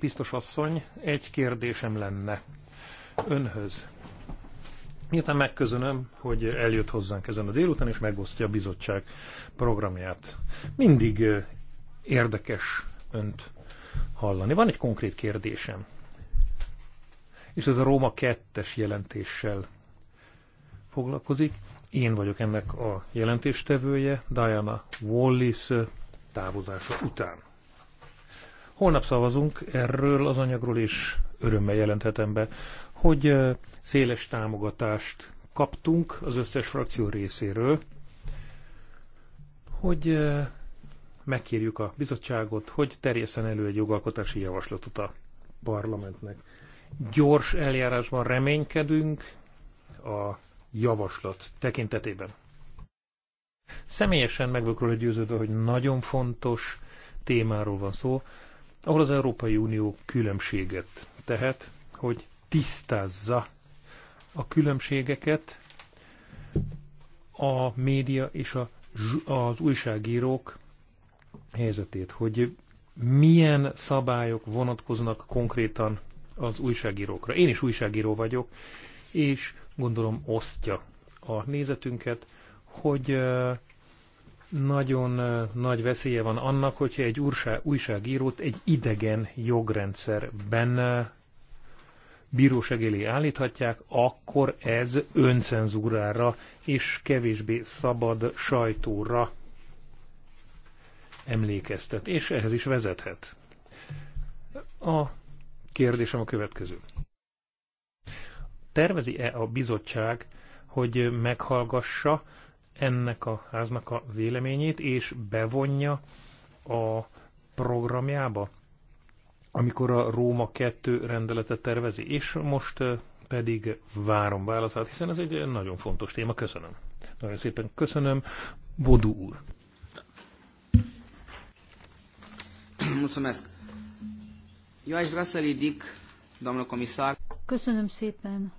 Biztos asszony, egy kérdésem lenne önhöz. Miután megköszönöm, hogy eljött hozzánk ezen a délután, és megosztja a bizottság programját. Mindig érdekes önt hallani. Van egy konkrét kérdésem. És ez a Róma 2-es jelentéssel foglalkozik. Én vagyok ennek a jelentéstevője, Diana Wallis távozása után. Holnap szavazunk erről az anyagról, és örömmel jelenthetem be, hogy széles támogatást kaptunk az összes frakció részéről, hogy megkérjük a bizottságot, hogy terjeszen elő egy jogalkotási javaslatot a parlamentnek. Gyors eljárásban reménykedünk a javaslat tekintetében. Személyesen meg vagyok róla győződve, hogy nagyon fontos témáról van szó, ahol az Európai Unió különbséget tehet, hogy tisztázza a különbségeket a média és a, az újságírók helyzetét, hogy milyen szabályok vonatkoznak konkrétan az újságírókra. Én is újságíró vagyok, és gondolom osztja a nézetünket, hogy nagyon nagy veszélye van annak, hogyha egy újságírót egy idegen jogrendszerben bíróság elé állíthatják, akkor ez öncenzúrára és kevésbé szabad sajtóra emlékeztet, és ehhez is vezethet. A kérdésem a következő. Tervezi-e a bizottság, hogy meghallgassa ennek a háznak a véleményét, és bevonja a programjába, amikor a Róma 2 rendeletet tervezi, és most pedig várom válaszát, hiszen ez egy nagyon fontos téma. Köszönöm. Nagyon szépen köszönöm. Bodú úr. Köszönöm szépen,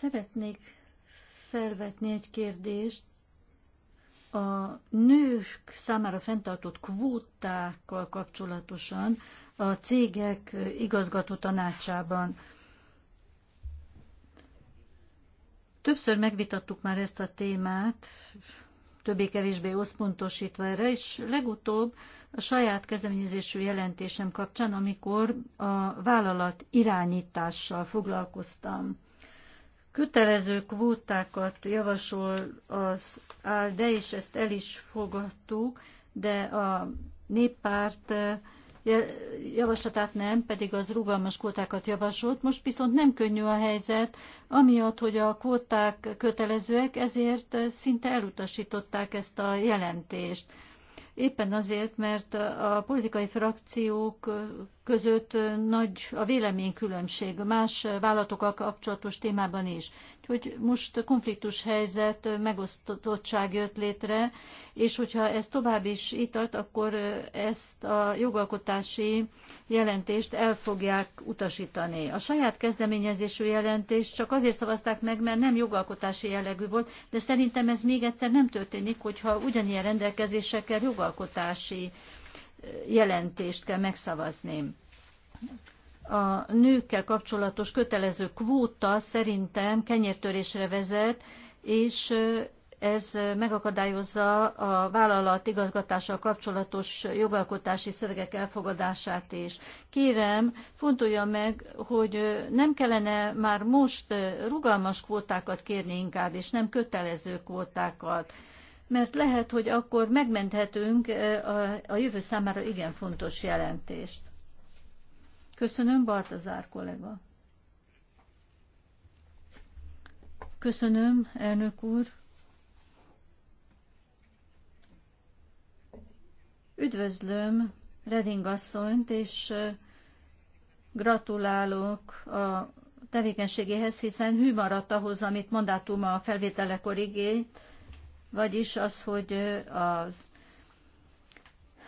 Szeretnék felvetni egy kérdést a nők számára fenntartott kvótákkal kapcsolatosan a cégek igazgató tanácsában. Többször megvitattuk már ezt a témát, többé-kevésbé összpontosítva erre, és legutóbb a saját kezdeményezésű jelentésem kapcsán, amikor a vállalat irányítással foglalkoztam. Kötelező kvótákat javasol az de és ezt el is fogadtuk, de a néppárt eh, javaslatát nem, pedig az rugalmas kvótákat javasolt. Most viszont nem könnyű a helyzet, amiatt, hogy a kvóták kötelezőek, ezért eh, szinte elutasították ezt a jelentést. Éppen azért, mert a politikai frakciók eh, között nagy a véleménykülönbség más vállalatokkal kapcsolatos témában is. Úgyhogy most konfliktus helyzet, megosztottság jött létre, és hogyha ez tovább is itt tart, akkor ezt a jogalkotási jelentést el fogják utasítani. A saját kezdeményezésű jelentést csak azért szavazták meg, mert nem jogalkotási jellegű volt, de szerintem ez még egyszer nem történik, hogyha ugyanilyen rendelkezésekkel jogalkotási jelentést kell megszavazni. A nőkkel kapcsolatos kötelező kvóta szerintem kenyértörésre vezet, és ez megakadályozza a vállalat igazgatással kapcsolatos jogalkotási szövegek elfogadását is. Kérem, fontolja meg, hogy nem kellene már most rugalmas kvótákat kérni inkább, és nem kötelező kvótákat mert lehet, hogy akkor megmenthetünk a jövő számára igen fontos jelentést. Köszönöm, Baltazár kollega. Köszönöm, elnök úr. Üdvözlöm Reding asszonyt, és gratulálok a tevékenységéhez, hiszen hű maradt ahhoz, amit mandátuma a felvételekor igényt, vagyis az, hogy az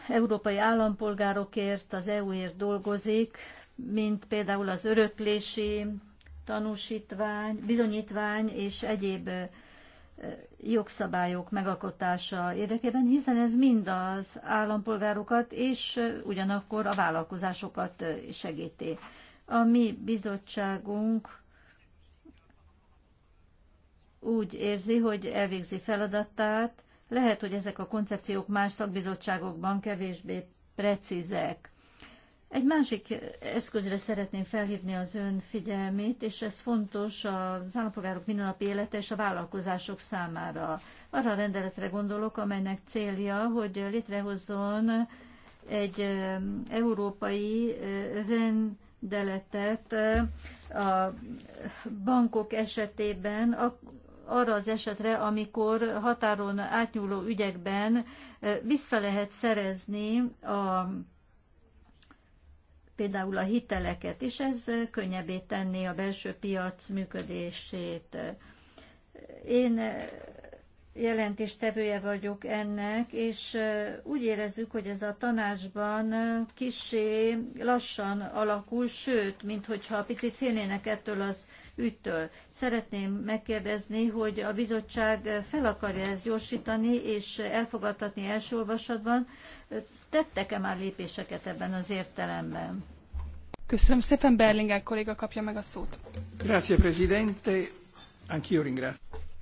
európai állampolgárokért, az EU-ért dolgozik, mint például az öröklési tanúsítvány, bizonyítvány és egyéb jogszabályok megalkotása érdekében, hiszen ez mind az állampolgárokat és ugyanakkor a vállalkozásokat segíti. A mi bizottságunk úgy érzi, hogy elvégzi feladatát, lehet, hogy ezek a koncepciók más szakbizottságokban kevésbé precízek. Egy másik eszközre szeretném felhívni az ön figyelmét, és ez fontos az állampolgárok mindennapi élete és a vállalkozások számára. Arra a rendeletre gondolok, amelynek célja, hogy létrehozzon egy európai rendeletet a bankok esetében, arra az esetre, amikor határon átnyúló ügyekben vissza lehet szerezni a, például a hiteleket, és ez könnyebbé tenni a belső piac működését. Én jelentéstevője vagyok ennek, és úgy érezzük, hogy ez a tanácsban kisé lassan alakul, sőt, minthogyha picit félnének ettől az ügytől. Szeretném megkérdezni, hogy a bizottság fel akarja ezt gyorsítani és elfogadtatni első olvasatban. Tettek-e már lépéseket ebben az értelemben? Köszönöm szépen, Berlinger kolléga kapja meg a szót. Grazie, Presidente. Anch'io ringrazio.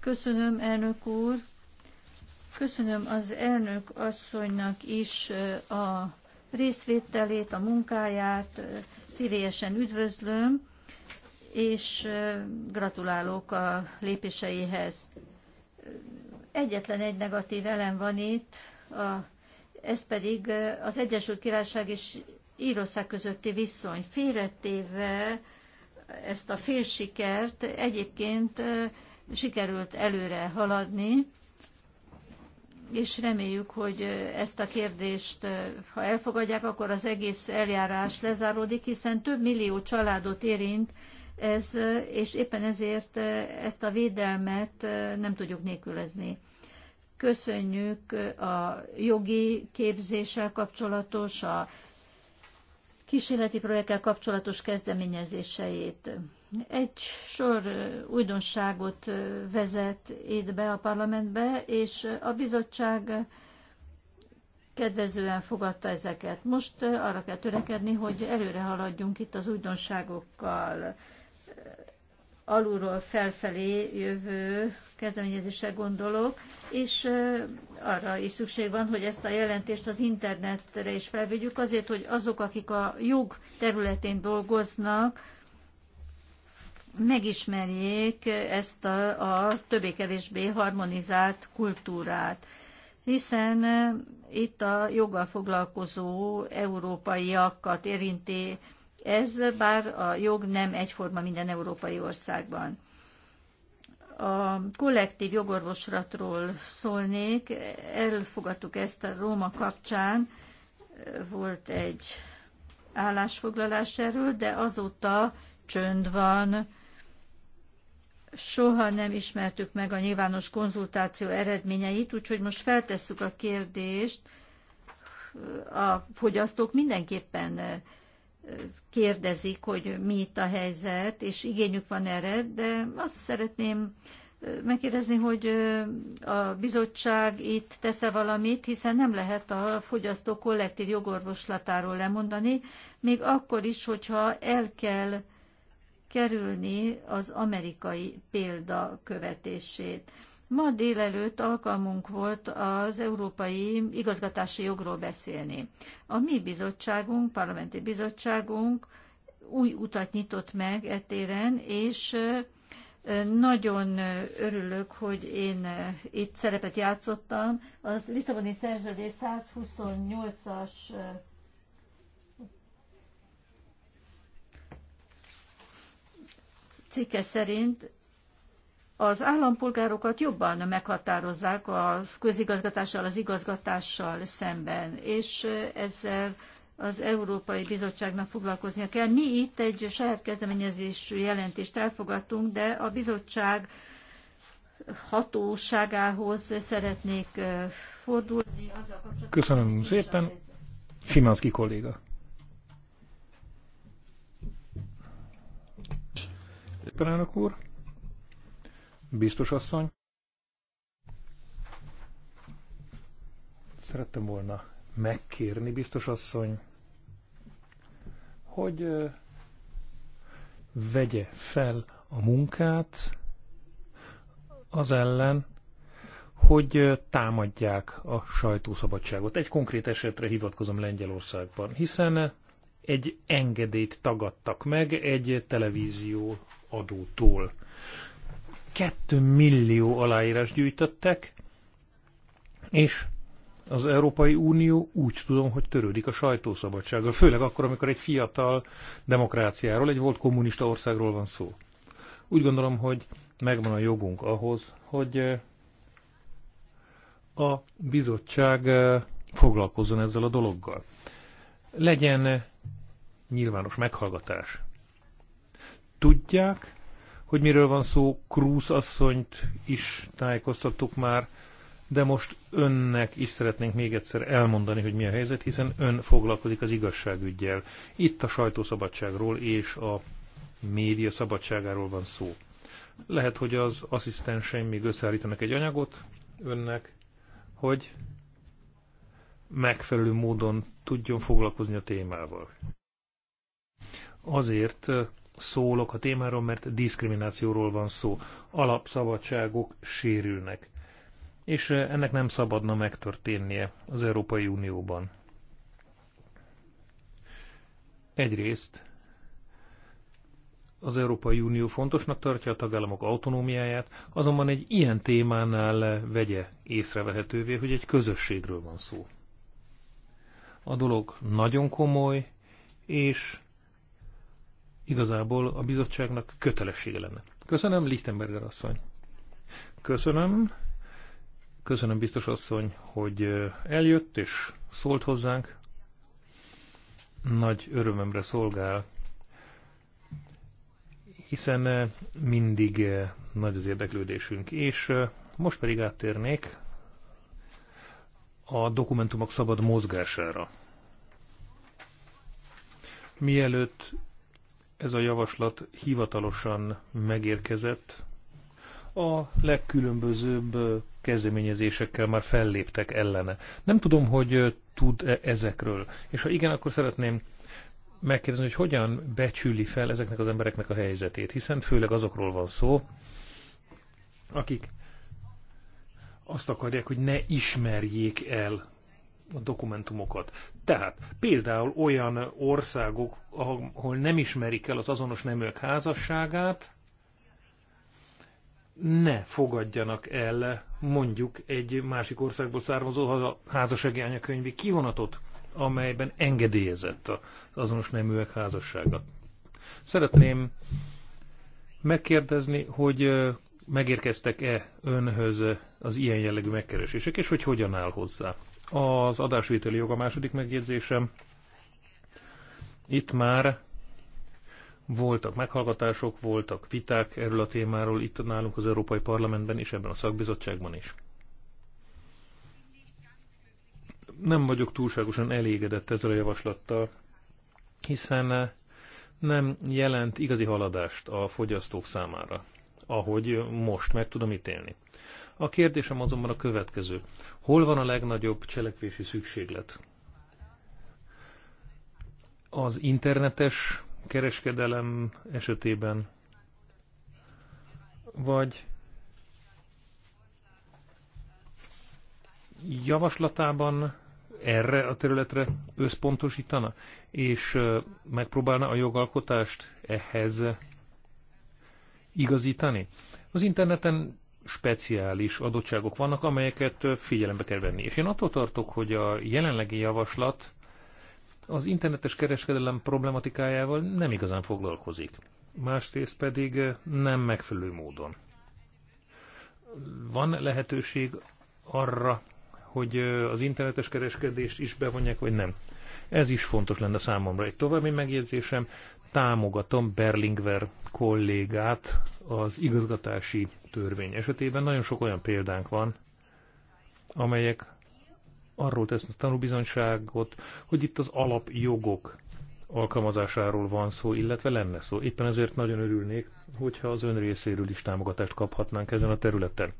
Köszönöm, elnök úr. Köszönöm az elnök asszonynak is a részvételét, a munkáját, szívélyesen üdvözlöm, és gratulálok a lépéseihez. Egyetlen egy negatív elem van itt, a, ez pedig az Egyesült Királyság és Írország közötti viszony. Félretéve ezt a félsikert egyébként sikerült előre haladni, és reméljük, hogy ezt a kérdést, ha elfogadják, akkor az egész eljárás lezáródik, hiszen több millió családot érint ez, és éppen ezért ezt a védelmet nem tudjuk nélkülözni. Köszönjük a jogi képzéssel kapcsolatos, a kísérleti projektkel kapcsolatos kezdeményezéseit. Egy sor újdonságot vezet itt be a parlamentbe, és a bizottság kedvezően fogadta ezeket. Most arra kell törekedni, hogy előre haladjunk itt az újdonságokkal alulról felfelé jövő kezdeményezésre gondolok, és arra is szükség van, hogy ezt a jelentést az internetre is felvegyük, azért, hogy azok, akik a jog területén dolgoznak, megismerjék ezt a, a többé-kevésbé harmonizált kultúrát. Hiszen itt a joggal foglalkozó európaiakat érinti ez, bár a jog nem egyforma minden európai országban a kollektív jogorvoslatról szólnék. Elfogadtuk ezt a Róma kapcsán, volt egy állásfoglalás erről, de azóta csönd van. Soha nem ismertük meg a nyilvános konzultáció eredményeit, úgyhogy most feltesszük a kérdést. A fogyasztók mindenképpen kérdezik, hogy mi itt a helyzet, és igényük van erre, de azt szeretném megkérdezni, hogy a bizottság itt tesz-e valamit, hiszen nem lehet a fogyasztó kollektív jogorvoslatáról lemondani, még akkor is, hogyha el kell kerülni az amerikai példa követését. Ma délelőtt alkalmunk volt az európai igazgatási jogról beszélni. A mi bizottságunk, parlamenti bizottságunk új utat nyitott meg etéren, és nagyon örülök, hogy én itt szerepet játszottam. Az Lisszaboni szerződés 128-as cikke szerint az állampolgárokat jobban meghatározzák a közigazgatással, az igazgatással szemben, és ezzel az Európai Bizottságnak foglalkoznia kell. Mi itt egy saját kezdeményezésű jelentést elfogadtunk, de a bizottság hatóságához szeretnék fordulni. Köszönöm szépen. Simanszki kolléga. Szépen, úr. Biztos asszony. Szerettem volna megkérni, biztos asszony, hogy vegye fel a munkát az ellen, hogy támadják a sajtószabadságot. Egy konkrét esetre hivatkozom Lengyelországban, hiszen egy engedélyt tagadtak meg egy televízió adótól. 2 millió aláírás gyűjtöttek, és az Európai Unió úgy tudom, hogy törődik a sajtószabadsággal, főleg akkor, amikor egy fiatal demokráciáról, egy volt kommunista országról van szó. Úgy gondolom, hogy megvan a jogunk ahhoz, hogy eh, a bizottság eh, foglalkozzon ezzel a dologgal. Legyen eh, nyilvános meghallgatás. Tudják, hogy miről van szó, Krúz asszonyt is tájékoztattuk már, de most önnek is szeretnénk még egyszer elmondani, hogy mi a helyzet, hiszen ön foglalkozik az igazságügyjel. Itt a sajtószabadságról és a média szabadságáról van szó. Lehet, hogy az asszisztenseim még összeállítanak egy anyagot önnek, hogy megfelelő módon tudjon foglalkozni a témával. Azért szólok a témáról, mert diszkriminációról van szó. Alapszabadságok sérülnek. És eh, ennek nem szabadna megtörténnie az Európai Unióban. Egyrészt az Európai Unió fontosnak tartja a tagállamok autonómiáját, azonban egy ilyen témánál vegye észrevehetővé, hogy egy közösségről van szó. A dolog nagyon komoly, és igazából a bizottságnak kötelessége lenne. Köszönöm, Lichtenberger asszony. Köszönöm. Köszönöm, biztos asszony, hogy eljött és szólt hozzánk. Nagy örömömre szolgál, hiszen mindig nagy az érdeklődésünk. És most pedig áttérnék a dokumentumok szabad mozgására. Mielőtt ez a javaslat hivatalosan megérkezett. A legkülönbözőbb kezdeményezésekkel már felléptek ellene. Nem tudom, hogy tud -e ezekről. És ha igen, akkor szeretném megkérdezni, hogy hogyan becsüli fel ezeknek az embereknek a helyzetét, hiszen főleg azokról van szó, akik azt akarják, hogy ne ismerjék el a dokumentumokat. Tehát például olyan országok, ahol nem ismerik el az azonos neműek házasságát, ne fogadjanak el mondjuk egy másik országból származó házassági anyakönyvi kivonatot, amelyben engedélyezett az azonos neműek házassága. Szeretném megkérdezni, hogy megérkeztek-e önhöz az ilyen jellegű megkeresések, és hogy hogyan áll hozzá. Az adásvételi jog a második megjegyzésem. Itt már voltak meghallgatások, voltak viták erről a témáról itt nálunk az Európai Parlamentben és ebben a szakbizottságban is. Nem vagyok túlságosan elégedett ezzel a javaslattal, hiszen nem jelent igazi haladást a fogyasztók számára, ahogy most meg tudom ítélni. A kérdésem azonban a következő. Hol van a legnagyobb cselekvési szükséglet? Az internetes kereskedelem esetében, vagy javaslatában erre a területre összpontosítana, és megpróbálna a jogalkotást ehhez igazítani. Az interneten speciális adottságok vannak, amelyeket figyelembe kell venni. És én attól tartok, hogy a jelenlegi javaslat az internetes kereskedelem problematikájával nem igazán foglalkozik. Másrészt pedig nem megfelelő módon. Van lehetőség arra, hogy az internetes kereskedést is bevonják, vagy nem. Ez is fontos lenne számomra. Egy további megjegyzésem, támogatom Berlingver kollégát az igazgatási törvény esetében. Nagyon sok olyan példánk van, amelyek arról tesznek tanúbizonyságot, hogy itt az alapjogok alkalmazásáról van szó, illetve lenne szó. Éppen ezért nagyon örülnék, hogyha az ön részéről is támogatást kaphatnánk ezen a területen.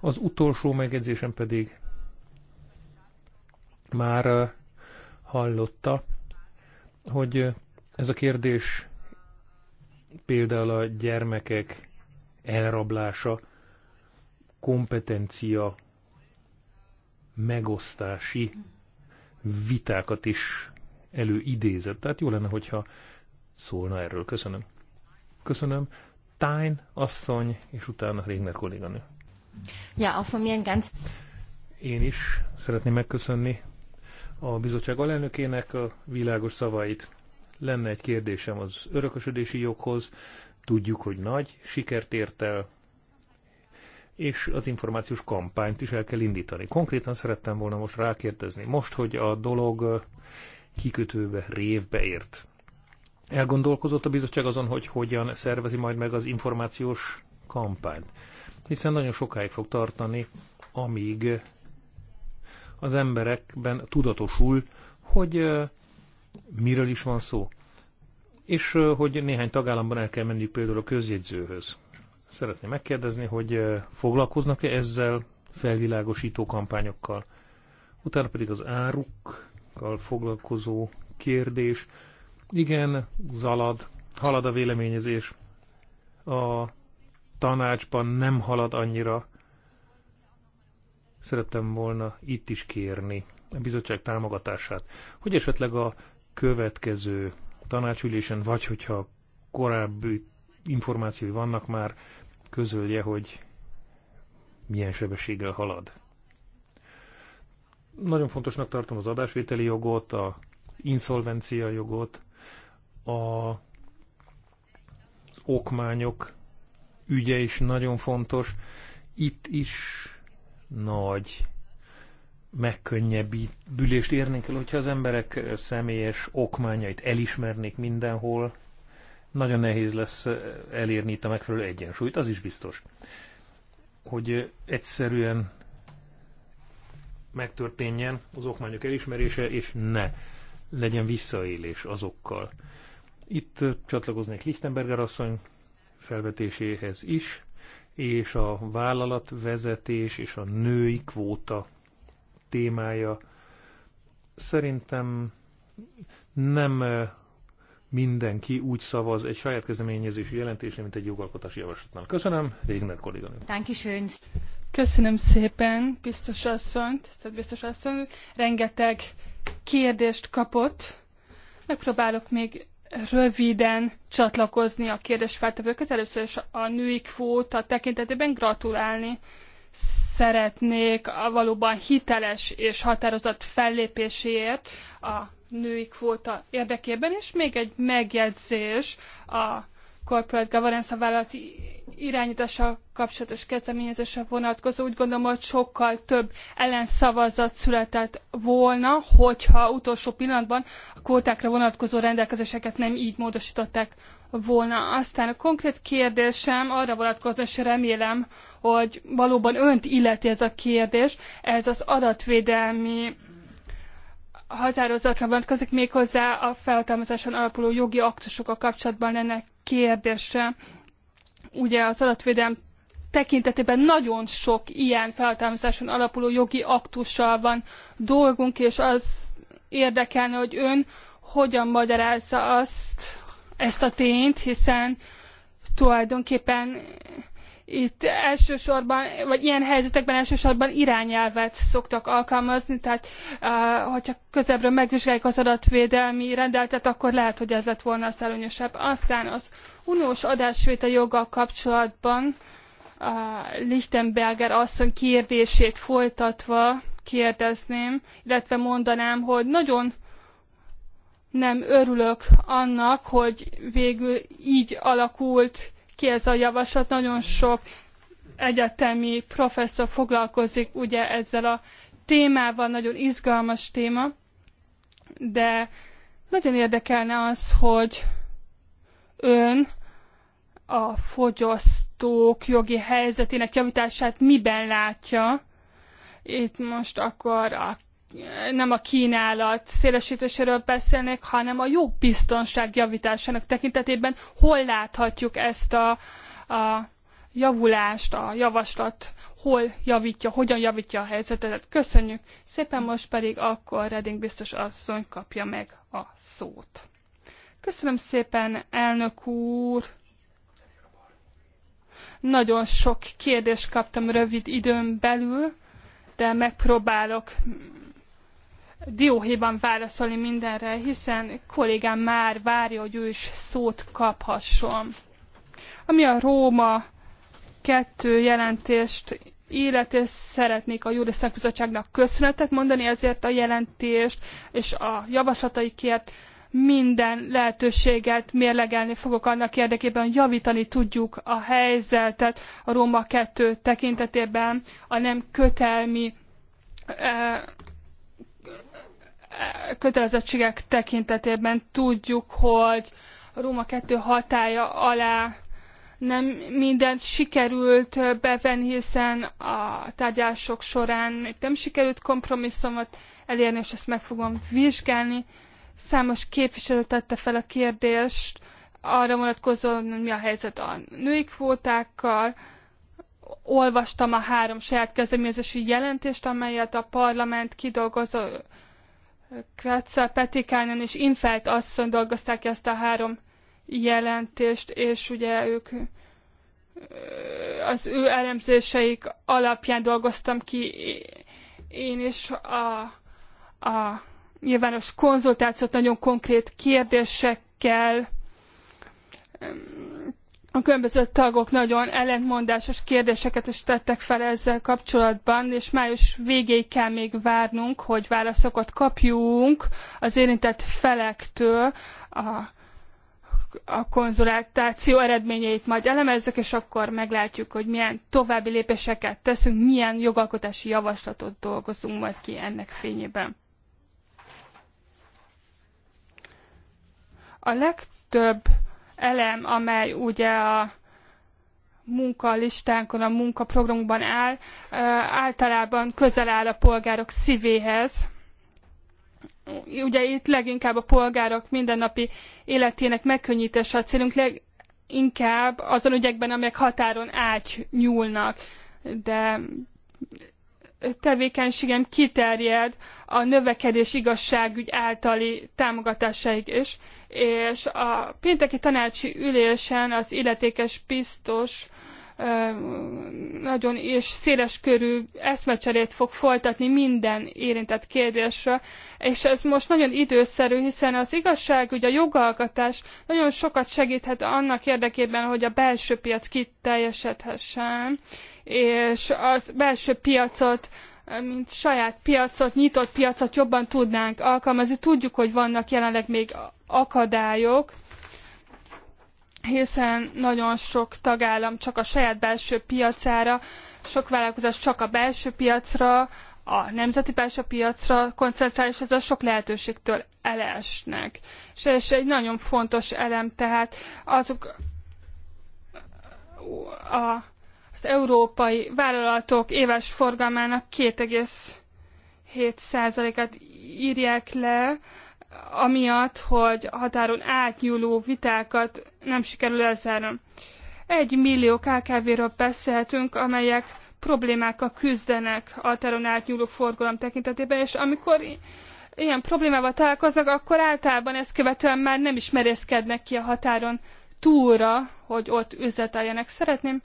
Az utolsó megjegyzésem pedig már eh, hallotta, hogy eh, ez a kérdés például a gyermekek elrablása, kompetencia megosztási vitákat is előidézett. Tehát jó lenne, hogyha szólna erről. Köszönöm. Köszönöm. Tájn, asszony, és utána Régner kolléganő. Ja, a ganz... Én is szeretném megköszönni a bizottság alelnökének a világos szavait. Lenne egy kérdésem az örökösödési joghoz. Tudjuk, hogy nagy sikert ért el, és az információs kampányt is el kell indítani. Konkrétan szerettem volna most rákérdezni, most, hogy a dolog kikötőbe, révbe ért. Elgondolkozott a bizottság azon, hogy hogyan szervezi majd meg az információs kampányt. Hiszen nagyon sokáig fog tartani, amíg az emberekben tudatosul, hogy miről is van szó, és hogy néhány tagállamban el kell menni például a közjegyzőhöz. Szeretném megkérdezni, hogy foglalkoznak-e ezzel felvilágosító kampányokkal. Utána pedig az árukkal foglalkozó kérdés. Igen, zalad, halad a véleményezés. A tanácsban nem halad annyira. Szerettem volna itt is kérni a bizottság támogatását, hogy esetleg a következő tanácsülésen, vagy hogyha korábbi információi vannak már, közölje, hogy milyen sebességgel halad. Nagyon fontosnak tartom az adásvételi jogot, a inszolvencia jogot, a okmányok ügye is nagyon fontos. Itt is nagy megkönnyebbülést érnénk el, hogyha az emberek személyes okmányait elismernék mindenhol, nagyon nehéz lesz elérni itt a megfelelő egyensúlyt, az is biztos. Hogy egyszerűen megtörténjen az okmányok elismerése, és ne legyen visszaélés azokkal. Itt csatlakoznék Lichtenberger asszony felvetéséhez is, és a vállalatvezetés és a női kvóta témája. Szerintem nem mindenki úgy szavaz egy saját kezdeményezésű jelentésre, mint egy jogalkotási javaslatnál. Köszönöm, Régner kolléganő. Köszönöm szépen, biztos asszonyt, tehát biztos asszony. Rengeteg kérdést kapott. Megpróbálok még röviden csatlakozni a kérdésfeltevőket. Először is a női kvóta tekintetében gratulálni szeretnék a valóban hiteles és határozott fellépéséért a női kvóta érdekében, és még egy megjegyzés a corporate governance, a vállalati irányítással kapcsolatos kezdeményezésre vonatkozó. Úgy gondolom, hogy sokkal több ellenszavazat született volna, hogyha utolsó pillanatban a kvótákra vonatkozó rendelkezéseket nem így módosították volna. Aztán a konkrét kérdésem arra vonatkozna, és remélem, hogy valóban önt illeti ez a kérdés, ez az adatvédelmi határozatra vonatkozik, méghozzá a felhatalmazáson alapuló jogi aktusokkal kapcsolatban lenne kérdésre. Ugye az adatvédelem tekintetében nagyon sok ilyen feltámasztáson alapuló jogi aktussal van dolgunk, és az érdekelne, hogy ön hogyan magyarázza azt, ezt a tényt, hiszen tulajdonképpen itt elsősorban, vagy ilyen helyzetekben elsősorban irányelvet szoktak alkalmazni, tehát eh, hogyha közelebbről megvizsgáljuk az adatvédelmi rendeletet, akkor lehet, hogy ez lett volna az előnyösebb. Aztán az uniós adásvétel joggal kapcsolatban eh, Lichtenberger asszony kérdését folytatva kérdezném, illetve mondanám, hogy nagyon nem örülök annak, hogy végül így alakult ki ez a javaslat. Nagyon sok egyetemi professzor foglalkozik ugye ezzel a témával, nagyon izgalmas téma, de nagyon érdekelne az, hogy ön a fogyasztók jogi helyzetének javítását miben látja. Itt most akkor a nem a kínálat szélesítéséről beszélnék, hanem a jogbiztonság javításának tekintetében hol láthatjuk ezt a, a javulást, a javaslat hol javítja, hogyan javítja a helyzetet. Köszönjük szépen, most pedig akkor Reding biztos asszony kapja meg a szót. Köszönöm szépen, elnök úr! Nagyon sok kérdést kaptam rövid időn belül, de megpróbálok dióhéjban válaszolni mindenre, hiszen kollégám már várja, hogy ő is szót kaphasson. Ami a Róma kettő jelentést illeti, szeretnék a Júri Szakbizottságnak köszönetet mondani ezért a jelentést, és a javaslataikért minden lehetőséget mérlegelni fogok annak érdekében, hogy javítani tudjuk a helyzetet a Róma 2 tekintetében a nem kötelmi eh, kötelezettségek tekintetében tudjuk, hogy a Róma 2 hatája alá nem mindent sikerült bevenni, hiszen a tárgyalások során nem sikerült kompromisszumot elérni, és ezt meg fogom vizsgálni. Számos képviselő tette fel a kérdést arra vonatkozóan, hogy mi a helyzet a női kvótákkal. Olvastam a három saját kezdeményezési jelentést, amelyet a parlament kidolgozott Kratza, Petikánen és Infelt asszony dolgozták ki ezt a három jelentést, és ugye ők az ő elemzéseik alapján dolgoztam ki én is a, a nyilvános konzultációt nagyon konkrét kérdésekkel a különböző tagok nagyon ellentmondásos kérdéseket is tettek fel ezzel kapcsolatban, és május végéig kell még várnunk, hogy válaszokat kapjunk az érintett felektől a, a konzultáció eredményeit majd elemezzük, és akkor meglátjuk, hogy milyen további lépéseket teszünk, milyen jogalkotási javaslatot dolgozunk majd ki ennek fényében. A legtöbb elem, amely ugye a munkalistánkon, a munkaprogramunkban áll, általában közel áll a polgárok szívéhez. Ugye itt leginkább a polgárok mindennapi életének megkönnyítése a célunk, leginkább azon ügyekben, amelyek határon átnyúlnak. De tevékenységem kiterjed a növekedés igazságügy általi támogatásaig is, és a pénteki tanácsi ülésen az illetékes biztos nagyon és széles körű eszmecserét fog folytatni minden érintett kérdésre, és ez most nagyon időszerű, hiszen az igazságügy, a jogalkatás nagyon sokat segíthet annak érdekében, hogy a belső piac kiteljesedhessen, és a belső piacot mint saját piacot, nyitott piacot jobban tudnánk alkalmazni. Tudjuk, hogy vannak jelenleg még akadályok, hiszen nagyon sok tagállam csak a saját belső piacára, sok vállalkozás csak a belső piacra, a nemzeti belső piacra koncentrál, és ezzel sok lehetőségtől elesnek. És egy nagyon fontos elem, tehát azok a, az európai vállalatok éves forgalmának 2,7%-át írják le amiatt, hogy határon átnyúló vitákat nem sikerül elzárnom. Egy millió KKV-ről beszélhetünk, amelyek problémákkal küzdenek határon átnyúló forgalom tekintetében, és amikor ilyen problémával találkoznak, akkor általában ezt követően már nem is merészkednek ki a határon túlra, hogy ott üzleteljenek. Szeretném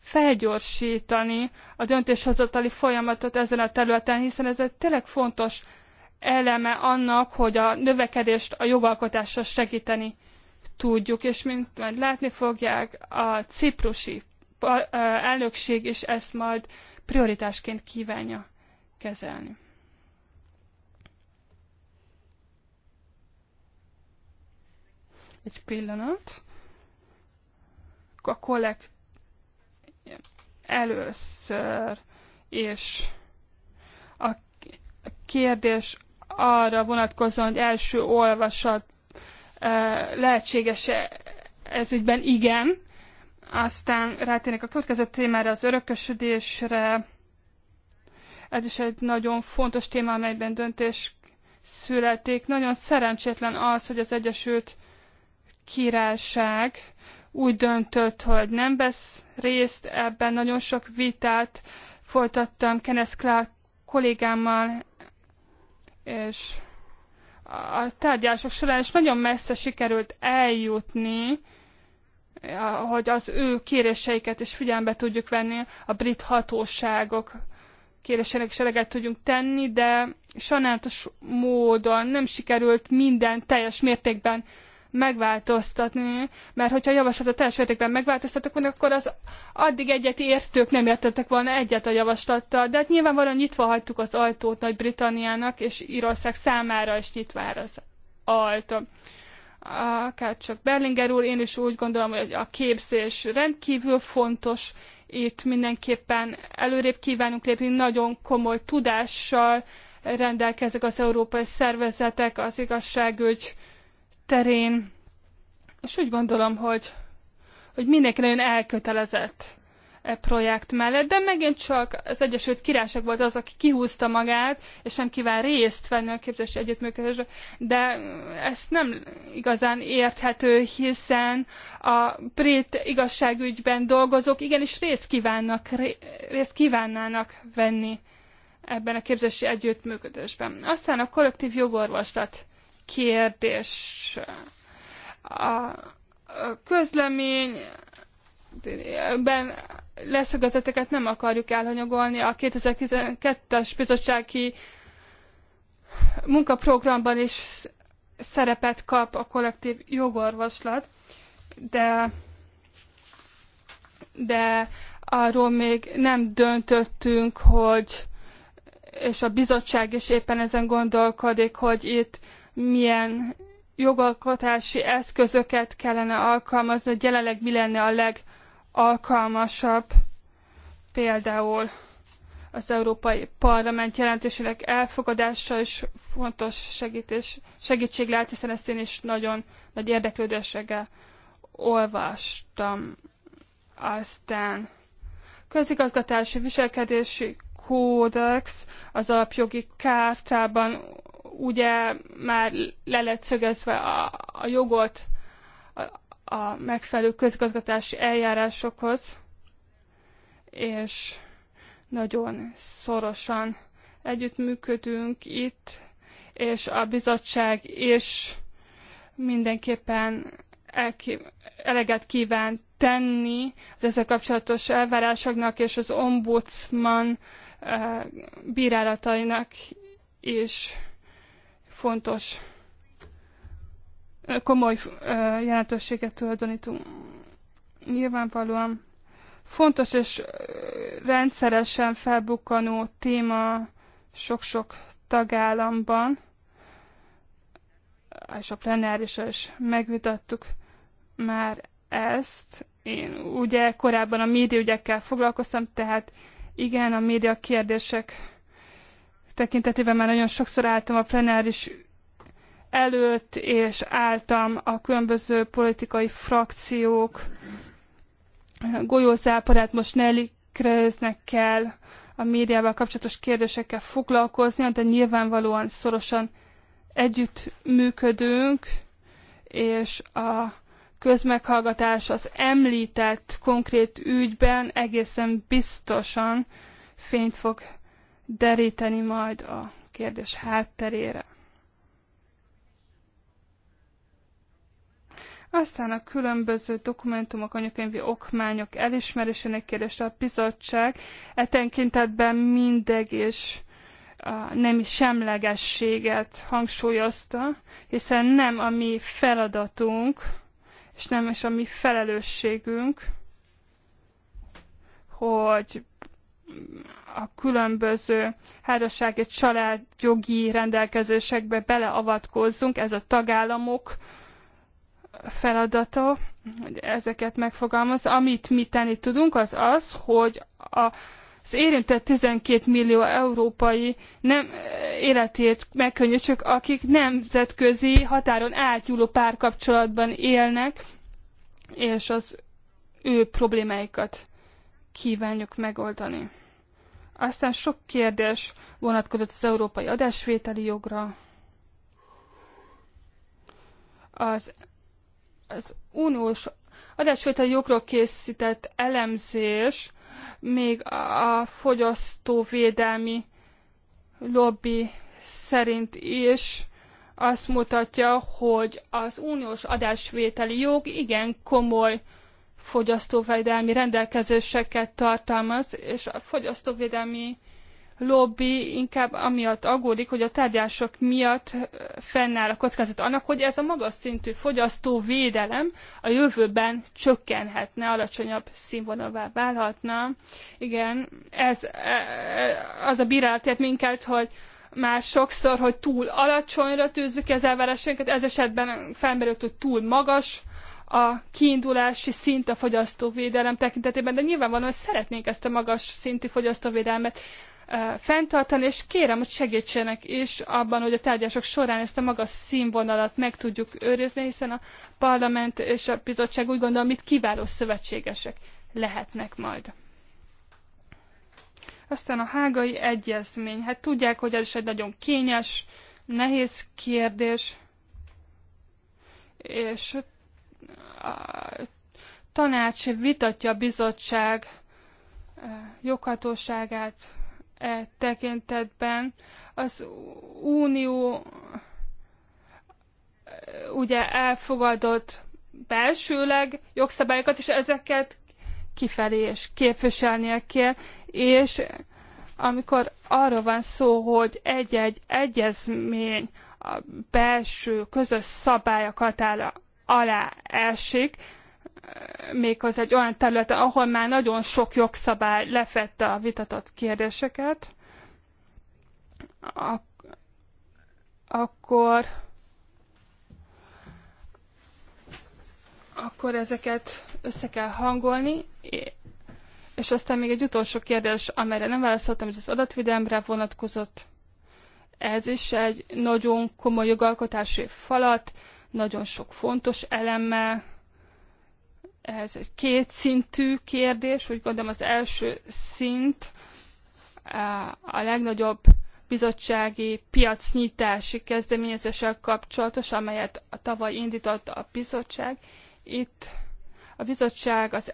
felgyorsítani a döntéshozatali folyamatot ezen a területen, hiszen ez egy tényleg fontos eleme annak, hogy a növekedést a jogalkotással segíteni tudjuk, és mint majd látni fogják, a ciprusi elnökség is ezt majd prioritásként kívánja kezelni. Egy pillanat. A kollekt először, és a kérdés arra vonatkozóan, hogy első olvasat eh, lehetséges -e ez ügyben igen. Aztán rátérnék a következő témára, az örökösödésre. Ez is egy nagyon fontos téma, amelyben döntés születik. Nagyon szerencsétlen az, hogy az Egyesült Királyság úgy döntött, hogy nem vesz részt ebben. Nagyon sok vitát folytattam Kenneth Clark kollégámmal és a tárgyalások során is nagyon messze sikerült eljutni, hogy az ő kéréseiket is figyelembe tudjuk venni, a brit hatóságok kérésének is eleget tudjunk tenni, de sajnálatos módon nem sikerült minden teljes mértékben megváltoztatni, mert hogyha a javaslatot teljes mértékben megváltoztatok volna, akkor az addig egyet értők nem értettek volna egyet a javaslattal, de hát nyilvánvalóan nyitva hagytuk az ajtót Nagy-Britanniának, és Írország számára is nyitva az ajtó. Akár csak Berlinger úr, én is úgy gondolom, hogy a képzés rendkívül fontos, itt mindenképpen előrébb kívánunk lépni, nagyon komoly tudással rendelkeznek az európai szervezetek, az igazságügy, terén, és úgy gondolom, hogy, hogy mindenki nagyon elkötelezett e projekt mellett, de megint csak az Egyesült Királyság volt az, aki kihúzta magát, és nem kíván részt venni a képzési együttműködésre, de ezt nem igazán érthető, hiszen a brit igazságügyben dolgozók igenis részt kívánnak, részt kívánnának venni ebben a képzési együttműködésben. Aztán a kollektív jogorvoslat kérdés. A közleményben leszögezeteket nem akarjuk elhanyagolni. A 2012-es bizottsági munkaprogramban is szerepet kap a kollektív jogorvoslat, de, de arról még nem döntöttünk, hogy és a bizottság is éppen ezen gondolkodik, hogy itt milyen jogalkotási eszközöket kellene alkalmazni, hogy jelenleg mi lenne a legalkalmasabb például az Európai Parlament jelentésének elfogadása is fontos segítés, segítség lehet, hiszen ezt én is nagyon nagy érdeklődéssel olvastam. Aztán közigazgatási viselkedési kódex az alapjogi kártában ugye már le lett szögezve a, a jogot a, a megfelelő közgazgatási eljárásokhoz, és nagyon szorosan együttműködünk itt, és a bizottság is mindenképpen eleget kíván tenni az ezzel kapcsolatos elvárásoknak és az ombudsman eh, bírálatainak is fontos, komoly jelentőséget tulajdonítunk. Nyilvánvalóan fontos és rendszeresen felbukkanó téma sok-sok tagállamban, és a plenáris is megvitattuk már ezt. Én ugye korábban a médiaügyekkel foglalkoztam, tehát igen, a média kérdések tekintetében már nagyon sokszor álltam a plenáris előtt, és álltam a különböző politikai frakciók golyózáparát most Nelly Kreznek kell a médiával kapcsolatos kérdésekkel foglalkozni, de nyilvánvalóan szorosan együtt működünk, és a közmeghallgatás az említett konkrét ügyben egészen biztosan fényt fog deríteni majd a kérdés hátterére. Aztán a különböző dokumentumok, anyakönyvi okmányok elismerésének kérdése a bizottság etenkintetben mindeg és a nemi semlegességet hangsúlyozta, hiszen nem a mi feladatunk, és nem is a mi felelősségünk, hogy a különböző házassági és családjogi rendelkezésekbe beleavatkozzunk, ez a tagállamok feladata, hogy ezeket megfogalmaz. Amit mi tenni tudunk, az az, hogy a az érintett 12 millió európai nem életét megkönnyítsük, akik nemzetközi határon átnyúló párkapcsolatban élnek, és az ő problémáikat kívánjuk megoldani. Aztán sok kérdés vonatkozott az európai adásvételi jogra. Az, az uniós adásvételi jogról készített elemzés még a fogyasztóvédelmi lobby szerint is azt mutatja, hogy az uniós adásvételi jog igen komoly fogyasztóvédelmi rendelkezéseket tartalmaz, és a fogyasztóvédelmi lobby inkább amiatt aggódik, hogy a tárgyások miatt fennáll a kockázat annak, hogy ez a magas szintű fogyasztóvédelem a jövőben csökkenhetne, alacsonyabb színvonalvá válhatna. Igen, ez e, e, az a bírálat minket, hogy már sokszor, hogy túl alacsonyra tűzzük az elvárásainkat, ez esetben felmerült, hogy túl magas a kiindulási szint a fogyasztóvédelem tekintetében, de nyilvánvalóan szeretnénk ezt a magas szintű fogyasztóvédelmet fenntartani, és kérem, hogy segítsenek is abban, hogy a tárgyások során ezt a magas színvonalat meg tudjuk őrizni, hiszen a parlament és a bizottság úgy gondolom, hogy kiváló szövetségesek lehetnek majd. Aztán a hágai egyezmény. Hát tudják, hogy ez is egy nagyon kényes, nehéz kérdés, és tanács vitatja a bizottság eh, joghatóságát e tekintetben. Az Unió eh, ugye elfogadott belsőleg jogszabályokat, és ezeket kifelé és képviselnie kell, és amikor arról van szó, hogy egy-egy egyezmény a belső közös szabályokat áll alá esik, méghozzá egy olyan területen, ahol már nagyon sok jogszabály lefette a vitatott kérdéseket, akkor akkor ezeket össze kell hangolni, és aztán még egy utolsó kérdés, amelyre nem válaszoltam, ez az adatvédelemre vonatkozott. Ez is egy nagyon komoly jogalkotási falat, nagyon sok fontos elemmel. Ez egy kétszintű kérdés, hogy gondolom az első szint a legnagyobb bizottsági piacnyitási kezdeményezéssel kapcsolatos, amelyet a tavaly indított a bizottság. Itt a bizottság az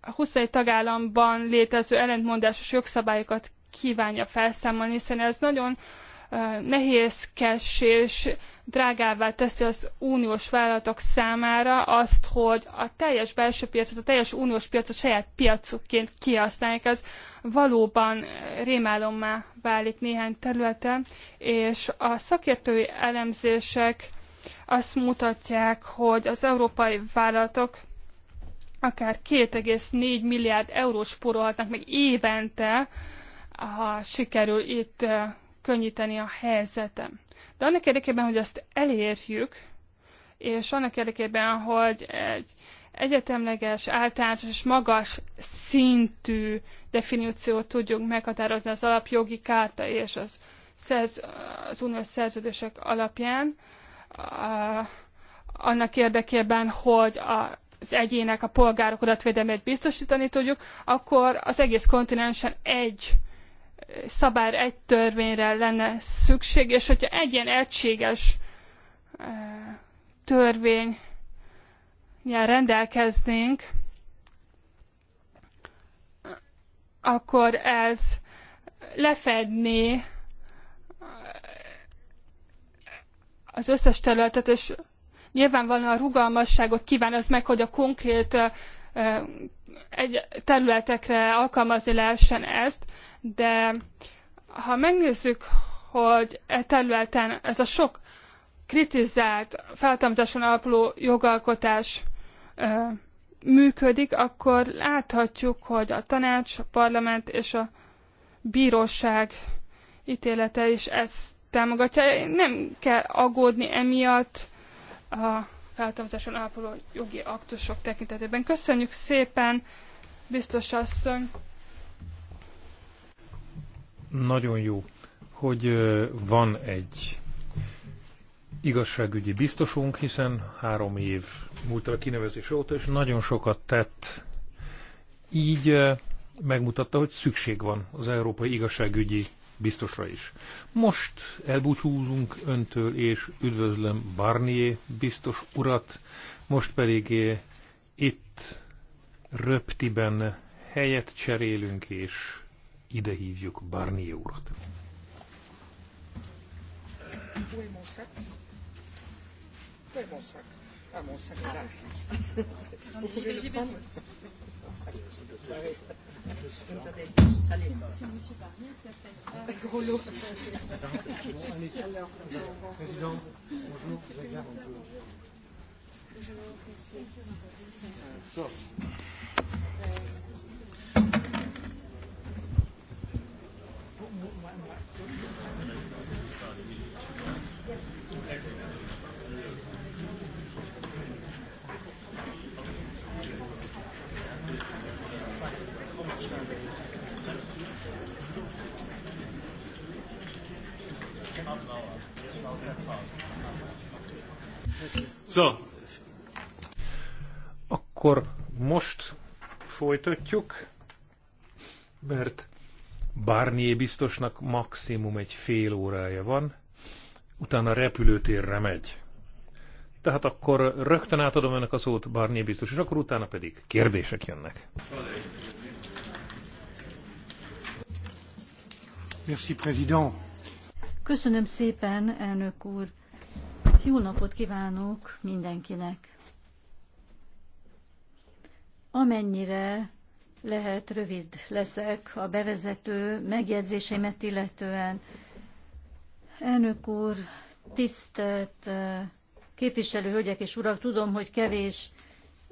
a 21 tagállamban létező ellentmondásos jogszabályokat kívánja felszámolni, hiszen ez nagyon nehézkes és drágává teszi az uniós vállalatok számára azt, hogy a teljes belső piacot, a teljes uniós piacot saját piacukként kihasználják, ez valóban rémálommá válik néhány területen, és a szakértői elemzések azt mutatják, hogy az európai vállalatok akár 2,4 milliárd eurós spórolhatnak meg évente, ha sikerül itt könnyíteni a helyzetem. De annak érdekében, hogy azt elérjük, és annak érdekében, hogy egy egyetemleges, általános és magas szintű definíciót tudjunk meghatározni az alapjogi kárta és az, szerz, az uniós szerződések alapján, a, annak érdekében, hogy a, az egyének, a polgárok adatvédelmét biztosítani tudjuk, akkor az egész kontinensen egy szabár egy törvényre lenne szükség, és hogyha egy ilyen egységes eh, törvény rendelkeznénk, akkor ez lefedné eh, az összes területet, és nyilvánvalóan a rugalmasságot kíván az meg, hogy a konkrét eh, egy területekre alkalmazni lehessen ezt, de ha megnézzük, hogy e területen ez a sok kritizált, feltámadáson alapuló jogalkotás ö, működik, akkor láthatjuk, hogy a tanács, a parlament és a bíróság ítélete is ezt támogatja. Nem kell aggódni emiatt a feltámadáson alapuló jogi aktusok tekintetében. Köszönjük szépen, biztos asszony! Nagyon jó, hogy van egy igazságügyi biztosunk, hiszen három év múlt el a kinevezés óta, és nagyon sokat tett. Így megmutatta, hogy szükség van az európai igazságügyi biztosra is. Most elbúcsúzunk öntől, és üdvözlöm Barnier biztos urat, most pedig itt röptiben helyet cserélünk, és ide hívjuk Barnier urat. bonjour, Szóval. Akkor most folytatjuk, mert Barnier biztosnak maximum egy fél órája van, utána repülőtérre megy. Tehát akkor rögtön átadom önnek a szót, Barnier biztos, és akkor utána pedig kérdések jönnek. Merci, président. Köszönöm szépen, elnök úr. Jó napot kívánok mindenkinek! Amennyire lehet rövid leszek a bevezető megjegyzéseimet illetően. Elnök úr, tisztelt eh, képviselő hölgyek és urak, tudom, hogy kevés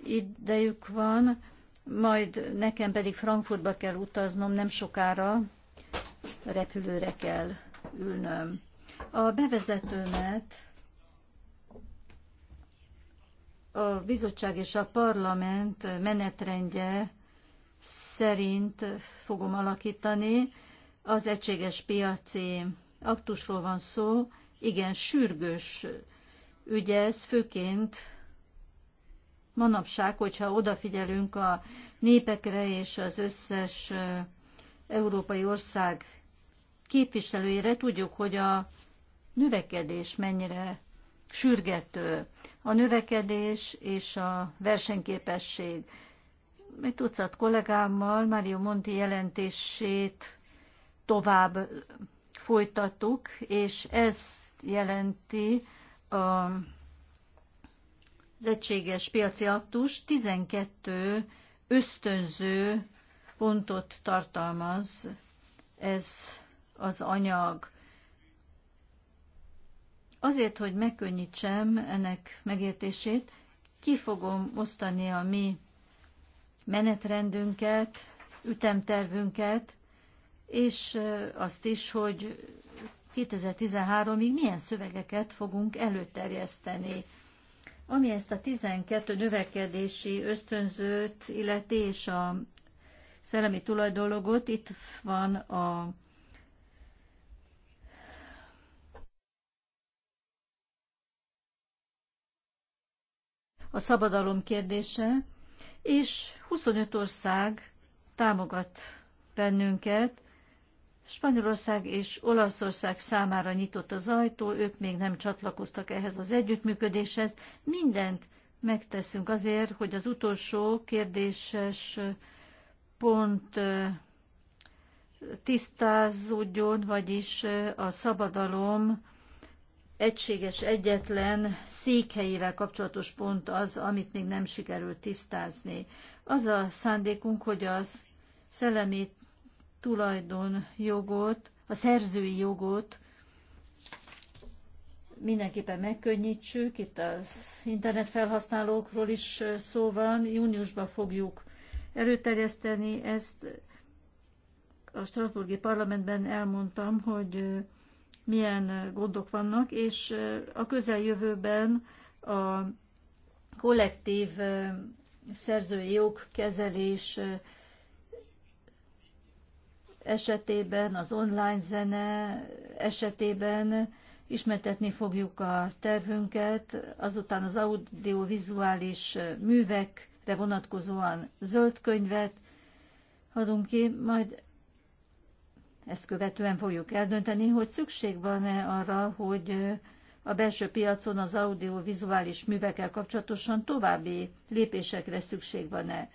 idejük van, majd nekem pedig Frankfurtba kell utaznom nem sokára, repülőre kell ülnöm. A bevezetőmet a bizottság és a parlament menetrendje szerint fogom alakítani. Az egységes piaci aktusról van szó, igen, sürgős ügy ez, főként manapság, hogyha odafigyelünk a népekre és az összes európai ország képviselőire, tudjuk, hogy a növekedés mennyire sürgető. A növekedés és a versenyképesség. Egy tucat kollégámmal Mário Monti jelentését tovább folytattuk, és ez jelenti a, az egységes piaci aktus 12 ösztönző pontot tartalmaz ez az anyag. Azért, hogy megkönnyítsem ennek megértését, ki fogom osztani a mi menetrendünket, ütemtervünket, és azt is, hogy 2013-ig milyen szövegeket fogunk előterjeszteni. Ami ezt a 12 növekedési ösztönzőt illeti és a szellemi tulajdonlogot, itt van a a szabadalom kérdése, és 25 ország támogat bennünket. Spanyolország és Olaszország számára nyitott az ajtó, ők még nem csatlakoztak ehhez az együttműködéshez. Mindent megteszünk azért, hogy az utolsó kérdéses pont tisztázódjon, vagyis a szabadalom egységes egyetlen székhelyével kapcsolatos pont az, amit még nem sikerült tisztázni. Az a szándékunk, hogy a szellemi tulajdonjogot, a szerzői jogot mindenképpen megkönnyítsük. Itt az internetfelhasználókról is szó van. Júniusban fogjuk előterjeszteni ezt. A Strasburgi Parlamentben elmondtam, hogy milyen gondok vannak, és a közeljövőben a kollektív szerzői jogkezelés esetében, az online zene esetében ismertetni fogjuk a tervünket, azután az audiovizuális művekre vonatkozóan zöld könyvet adunk ki, majd ezt követően fogjuk eldönteni, hogy szükség van-e arra, hogy a belső piacon az audiovizuális művekkel kapcsolatosan további lépésekre szükség van-e.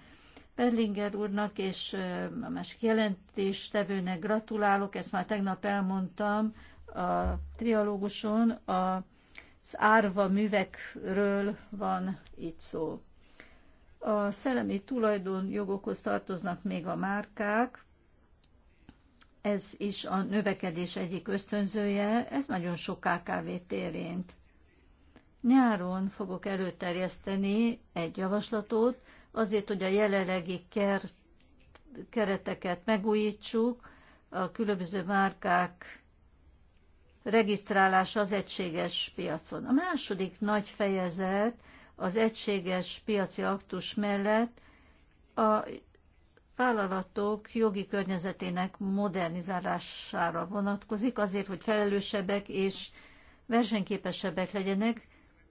Berlinger úrnak és a másik jelentéstevőnek gratulálok, ezt már tegnap elmondtam a trialóguson, az árva művekről van itt szó. A szellemi tulajdonjogokhoz tartoznak még a márkák, ez is a növekedés egyik ösztönzője, ez nagyon sok KKV-t érint. Nyáron fogok előterjeszteni egy javaslatot, azért, hogy a jelenlegi kert, kereteket megújítsuk, a különböző márkák regisztrálása az egységes piacon. A második nagy fejezet az egységes piaci aktus mellett a vállalatok jogi környezetének modernizálására vonatkozik, azért, hogy felelősebbek és versenyképesebbek legyenek.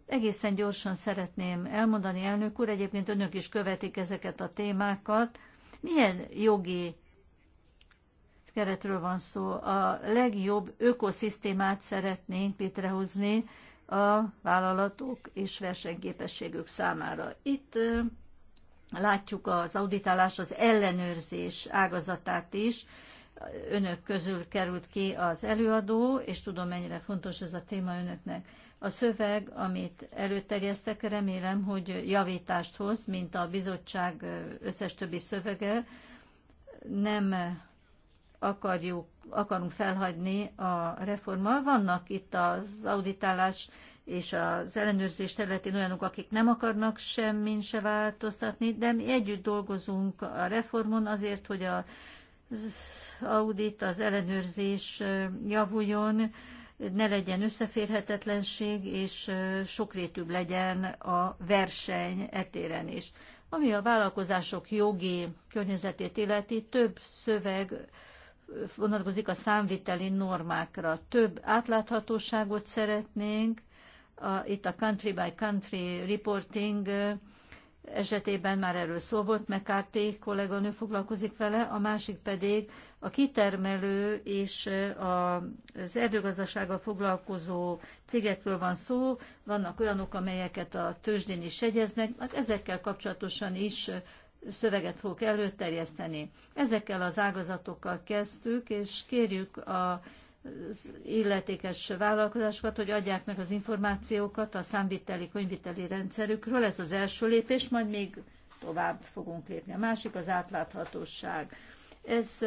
Egészen gyorsan szeretném elmondani, elnök úr, egyébként önök is követik ezeket a témákat. Milyen jogi keretről van szó? A legjobb ökoszisztémát szeretnénk létrehozni a vállalatok és versenyképességük számára. Itt látjuk az auditálás, az ellenőrzés ágazatát is. Önök közül került ki az előadó, és tudom, mennyire fontos ez a téma önöknek. A szöveg, amit előterjesztek, remélem, hogy javítást hoz, mint a bizottság összes többi szövege. Nem akarjuk, akarunk felhagyni a reformmal. Vannak itt az auditálás és az ellenőrzés területén olyanok, akik nem akarnak semmin se változtatni, de mi együtt dolgozunk a reformon azért, hogy a, az audit, az ellenőrzés javuljon, ne legyen összeférhetetlenség, és sokrétűbb legyen a verseny etéren is. Ami a vállalkozások jogi környezetét illeti, több szöveg vonatkozik a számviteli normákra. Több átláthatóságot szeretnénk, a, itt a country by country reporting esetében már erről szó volt, McCarthy kolléganő foglalkozik vele, a másik pedig a kitermelő és az erdőgazdasággal foglalkozó cégekről van szó, vannak olyanok, amelyeket a tőzsdén is jegyeznek, hát ezekkel kapcsolatosan is szöveget fogok előterjeszteni. Ezekkel az ágazatokkal kezdtük, és kérjük a illetékes vállalkozásokat, hogy adják meg az információkat a számviteli, könyviteli rendszerükről. Ez az első lépés, majd még tovább fogunk lépni. A másik az átláthatóság. Ez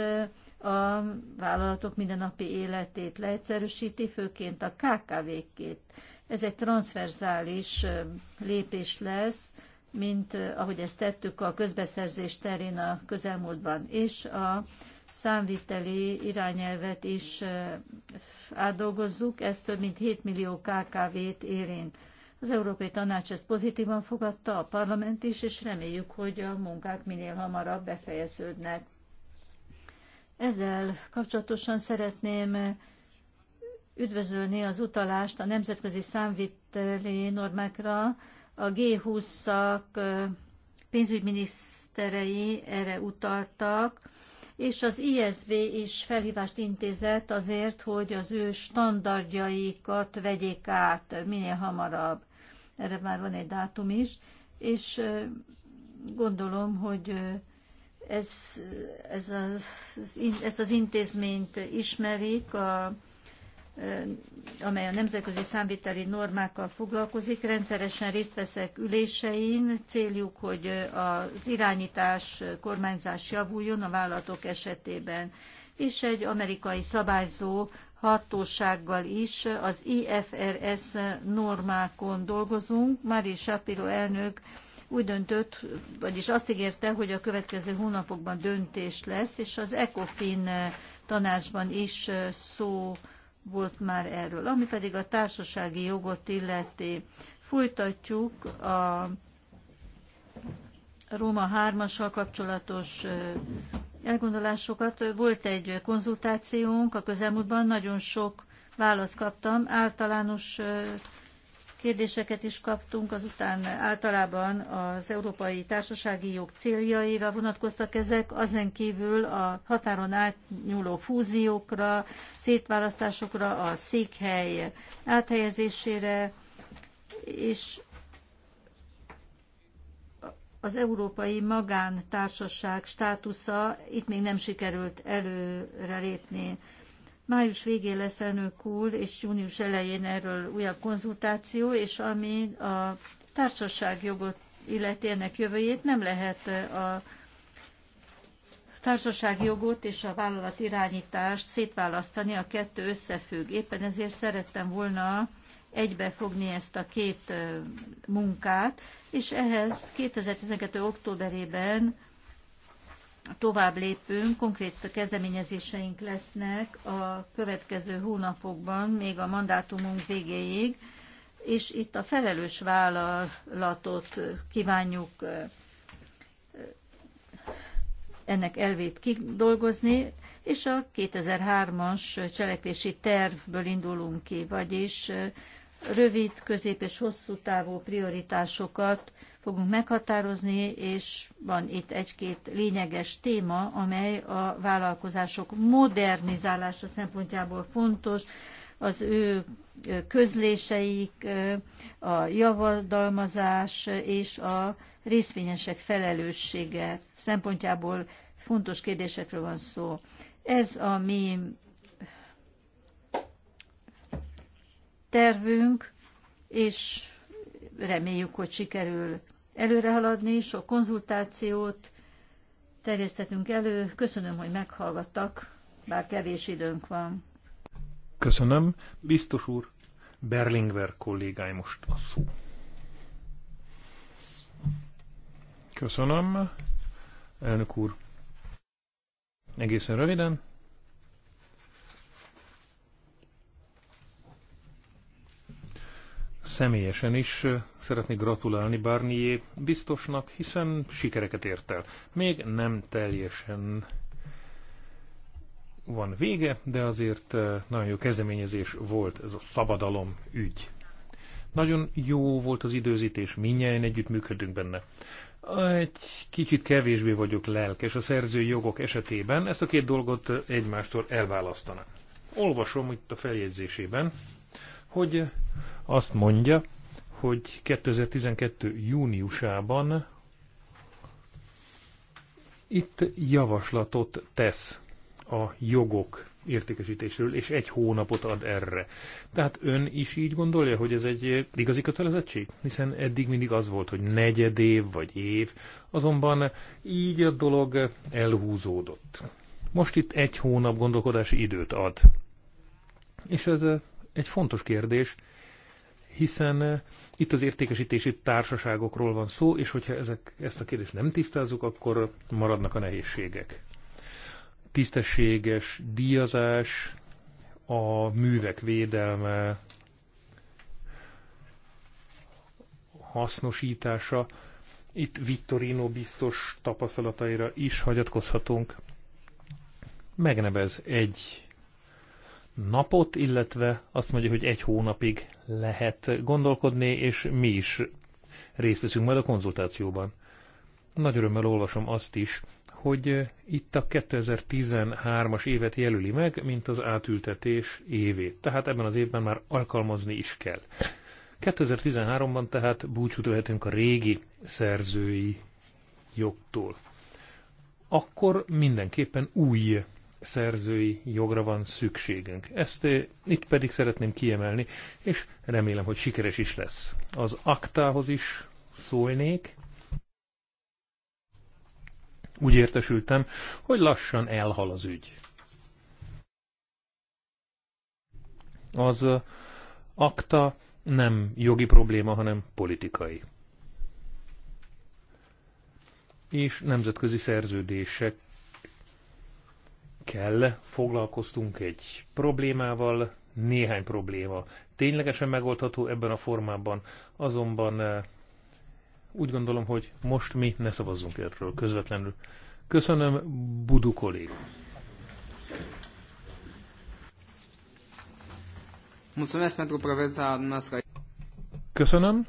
a vállalatok mindennapi életét leegyszerűsíti, főként a KKV-két. Ez egy transzverzális lépés lesz, mint ahogy ezt tettük a közbeszerzés terén a közelmúltban, és a számviteli irányelvet is átdolgozzuk, ez több mint 7 millió KKV-t érint. Az Európai Tanács ezt pozitívan fogadta, a parlament is, és reméljük, hogy a munkák minél hamarabb befejeződnek. Ezzel kapcsolatosan szeretném üdvözölni az utalást a nemzetközi számviteli normákra. A G20-ak pénzügyminiszterei erre utaltak, és az ISV is felhívást intézett azért, hogy az ő standardjaikat vegyék át minél hamarabb. Erre már van egy dátum is, és gondolom, hogy ez, ez az, ezt az intézményt ismerik, a amely a nemzetközi számviteli normákkal foglalkozik. Rendszeresen részt veszek ülésein, céljuk, hogy az irányítás, kormányzás javuljon a vállalatok esetében. És egy amerikai szabályzó hatósággal is az IFRS normákon dolgozunk. Mári Sapiro elnök úgy döntött, vagyis azt ígérte, hogy a következő hónapokban döntés lesz, és az ECOFIN tanácsban is szó volt már erről. Ami pedig a társasági jogot illeti, folytatjuk a Róma 3-assal kapcsolatos elgondolásokat. Volt egy konzultációnk a közelmúltban, nagyon sok választ kaptam, általános kérdéseket is kaptunk, azután általában az európai társasági jog céljaira vonatkoztak ezek, azen kívül a határon átnyúló fúziókra, szétválasztásokra, a székhely áthelyezésére, és az európai magántársaság státusza, itt még nem sikerült előrelépni. lépni Május végén lesz elnök úr, és június elején erről újabb konzultáció, és ami a társaságjogot illeti ennek jövőjét, nem lehet eh, a társaságjogot és a vállalat irányítást szétválasztani, a kettő összefügg. Éppen ezért szerettem volna egybefogni ezt a két eh, munkát, és ehhez 2012. októberében tovább lépünk, konkrét kezdeményezéseink lesznek a következő hónapokban, még a mandátumunk végéig, és itt a felelős vállalatot kívánjuk ennek elvét kidolgozni, és a 2003-as cselekvési tervből indulunk ki, vagyis rövid, közép és hosszú távú prioritásokat fogunk meghatározni, és van itt egy-két lényeges téma, amely a vállalkozások modernizálása szempontjából fontos, az ő közléseik, a javadalmazás és a részvényesek felelőssége szempontjából fontos kérdésekről van szó. Ez a mi tervünk, és reméljük, hogy sikerül előrehaladni, sok konzultációt terjesztettünk elő. Köszönöm, hogy meghallgattak, bár kevés időnk van. Köszönöm. Biztos úr, Berlingver kollégáim most a szó. Köszönöm, elnök úr. Egészen röviden. Személyesen is szeretnék gratulálni Barnié, biztosnak, hiszen sikereket ért el. Még nem teljesen van vége, de azért nagyon jó kezdeményezés volt ez a szabadalom ügy. Nagyon jó volt az időzítés, minnyáján együtt működünk benne. Egy kicsit kevésbé vagyok lelkes a szerző jogok esetében, ezt a két dolgot egymástól elválasztanám. Olvasom itt a feljegyzésében, hogy azt mondja, hogy 2012. júniusában itt javaslatot tesz a jogok értékesítésről, és egy hónapot ad erre. Tehát ön is így gondolja, hogy ez egy igazi kötelezettség? Hiszen eddig mindig az volt, hogy negyed év vagy év, azonban így a dolog elhúzódott. Most itt egy hónap gondolkodási időt ad. És ez egy fontos kérdés, hiszen eh, itt az értékesítési társaságokról van szó, és hogyha ezek, ezt a kérdést nem tisztázzuk, akkor maradnak a nehézségek. Tisztességes díjazás, a művek védelme, hasznosítása. Itt Vittorino biztos tapasztalataira is hagyatkozhatunk. Megnevez egy napot, illetve azt mondja, hogy egy hónapig lehet gondolkodni, és mi is részt veszünk majd a konzultációban. Nagy örömmel olvasom azt is, hogy itt a 2013-as évet jelöli meg, mint az átültetés évét. Tehát ebben az évben már alkalmazni is kell. 2013-ban tehát búcsút vehetünk a régi szerzői jogtól. Akkor mindenképpen új szerzői jogra van szükségünk. Ezt eh, itt pedig szeretném kiemelni, és remélem, hogy sikeres is lesz. Az aktához is szólnék. Úgy értesültem, hogy lassan elhal az ügy. Az eh, akta nem jogi probléma, hanem politikai. És nemzetközi szerződések kell foglalkoztunk egy problémával, néhány probléma ténylegesen megoldható ebben a formában, azonban eh, úgy gondolom, hogy most mi ne szavazzunk erről közvetlenül. Köszönöm, Budu kolléga. Köszönöm.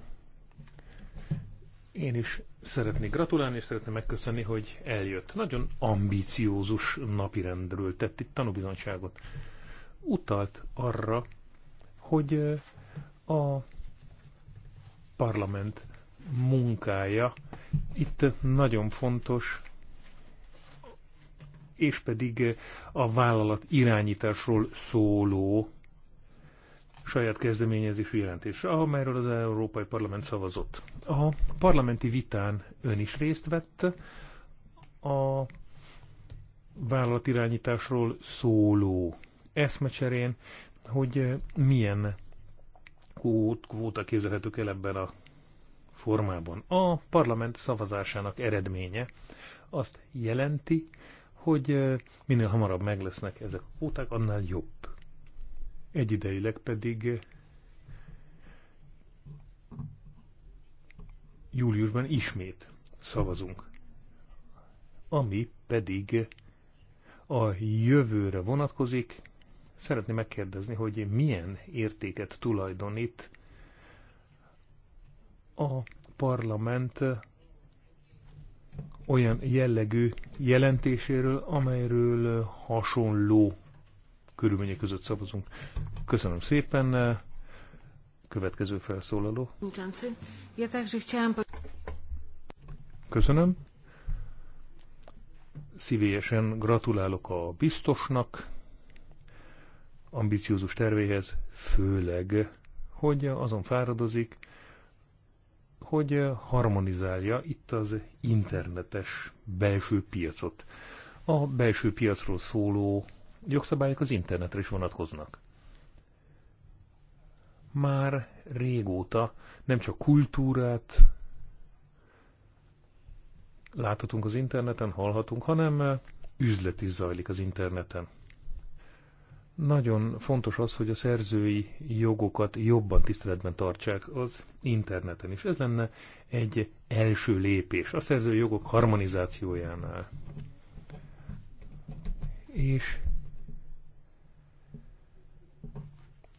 Én is szeretnék gratulálni, és szeretném megköszönni, hogy eljött. Nagyon ambiciózus napirendről tett itt tanúbizonyságot. Utalt arra, hogy a parlament munkája itt nagyon fontos, és pedig a vállalat irányításról szóló saját kezdeményezésű jelentésre, amelyről az Európai Parlament szavazott. A parlamenti vitán ön is részt vett a vállalatirányításról szóló eszmecserén, hogy milyen kvóta képzelhetők el ebben a formában. A parlament szavazásának eredménye azt jelenti, hogy minél hamarabb meg lesznek ezek a kvóták, annál jobb. Egyidejileg pedig júliusban ismét szavazunk, ami pedig a jövőre vonatkozik. Szeretném megkérdezni, hogy milyen értéket tulajdonít a parlament olyan jellegű jelentéséről, amelyről hasonló körülmények között szavazunk. Köszönöm szépen. Következő felszólaló. Köszönöm. Szívélyesen gratulálok a biztosnak, ambiciózus tervéhez, főleg, hogy azon fáradozik, hogy harmonizálja itt az internetes belső piacot. A belső piacról szóló jogszabályok az internetre is vonatkoznak. Már régóta nem csak kultúrát láthatunk az interneten, hallhatunk, hanem eh, üzlet is zajlik az interneten. Nagyon fontos az, hogy a szerzői jogokat jobban tiszteletben tartsák az interneten is. Ez lenne egy első lépés a szerzői jogok harmonizációjánál. És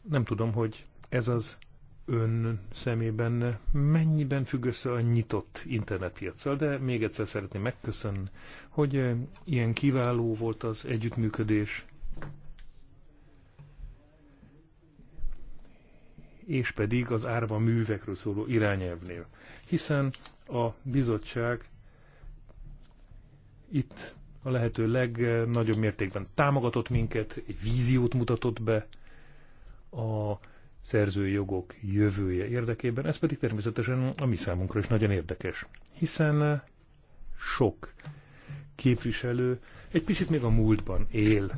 Nem tudom, hogy ez az ön szemében mennyiben függ össze a nyitott internetpiacsal, de még egyszer szeretném megköszönni, hogy eh, ilyen kiváló volt az együttműködés, és pedig az árva művekről szóló irányelvnél. Hiszen a bizottság itt a lehető legnagyobb mértékben támogatott minket, egy víziót mutatott be, a szerzői jogok jövője érdekében, ez pedig természetesen a mi számunkra is nagyon érdekes, hiszen sok képviselő egy picit még a múltban él,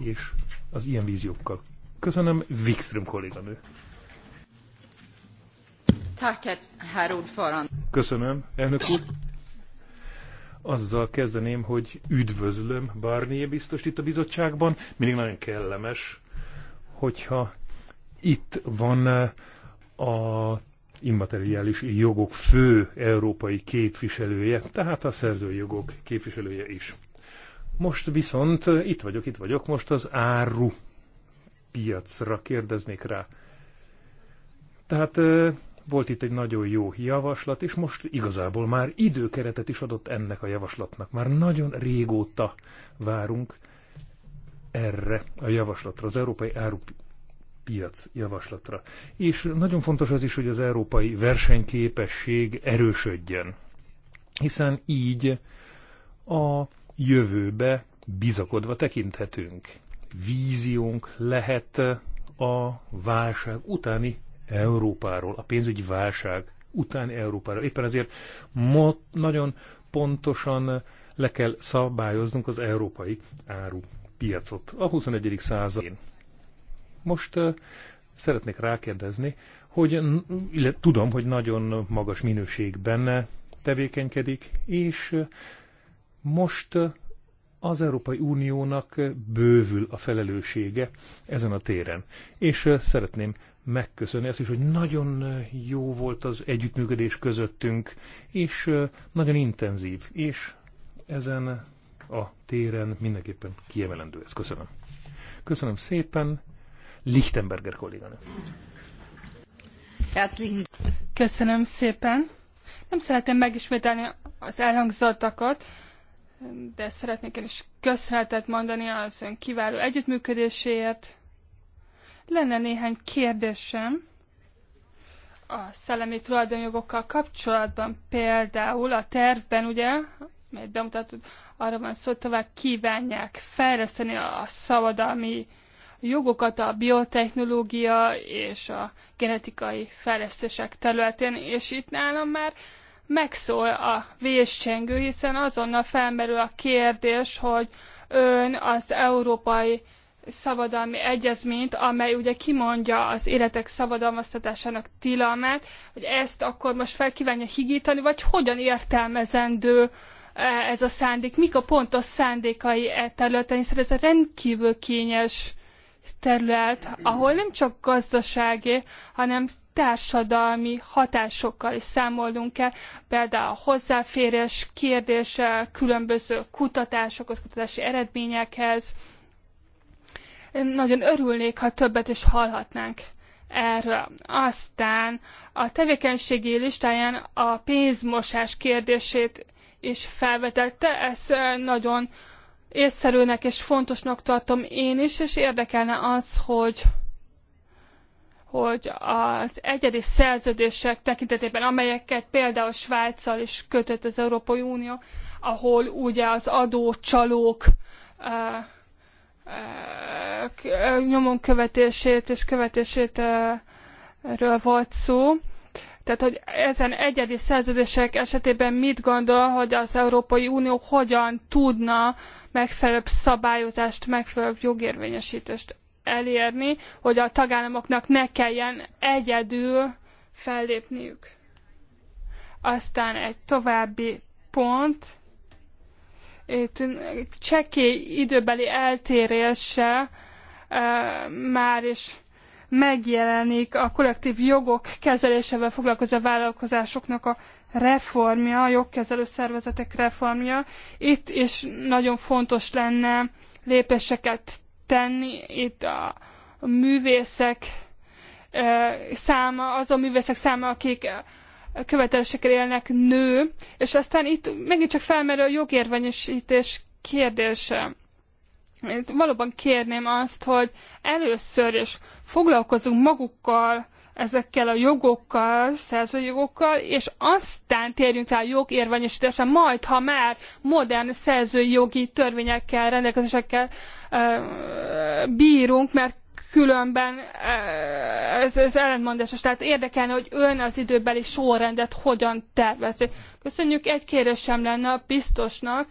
és az ilyen víziókkal. Köszönöm, Wikström kolléganő. Köszönöm, elnök úr. Azzal kezdeném, hogy üdvözlöm Barnier biztos itt a bizottságban. Mindig nagyon kellemes hogyha itt van eh, a immateriális jogok fő európai képviselője, tehát a szerzői jogok képviselője is. Most viszont eh, itt vagyok, itt vagyok, most az áru piacra kérdeznék rá. Tehát eh, volt itt egy nagyon jó javaslat, és most igazából már időkeretet is adott ennek a javaslatnak. Már nagyon régóta várunk erre a javaslatra, az európai árupiac javaslatra. És nagyon fontos az is, hogy az európai versenyképesség erősödjön, hiszen így a jövőbe bizakodva tekinthetünk. Víziónk lehet a válság utáni Európáról, a pénzügyi válság utáni Európáról. Éppen ezért nagyon pontosan le kell szabályoznunk az európai áru piacot a 21. századén. Most uh, szeretnék rákérdezni, hogy illetve, tudom, hogy nagyon magas minőségben tevékenykedik, és most az Európai Uniónak bővül a felelőssége ezen a téren. És szeretném megköszönni ezt is, hogy nagyon jó volt az együttműködés közöttünk, és nagyon intenzív, és ezen a téren mindenképpen kiemelendő ez. Köszönöm. Köszönöm szépen. Lichtenberger kolléganő. Köszönöm szépen. Nem szeretném megismételni az elhangzottakat, de szeretnék én is köszönetet mondani az ön kiváló együttműködéséért. Lenne néhány kérdésem a szellemi tulajdonjogokkal kapcsolatban például a tervben ugye mert bemutatod arra van szó, hogy tovább kívánják fejleszteni a szabadalmi jogokat a biotechnológia és a genetikai fejlesztések területén, és itt nálam már megszól a véscsengő, hiszen azonnal felmerül a kérdés, hogy ön az európai szabadalmi egyezményt, amely ugye kimondja az életek szabadalmaztatásának tilalmát, hogy ezt akkor most fel kívánja higítani, vagy hogyan értelmezendő ez a szándék, mik a pontos szándékai e területen, hiszen ez a rendkívül kényes terület, ahol nem csak gazdasági, hanem társadalmi hatásokkal is számolnunk kell, például a hozzáférés kérdése, különböző kutatásokhoz, kutatási eredményekhez. Én nagyon örülnék, ha többet is hallhatnánk erről. Aztán a tevékenységi listáján a pénzmosás kérdését is felvetette. Ezt nagyon észszerűnek és fontosnak tartom én is, és érdekelne az, hogy hogy az egyedi szerződések tekintetében, amelyeket például Svájccal is kötött az Európai Unió, ahol ugye az adócsalók nyomon követését és követését ről volt szó. Tehát, hogy ezen egyedi szerződések esetében mit gondol, hogy az Európai Unió hogyan tudna megfelelőbb szabályozást, megfelelőbb jogérvényesítést elérni, hogy a tagállamoknak ne kelljen egyedül fellépniük. Aztán egy további pont, itt csekély időbeli eltérése e, már is megjelenik a kollektív jogok kezelésével foglalkozó vállalkozásoknak a reformja, a jogkezelő szervezetek reformja. Itt is nagyon fontos lenne lépéseket tenni, itt a művészek száma, az a művészek száma, akik követelésekkel élnek, nő, és aztán itt megint csak felmerül a jogérvényesítés kérdése. Én valóban kérném azt, hogy először is foglalkozunk magukkal, ezekkel a jogokkal, szerzőjogokkal, és aztán térjünk rá a jogérvényesítésre, majd, ha már modern szerzőjogi törvényekkel, rendelkezésekkel e, bírunk, mert különben ez, ez ellentmondásos. Tehát érdekelne, hogy ön az időbeli sorrendet hogyan tervezi. Köszönjük, egy kérésem lenne a biztosnak,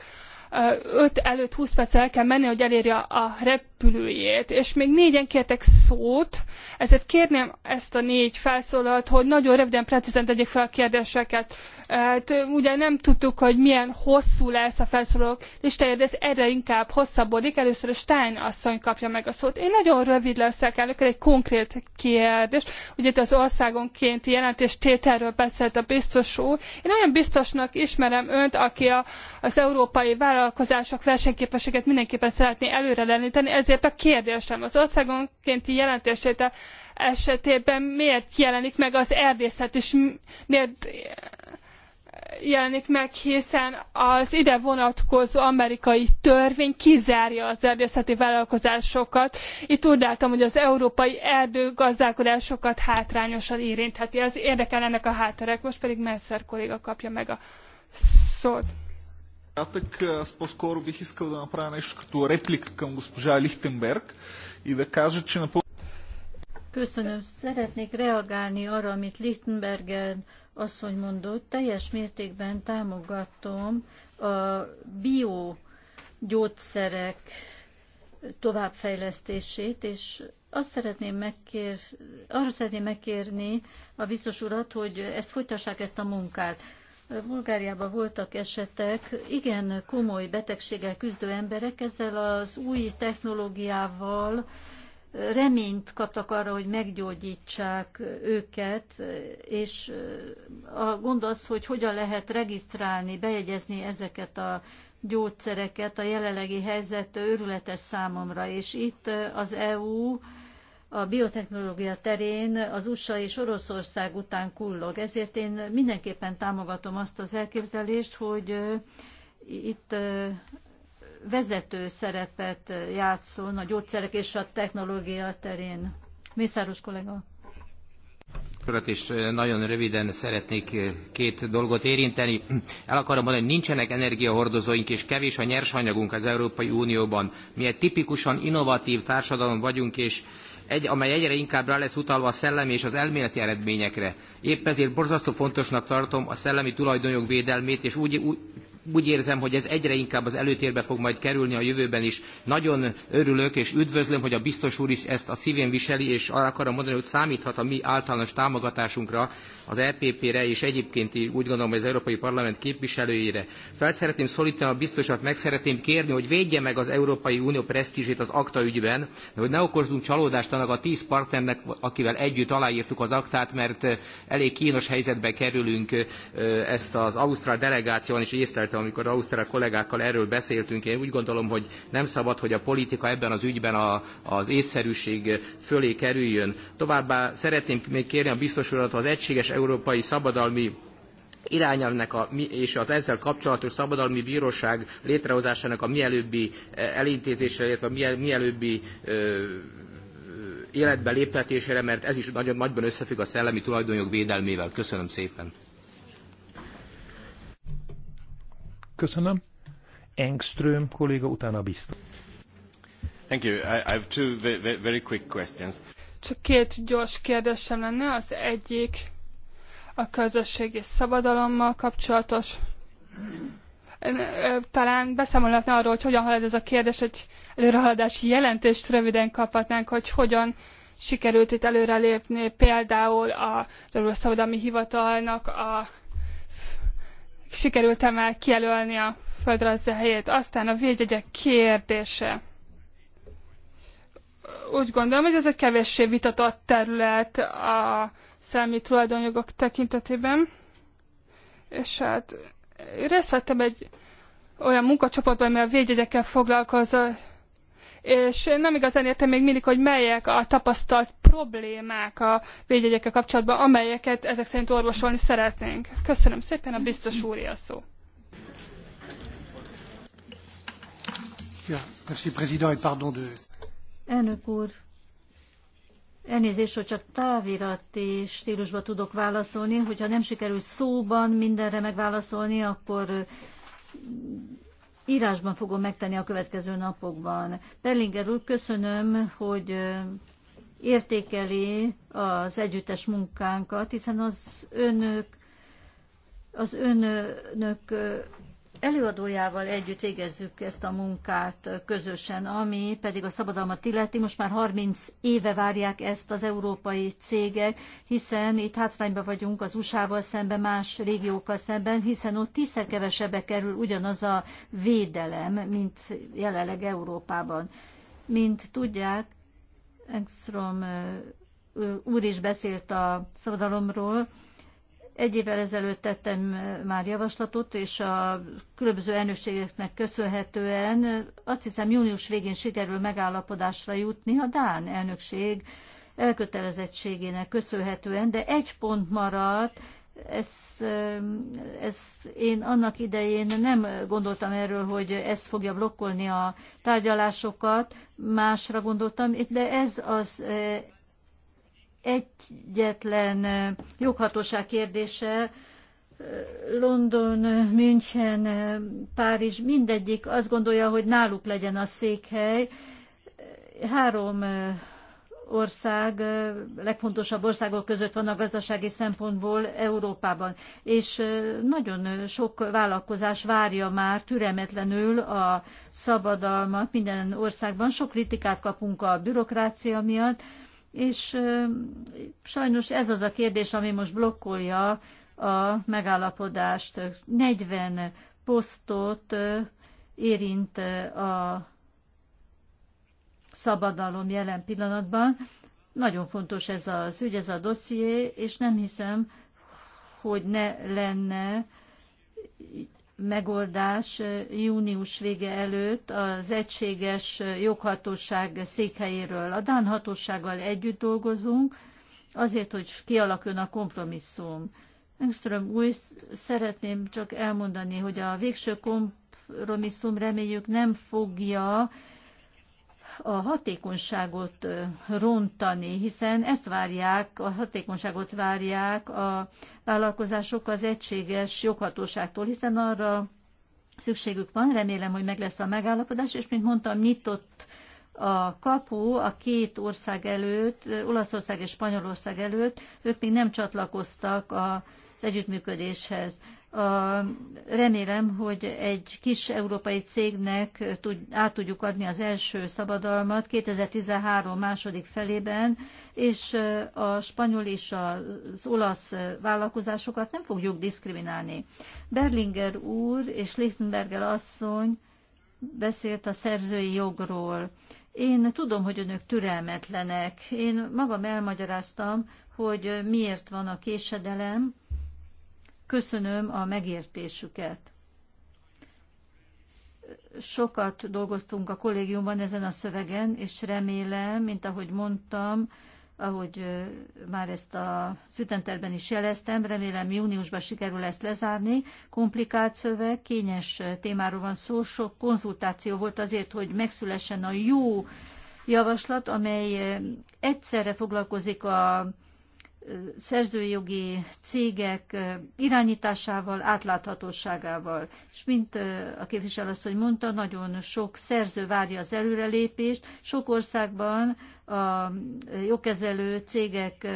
5 előtt 20 perc el kell menni, hogy elérje a repülőjét. És még négyen kértek szót, ezért kérném ezt a négy felszólalt, hogy nagyon röviden, precízen tegyék fel a kérdéseket. Hát, ugye nem tudtuk, hogy milyen hosszú lesz a felszólalók listája, de ez erre inkább hosszabbodik. Először a Stein asszony kapja meg a szót. Én nagyon rövid leszek, elők egy konkrét kérdés. Ugye itt az országonkénti jelentés tételről beszélt a biztos úr. Én olyan biztosnak ismerem önt, aki a, az európai város vállalkozások versenyképességet mindenképpen szeretné előre ezért a kérdésem az országonkénti jelentéstétel esetében miért jelenik meg az erdészet, és miért jelenik meg, hiszen az ide vonatkozó amerikai törvény kizárja az erdészeti vállalkozásokat. Itt úgy hogy az európai erdőgazdálkodásokat hátrányosan érintheti. Ez érdekel ennek a hátterek. Most pedig Messzer kolléga kapja meg a szót кратък, аз по-скоро бих искал да направя нещо като реплика към госпожа Лихтенберг и да кажа, че напълно Köszönöm. Szeretnék reagálni arra, amit Lichtenberger asszony mondott. Teljes mértékben támogatom a bio gyógyszerek továbbfejlesztését, és azt szeretném megkér, arra szeretném megkérni a biztos urat, hogy ezt folytassák ezt a munkát. Bulgáriában voltak esetek, igen komoly betegséggel küzdő emberek ezzel az új technológiával eh, reményt kaptak arra, hogy meggyógyítsák eh, őket, eh, és a gond az, hogy hogyan lehet regisztrálni, bejegyezni ezeket a gyógyszereket, a jelenlegi helyzet őrületes számomra, és itt az EU a biotechnológia terén az USA és Oroszország után kullog. Ezért én mindenképpen támogatom azt az elképzelést, hogy itt vezető szerepet játszon a gyógyszerek és a technológia terén. Mészáros kollega. És nagyon röviden szeretnék két dolgot érinteni. El akarom mondani, hogy nincsenek energiahordozóink, és kevés a nyersanyagunk az Európai Unióban. Mi egy tipikusan innovatív társadalom vagyunk, és egy, amely egyre inkább rá lesz utalva a szellemi és az elméleti eredményekre. Épp ezért borzasztó fontosnak tartom a szellemi tulajdonjog védelmét, és úgy, úgy úgy érzem, hogy ez egyre inkább az előtérbe fog majd kerülni a jövőben is. Nagyon örülök és üdvözlöm, hogy a biztos úr is ezt a szívén viseli, és arra akarom mondani, hogy számíthat a mi általános támogatásunkra, az EPP-re és egyébként úgy gondolom, hogy az Európai Parlament képviselőire. Fel szeretném szólítani a biztosat, meg szeretném kérni, hogy védje meg az Európai Unió presztízsét az akta ügyben, hogy ne okozzunk csalódást annak a tíz partnernek, akivel együtt aláírtuk az aktát, mert eh, elég kínos helyzetbe kerülünk eh, ezt az Ausztrál delegáción is észlelte héten, amikor Ausztrál kollégákkal erről beszéltünk, én úgy gondolom, hogy nem szabad, hogy a politika ebben az ügyben a, az észszerűség fölé kerüljön. Továbbá szeretném még kérni a biztos urat, az egységes európai szabadalmi irányelvnek a, és az ezzel kapcsolatos szabadalmi bíróság létrehozásának a mielőbbi e, elintézésre, illetve a mielőbbi életbe léptetésére, mert ez is nagyon nagyban összefügg a szellemi tulajdonjog védelmével. Köszönöm szépen. Köszönöm. Engström kolléga, utána biztos. Thank you. I have two very quick questions. Csak két gyors kérdésem lenne. Az egyik a közösségi szabadalommal kapcsolatos. Talán beszámolhatna arról, hogy hogyan halad ez a kérdés, egy előrehaladási jelentést röviden kaphatnánk, hogy hogyan sikerült itt előrelépni például a Szabadalmi Hivatalnak a sikerültem el kijelölni a földrajzi helyét. Aztán a védjegyek kérdése. Úgy gondolom, hogy ez egy kevéssé vitatott terület a szellemi tulajdonjogok tekintetében. És hát részt vettem egy olyan munkacsoportban, ami a védjegyekkel foglalkozott, és nem igazán értem még mindig, hogy melyek a tapasztalt problémák a védjegyekkel kapcsolatban, amelyeket ezek szerint orvosolni szeretnénk. Köszönöm szépen, a biztos úr a szó. Elnök úr, elnézést, hogy csak távirati stílusban tudok válaszolni, hogyha nem sikerül szóban mindenre megválaszolni, akkor írásban fogom megtenni a következő napokban. Berlinger úr, köszönöm, hogy értékeli az együttes munkánkat, hiszen az önök az önök előadójával együtt végezzük ezt a munkát közösen, ami pedig a szabadalmat illeti. Most már 30 éve várják ezt az európai cégek, hiszen itt hátrányban vagyunk az USA-val szemben, más régiókkal szemben, hiszen ott tízszer kevesebbe kerül ugyanaz a védelem, mint jelenleg Európában. Mint tudják, Engström úr is beszélt a szabadalomról, egy évvel ezelőtt tettem eh, már javaslatot, és a különböző elnökségeknek köszönhetően eh, azt hiszem június végén sikerül megállapodásra jutni a Dán elnökség elkötelezettségének köszönhetően, de egy pont maradt, ez, eh, ez én annak idején nem gondoltam erről, hogy ez fogja blokkolni a tárgyalásokat, másra gondoltam, de ez az egyetlen joghatóság kérdése, London, München, Párizs, mindegyik azt gondolja, hogy náluk legyen a székhely. Három ország, legfontosabb országok között van a gazdasági szempontból Európában. És nagyon sok vállalkozás várja már türemetlenül a szabadalmat minden országban. Sok kritikát kapunk a bürokrácia miatt, és sajnos ez az a kérdés, ami most blokkolja a megállapodást. 40 posztot érint a szabadalom jelen pillanatban. Nagyon fontos ez az ügy, ez a dosszié, és nem hiszem, hogy ne lenne megoldás június vége előtt az egységes joghatóság székhelyéről. A Dán hatósággal együtt dolgozunk, azért, hogy kialakuljon a kompromisszum. Engström új, szeretném csak elmondani, hogy a végső kompromisszum reméljük nem fogja a hatékonyságot rontani, hiszen ezt várják, a hatékonyságot várják a vállalkozások az egységes joghatóságtól, hiszen arra szükségük van, remélem, hogy meg lesz a megállapodás, és mint mondtam, nyitott a kapu a két ország előtt, Olaszország és Spanyolország előtt, ők még nem csatlakoztak az együttműködéshez a, remélem, hogy egy kis európai cégnek tud, át tudjuk adni az első szabadalmat 2013 második felében, és a spanyol és az olasz vállalkozásokat nem fogjuk diszkriminálni. Berlinger úr és Lichtenberger asszony beszélt a szerzői jogról. Én tudom, hogy önök türelmetlenek. Én magam elmagyaráztam, hogy miért van a késedelem, Köszönöm a megértésüket. Sokat dolgoztunk a kollégiumban ezen a szövegen, és remélem, mint ahogy mondtam, ahogy már ezt a szütenterben is jeleztem, remélem júniusban sikerül ezt lezárni. Komplikált szöveg, kényes témáról van szó, sok konzultáció volt azért, hogy megszülessen a jó javaslat, amely egyszerre foglalkozik a szerzőjogi cégek irányításával, átláthatóságával. És mint a képviselő azt, mondta, nagyon sok szerző várja az előrelépést. Sok országban a jogkezelő cégek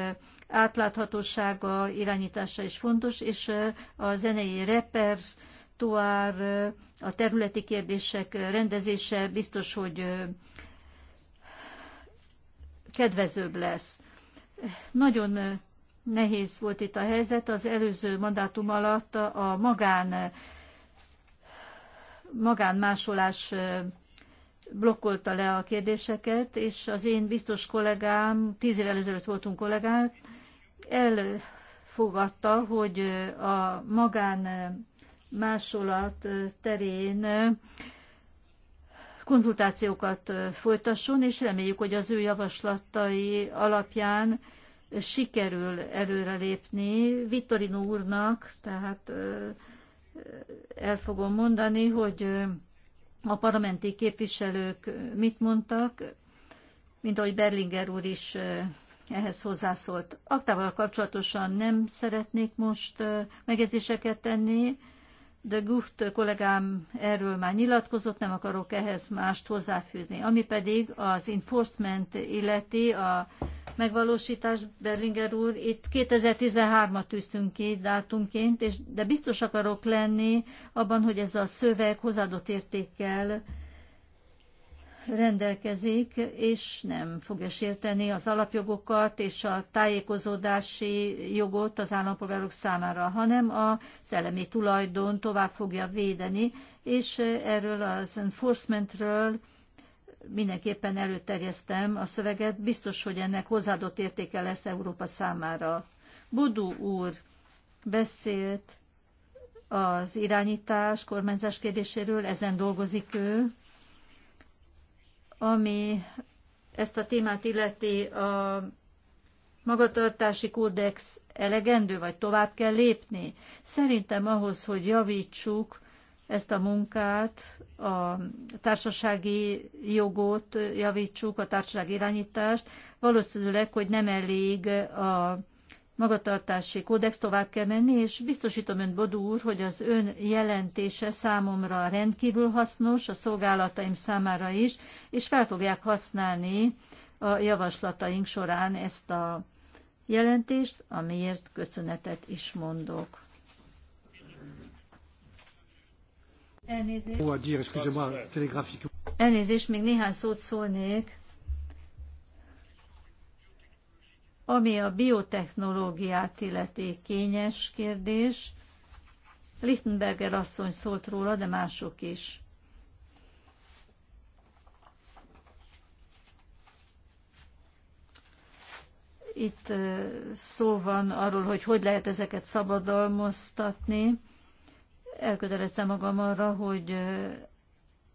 átláthatósága, irányítása is fontos, és a zenei reper repertoár, a területi kérdések rendezése biztos, hogy kedvezőbb lesz. Nagyon eh, nehéz volt itt a helyzet. Az előző mandátum alatt a magán eh, magánmásolás eh, blokkolta le a kérdéseket, és az én biztos kollégám, tíz évvel ezelőtt voltunk kollégák, elfogadta, hogy a magán másolat terén konzultációkat folytasson, és reméljük, hogy az ő javaslatai alapján sikerül előrelépni. Vittorino úrnak, tehát el fogom mondani, hogy a parlamenti képviselők mit mondtak, mint ahogy Berlinger úr is ehhez hozzászólt. Aktával kapcsolatosan nem szeretnék most megjegyzéseket tenni, de Gucht kollégám erről már nyilatkozott, nem akarok ehhez mást hozzáfűzni. Ami pedig az enforcement illeti a megvalósítás, Berlinger úr, itt 2013-at tűztünk ki dátumként, és, de biztos akarok lenni abban, hogy ez a szöveg hozzáadott értékkel rendelkezik, és nem fogja sérteni az alapjogokat és a tájékozódási jogot az állampolgárok számára, hanem a szellemi tulajdon tovább fogja védeni, és erről az enforcementről mindenképpen előterjesztem a szöveget. Biztos, hogy ennek hozzáadott értéke lesz Európa számára. Budú úr beszélt az irányítás, kormányzás kérdéséről, ezen dolgozik ő, ami ezt a témát illeti a magatartási kódex elegendő, vagy tovább kell lépni. Szerintem ahhoz, hogy javítsuk ezt a munkát, a társasági jogot javítsuk, a társaság irányítást, valószínűleg, hogy nem elég a magatartási kódex tovább kell menni, és biztosítom önt, Bodó úr, hogy az ön jelentése számomra rendkívül hasznos, a szolgálataim számára is, és fel fogják használni a javaslataink során ezt a jelentést, amiért köszönetet is mondok. Elnézést. Elnézést, még néhány szót szólnék Ami a biotechnológiát illeti kényes kérdés, Lichtenberger asszony szólt róla, de mások is. Itt szó van arról, hogy hogy lehet ezeket szabadalmoztatni. Elköteleztem magam arra, hogy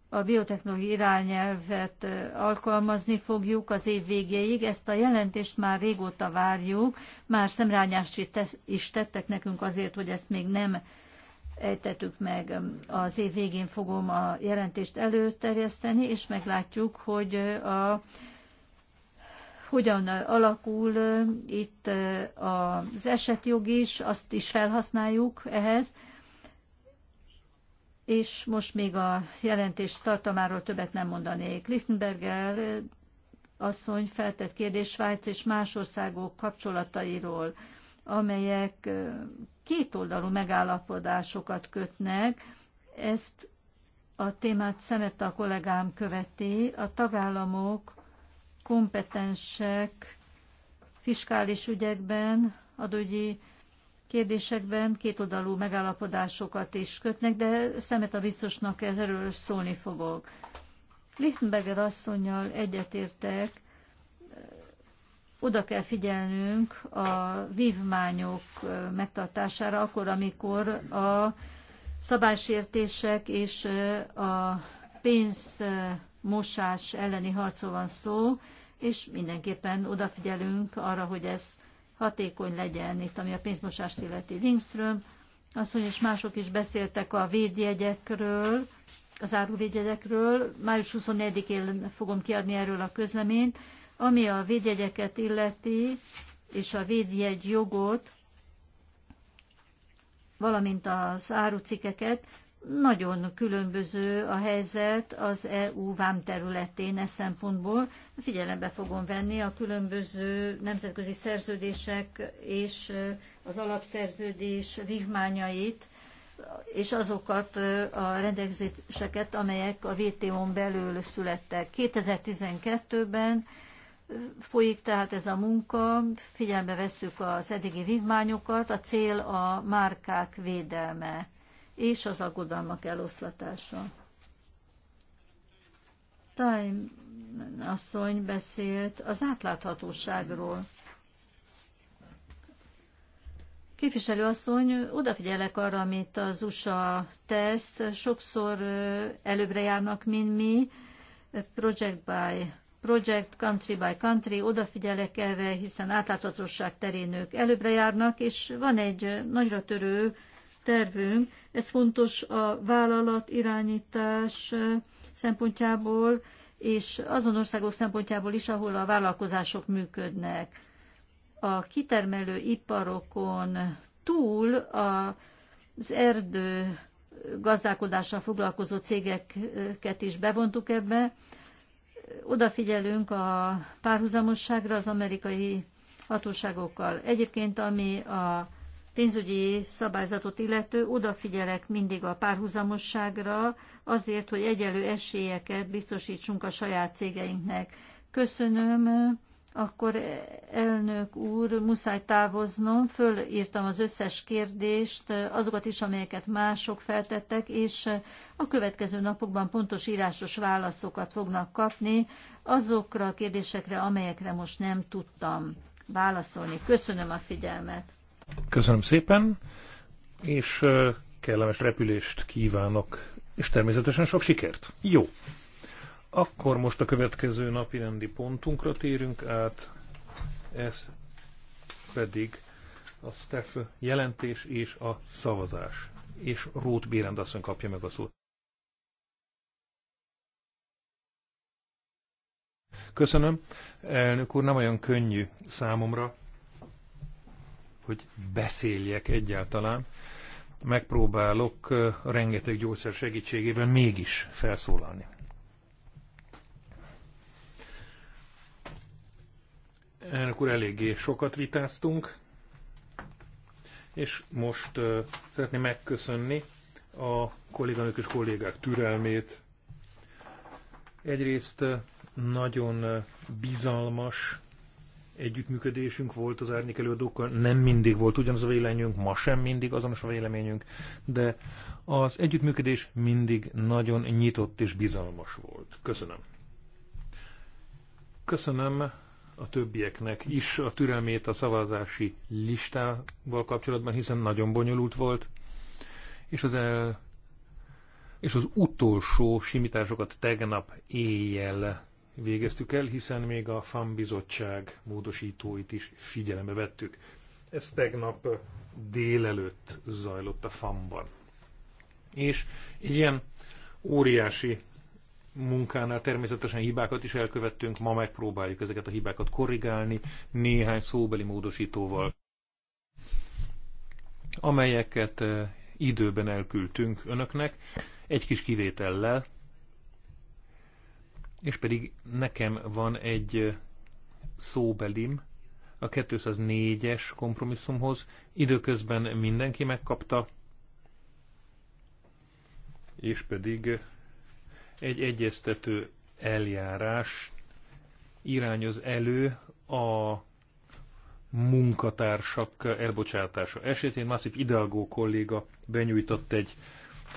a biotechnológiai irányelvet alkalmazni fogjuk az év végéig. Ezt a jelentést már régóta várjuk, már szemrányást is tettek nekünk azért, hogy ezt még nem ejtettük meg. Az év végén fogom a jelentést előterjeszteni, és meglátjuk, hogy a, hogyan alakul itt az esetjog is, azt is felhasználjuk ehhez, és most még a jelentés tartalmáról többet nem mondanék. Lichtenberger asszony feltett kérdés Svájc és más országok kapcsolatairól, amelyek kétoldalú megállapodásokat kötnek. Ezt a témát Szemette a kollégám követi. A tagállamok kompetensek fiskális ügyekben, adógyi kérdésekben kétoldalú megállapodásokat is kötnek, de szemet a biztosnak ezerről szólni fogok. Lichtenberger asszonynal egyetértek, oda kell figyelnünk a vívmányok megtartására, akkor, amikor a szabásértések és a pénzmosás elleni harcol van szó, és mindenképpen odafigyelünk arra, hogy ez hatékony legyen, itt ami a pénzmosást illeti Lindström, asszony és mások is beszéltek a védjegyekről, az áruvédjegyekről. Május 24-én fogom kiadni erről a közleményt. Ami a védjegyeket illeti, és a védjegy jogot, valamint az árucikeket, nagyon különböző a helyzet az EU vám területén e szempontból. Figyelembe fogom venni a különböző nemzetközi szerződések és az alapszerződés vívmányait, és azokat a rendelkezéseket, amelyek a vto n belül születtek. 2012-ben folyik tehát ez a munka, figyelembe vesszük az eddigi vívmányokat, a cél a márkák védelme és az aggodalmak eloszlatása. Time asszony beszélt az átláthatóságról. Képviselő asszony, odafigyelek arra, amit az USA tesz, sokszor előbbre járnak, mint mi, project by project, country by country, odafigyelek erre, hiszen átláthatóság terén ők előbbre járnak, és van egy nagyra törő tervünk. Ez fontos a vállalat irányítás szempontjából, és azon országok szempontjából is, ahol a vállalkozások működnek. A kitermelő iparokon túl az erdő gazdálkodással foglalkozó cégeket is bevontuk ebbe. Odafigyelünk a párhuzamosságra az amerikai hatóságokkal. Egyébként, ami a pénzügyi szabályzatot illető, odafigyelek mindig a párhuzamosságra, azért, hogy egyelő esélyeket biztosítsunk a saját cégeinknek. Köszönöm, akkor elnök úr, muszáj távoznom, fölírtam az összes kérdést, azokat is, amelyeket mások feltettek, és a következő napokban pontos írásos válaszokat fognak kapni azokra a kérdésekre, amelyekre most nem tudtam válaszolni. Köszönöm a figyelmet! Köszönöm szépen, és kellemes repülést kívánok, és természetesen sok sikert. Jó. Akkor most a következő napi rendi pontunkra térünk át, ez pedig a Steph jelentés és a szavazás. És Rót Bérend asszony kapja meg a szót. Köszönöm. Elnök úr, nem olyan könnyű számomra hogy beszéljek egyáltalán. Megpróbálok rengeteg gyógyszer segítségével mégis felszólalni. Elnök úr, eléggé sokat vitáztunk, és most uh, szeretném megköszönni a kolléganők és kollégák türelmét. Egyrészt uh, nagyon bizalmas együttműködésünk volt az árnyékelőadókkal, nem mindig volt ugyanaz a véleményünk, ma sem mindig azonos a véleményünk, de az együttműködés mindig nagyon nyitott és bizalmas volt. Köszönöm. Köszönöm a többieknek is a türelmét a szavazási listával kapcsolatban, hiszen nagyon bonyolult volt, és az el és az utolsó simításokat tegnap éjjel végeztük el, hiszen még a FAM bizottság módosítóit is figyelembe vettük. Ez tegnap délelőtt zajlott a FAM-ban. És ilyen óriási munkánál természetesen hibákat is elkövettünk, ma megpróbáljuk ezeket a hibákat korrigálni néhány szóbeli módosítóval, amelyeket időben elküldtünk önöknek, egy kis kivétellel, és pedig nekem van egy szóbelim a 204-es kompromisszumhoz. Időközben mindenki megkapta, és pedig egy egyeztető eljárás irányoz elő a munkatársak elbocsátása esetén. Masszip Idealgó kolléga benyújtott egy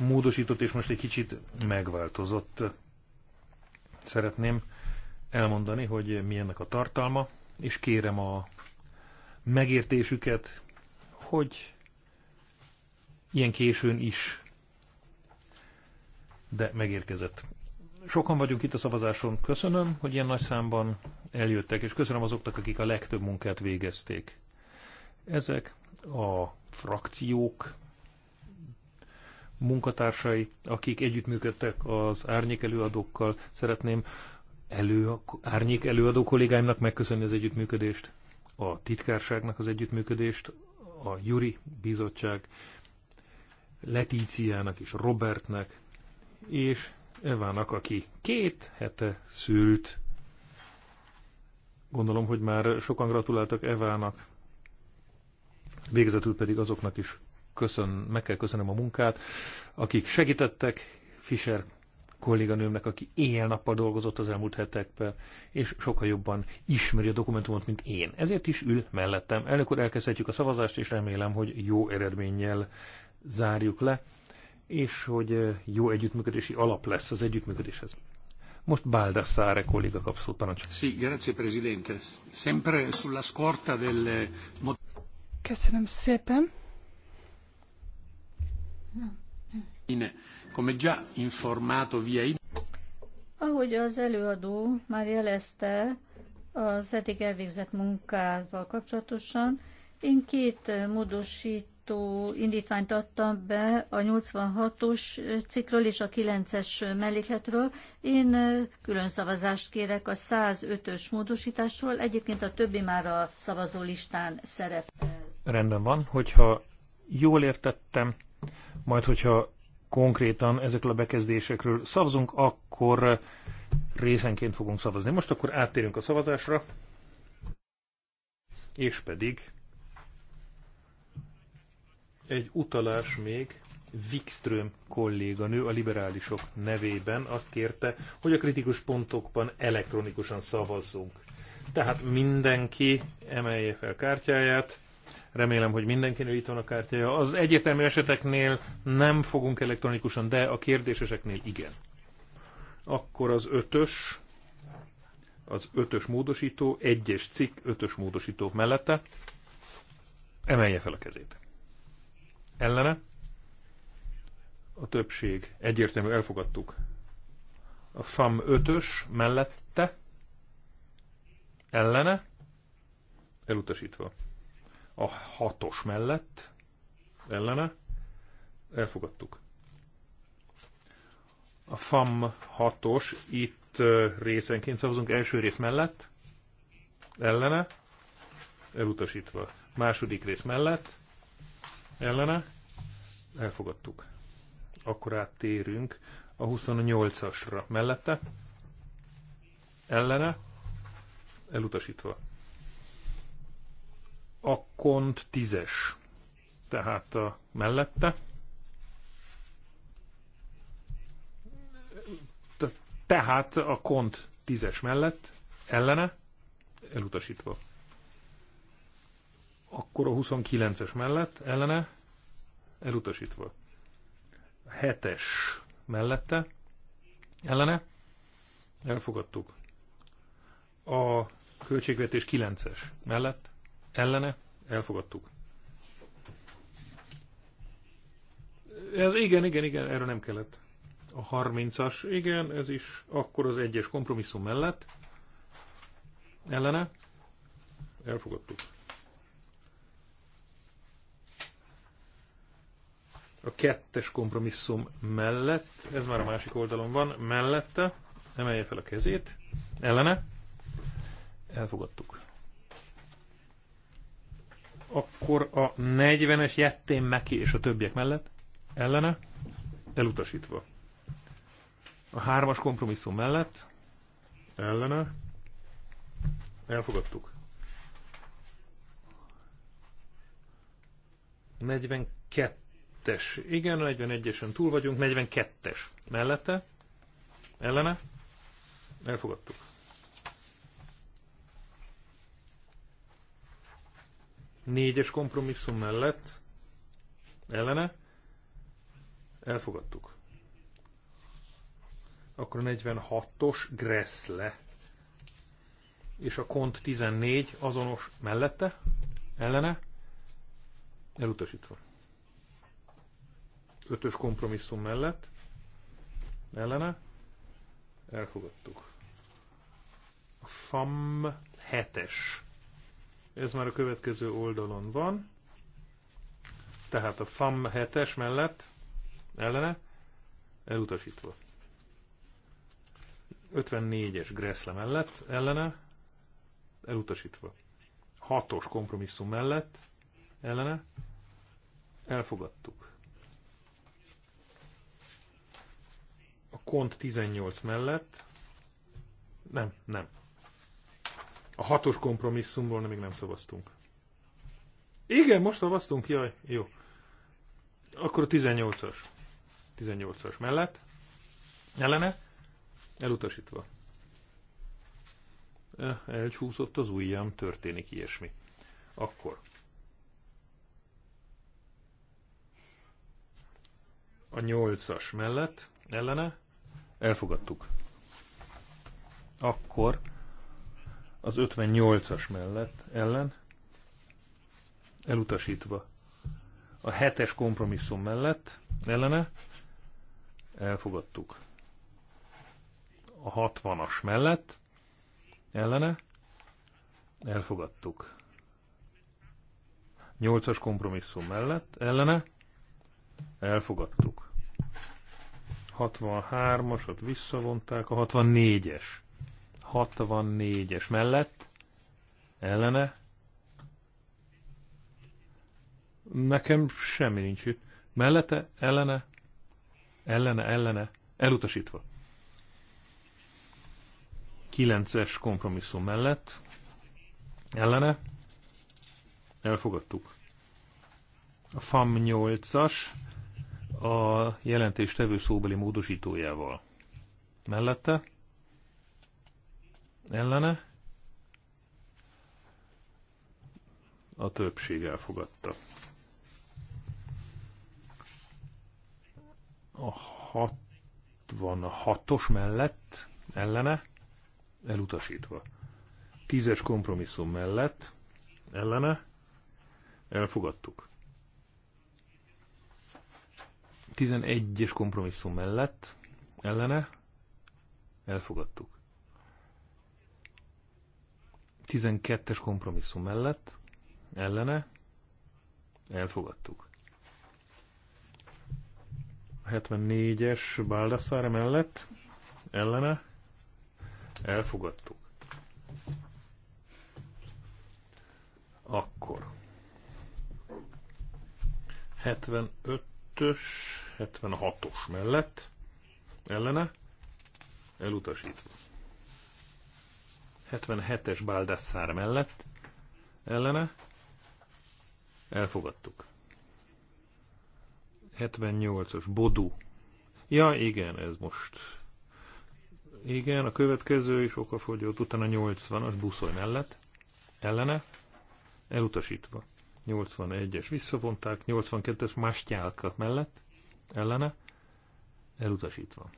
módosított és most egy kicsit megváltozott szeretném elmondani, hogy mi ennek a tartalma, és kérem a megértésüket, hogy ilyen későn is, de megérkezett. Sokan vagyunk itt a szavazáson. Köszönöm, hogy ilyen nagy számban eljöttek, és köszönöm azoknak, akik a legtöbb munkát végezték. Ezek a frakciók munkatársai, akik együttműködtek az árnyék előadókkal. Szeretném elő, árnyék előadó kollégáimnak megköszönni az együttműködést, a titkárságnak az együttműködést, a Juri Bizottság, Letíciának és Robertnek, és Evának, aki két hete szült. Gondolom, hogy már sokan gratuláltak Evának, végzetül pedig azoknak is, köszön, meg kell köszönöm a munkát, akik segítettek, Fischer kolléganőmnek, aki éjjel-nappal dolgozott az elmúlt hetekben, és sokkal jobban ismeri a dokumentumot, mint én. Ezért is ül mellettem. Elnök úr, elkezdhetjük a szavazást, és remélem, hogy jó eredménnyel zárjuk le, és hogy jó együttműködési alap lesz az együttműködéshez. Most Baldassare kolléga kap szót, parancsolja. Sí, grazie, presidente. Sempre sulla scorta del... Köszönöm szépen. Ahogy az előadó már jelezte az eddig elvégzett munkával kapcsolatosan, én két módosító indítványt adtam be a 86-os cikkről és a 9-es mellékletről. Én külön szavazást kérek a 105-ös módosításról, egyébként a többi már a szavazólistán szerepel. Rendben van, hogyha jól értettem, majd, hogyha konkrétan ezekről a bekezdésekről szavazunk, akkor részenként fogunk szavazni. Most akkor áttérünk a szavazásra, és pedig egy utalás még Wikström kolléganő a liberálisok nevében azt kérte, hogy a kritikus pontokban elektronikusan szavazzunk. Tehát mindenki emelje fel kártyáját, Remélem, hogy mindenkinél itt van a kártyája. Az egyértelmű eseteknél nem fogunk elektronikusan, de a kérdéseseknél igen. Akkor az ötös, az ötös módosító, egyes cikk, ötös módosító mellette. Emelje fel a kezét. Ellene? A többség. Egyértelmű, elfogadtuk. A FAM 5-ös mellette? Ellene? Elutasítva a hatos mellett ellene elfogadtuk. A FAM hatos itt részenként szavazunk első rész mellett ellene elutasítva. Második rész mellett ellene elfogadtuk. Akkor áttérünk a 28-asra mellette ellene elutasítva a kont 10-es, tehát a mellette. Tehát a kont 10-es mellett, ellene, elutasítva. Akkor a 29-es mellett, ellene, elutasítva. A 7-es mellette, ellene, elfogadtuk. A költségvetés 9-es mellett, ellene, elfogadtuk. Ez igen, igen, igen, erre nem kellett. A 30-as, igen, ez is akkor az egyes kompromisszum mellett, ellene, elfogadtuk. A kettes kompromisszum mellett, ez már a másik oldalon van, mellette, emelje fel a kezét, ellene, elfogadtuk akkor a 40-es Jettén Meki és a többiek mellett ellene elutasítva. A hármas kompromisszum mellett ellene elfogadtuk. 42-es. Igen, 41-esen túl vagyunk. 42-es mellette ellene elfogadtuk. Négyes kompromisszum mellett ellene elfogadtuk. Akkor 46-os Gressle és a kont 14 azonos mellette ellene elutasítva. Ötös kompromisszum mellett ellene elfogadtuk. A FAM 7-es ez már a következő oldalon van. Tehát a FAM 7-es mellett ellene elutasítva. 54-es Gressle mellett ellene elutasítva. 6-os kompromisszum mellett ellene elfogadtuk. A kont 18 mellett nem, nem. A hatos kompromisszumról még nem szavaztunk. Igen, most szavaztunk, jaj, jó. Akkor a 18-as. 18-as mellett. Ellene? Elutasítva. Elcsúszott az ujjam, történik ilyesmi. Akkor. A 8-as mellett. Ellene? Elfogadtuk. Akkor az 58-as mellett ellen, elutasítva. A 7-es kompromisszum mellett ellene elfogadtuk. A 60-as mellett ellene elfogadtuk. 8-as kompromisszum mellett ellene elfogadtuk. 63-asat visszavonták, a 64-es 64-es mellett ellene. Nekem semmi nincs itt. Mellette, ellene, ellene, ellene, elutasítva. 9-es kompromisszum mellett, ellene, elfogadtuk. A FAM 8-as a jelentéstevő szóbeli módosítójával. Mellette, ellene. A többség elfogadta. A 66-os mellett ellene elutasítva. Tízes kompromisszum mellett ellene elfogadtuk. 11-es kompromisszum mellett ellene elfogadtuk. 12-es kompromisszum mellett, ellene, elfogadtuk. A 74-es Baldassare mellett, ellene, elfogadtuk. Akkor. 75-ös, 76-os mellett, ellene, elutasítva. 77-es Baldassar mellett ellene elfogadtuk. 78-os Bodu, Ja, igen, ez most. Igen, a következő is okafogyott, utána 80-as buszoly mellett, ellene, elutasítva. 81-es visszavonták, 82-es Mastyálka mellett, ellene, elutasítva.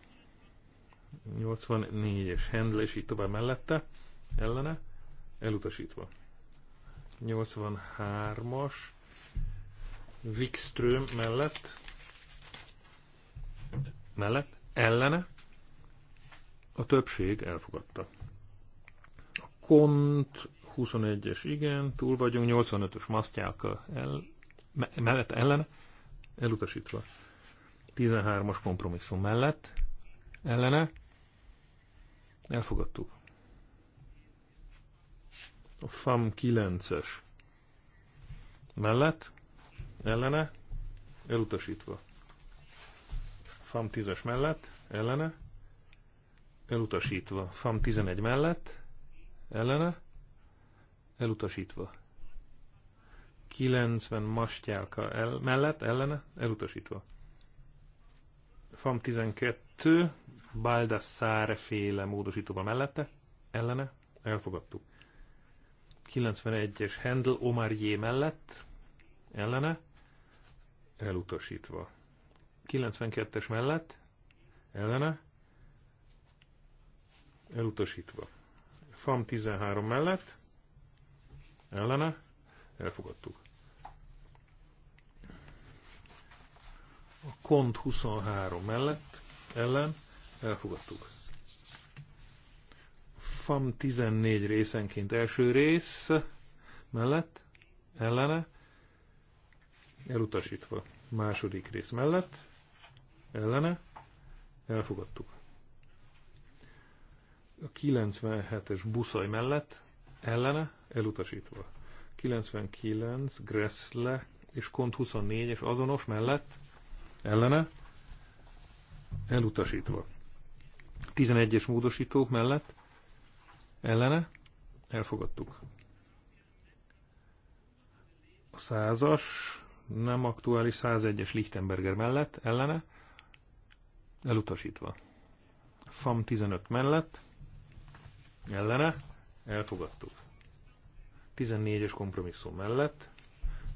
84-es Handle és így tovább mellette, ellene, elutasítva. 83-as Wikström mellett, mellett, ellene, a többség elfogadta. A kont 21-es igen, túl vagyunk, 85-ös masztjáka el, me, mellett ellene, elutasítva. 13-as kompromisszum mellett, ellene, elfogadtuk a FAM 9-es mellett, ellene, elutasítva. FAM 10-es mellett, ellene, elutasítva. FAM 11 mellett, ellene, elutasítva. 90 mastyálka el, mellett, ellene, elutasítva. FAM 12, Baldassare féle módosítóval mellette, ellene, elfogadtuk. 91-es Handel Omar J. mellett ellene elutasítva. 92-es mellett ellene elutasítva. FAM 13 mellett ellene elfogadtuk. A KONT 23 mellett ellen elfogadtuk. FAM 14 részenként első rész mellett, ellene, elutasítva. Második rész mellett, ellene, elfogadtuk. A 97-es buszaj mellett, ellene, elutasítva. 99, Gressle és Kont 24 és azonos mellett, ellene, elutasítva. 11-es módosítók mellett, ellene, elfogadtuk. A százas, nem aktuális 101-es Lichtenberger mellett, ellene, elutasítva. FAM 15 mellett, ellene, elfogadtuk. 14-es kompromisszum mellett,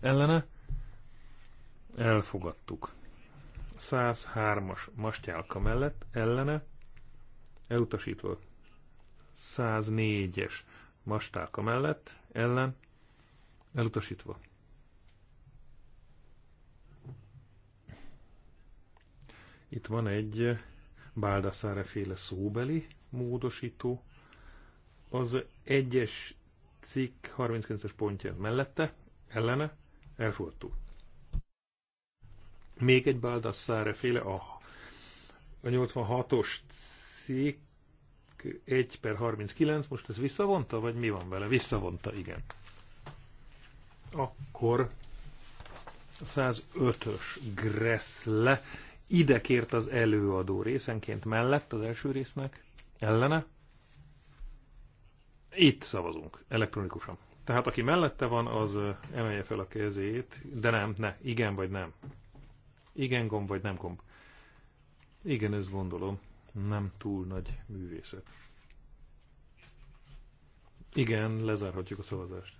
ellene, elfogadtuk. 103-as Mastyálka mellett, ellene, elutasítva. 104-es mastárka mellett ellen elutasítva. Itt van egy Baldassare féle szóbeli módosító, az egyes cikk 39-es pontja mellette, ellene, elfogadtuk. Még egy Baldassare féle, a, a 86-os cikk 1 per 39, most ez visszavonta, vagy mi van vele? Visszavonta, igen. Akkor a 105-ös Gressle ide kért az előadó részenként mellett az első résznek, ellene. Itt szavazunk, elektronikusan. Tehát aki mellette van, az emelje fel a kezét, de nem, ne, igen vagy nem. Igen gomb vagy nem gomb. Igen, ezt gondolom nem túl nagy művészet. Igen, lezárhatjuk a szavazást.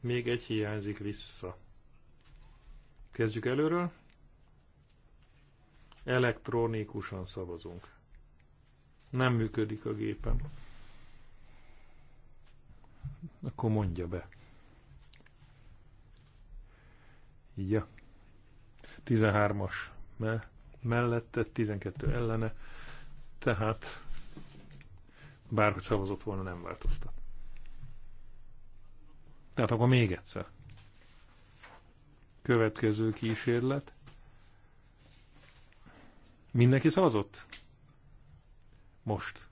Még egy hiányzik vissza. Kezdjük előről. Elektronikusan szavazunk. Nem működik a gépem. Akkor mondja be. Ja. 13-as mellette, 12 ellene, tehát bárhogy szavazott volna, nem változtat. Tehát akkor még egyszer. Következő kísérlet. Mindenki szavazott? Most.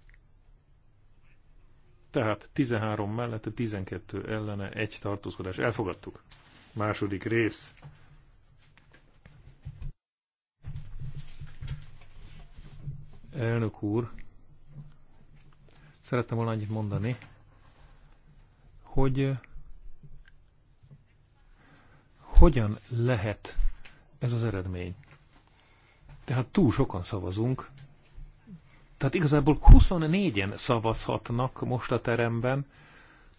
Tehát 13 mellette, 12 ellene, egy tartózkodás. Elfogadtuk. Második rész. Elnök úr, szerettem volna annyit mondani, hogy hogyan lehet ez az eredmény. Tehát túl sokan szavazunk, tehát igazából 24-en szavazhatnak most a teremben,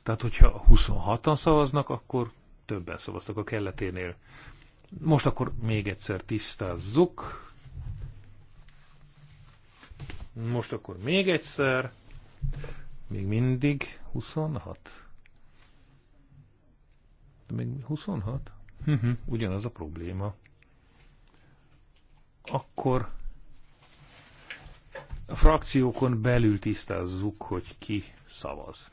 tehát hogyha 26-an szavaznak, akkor többen szavaztak a kelleténél. Most akkor még egyszer tisztázzuk, most akkor még egyszer. Még mindig 26. De még 26? Mhm. Ugyanaz a probléma. Akkor a frakciókon belül tisztázzuk, hogy ki szavaz.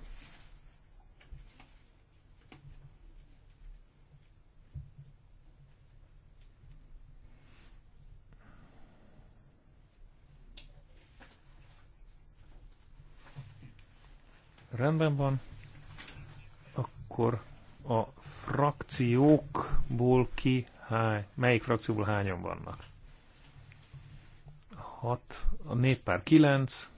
Rendben van. Akkor a frakciókból ki, hány, melyik frakcióból hányan vannak? 6, a néppár 9,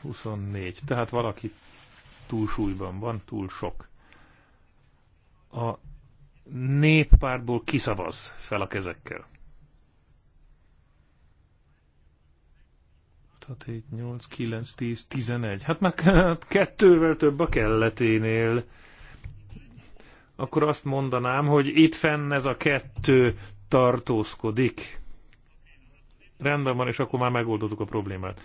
Huszonnégy. Tehát valaki túlsúlyban van, túl sok. A néppártból kiszavaz fel a kezekkel. 6, 7, 8, 9, 10, 11. Hát már kettővel több a kelleténél. Akkor azt mondanám, hogy itt fenn ez a kettő tartózkodik. Rendben van, és akkor már megoldottuk a problémát.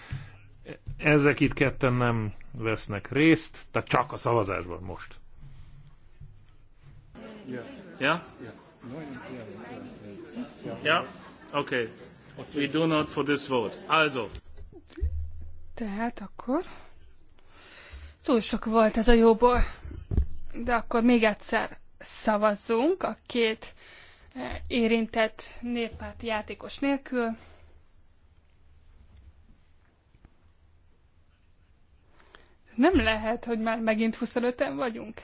Ezek itt ketten nem vesznek részt, tehát csak a szavazásban most. Ja? Ja? Oké. Okay. We do not for this vote. Also. Tehát akkor túl sok volt ez a jóból. De akkor még egyszer szavazzunk a két e, érintett néppárti játékos nélkül. Nem lehet, hogy már megint 25-en vagyunk.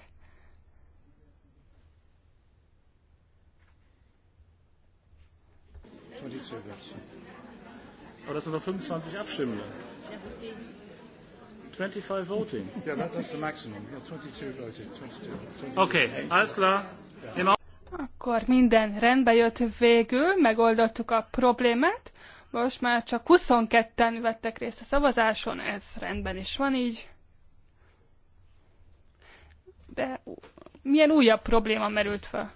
Aber das sind noch 25 Abstimmende. 25 voting? Yeah, that, that's the maximum. Yeah, 22 voting. 22. Oké, okay, alles klar. Yeah. Akkor minden rendbe jött végül, megoldottuk a problémát. Most már csak 22-en vettek részt a szavazáson, ez rendben is van így. De milyen újabb probléma merült fel?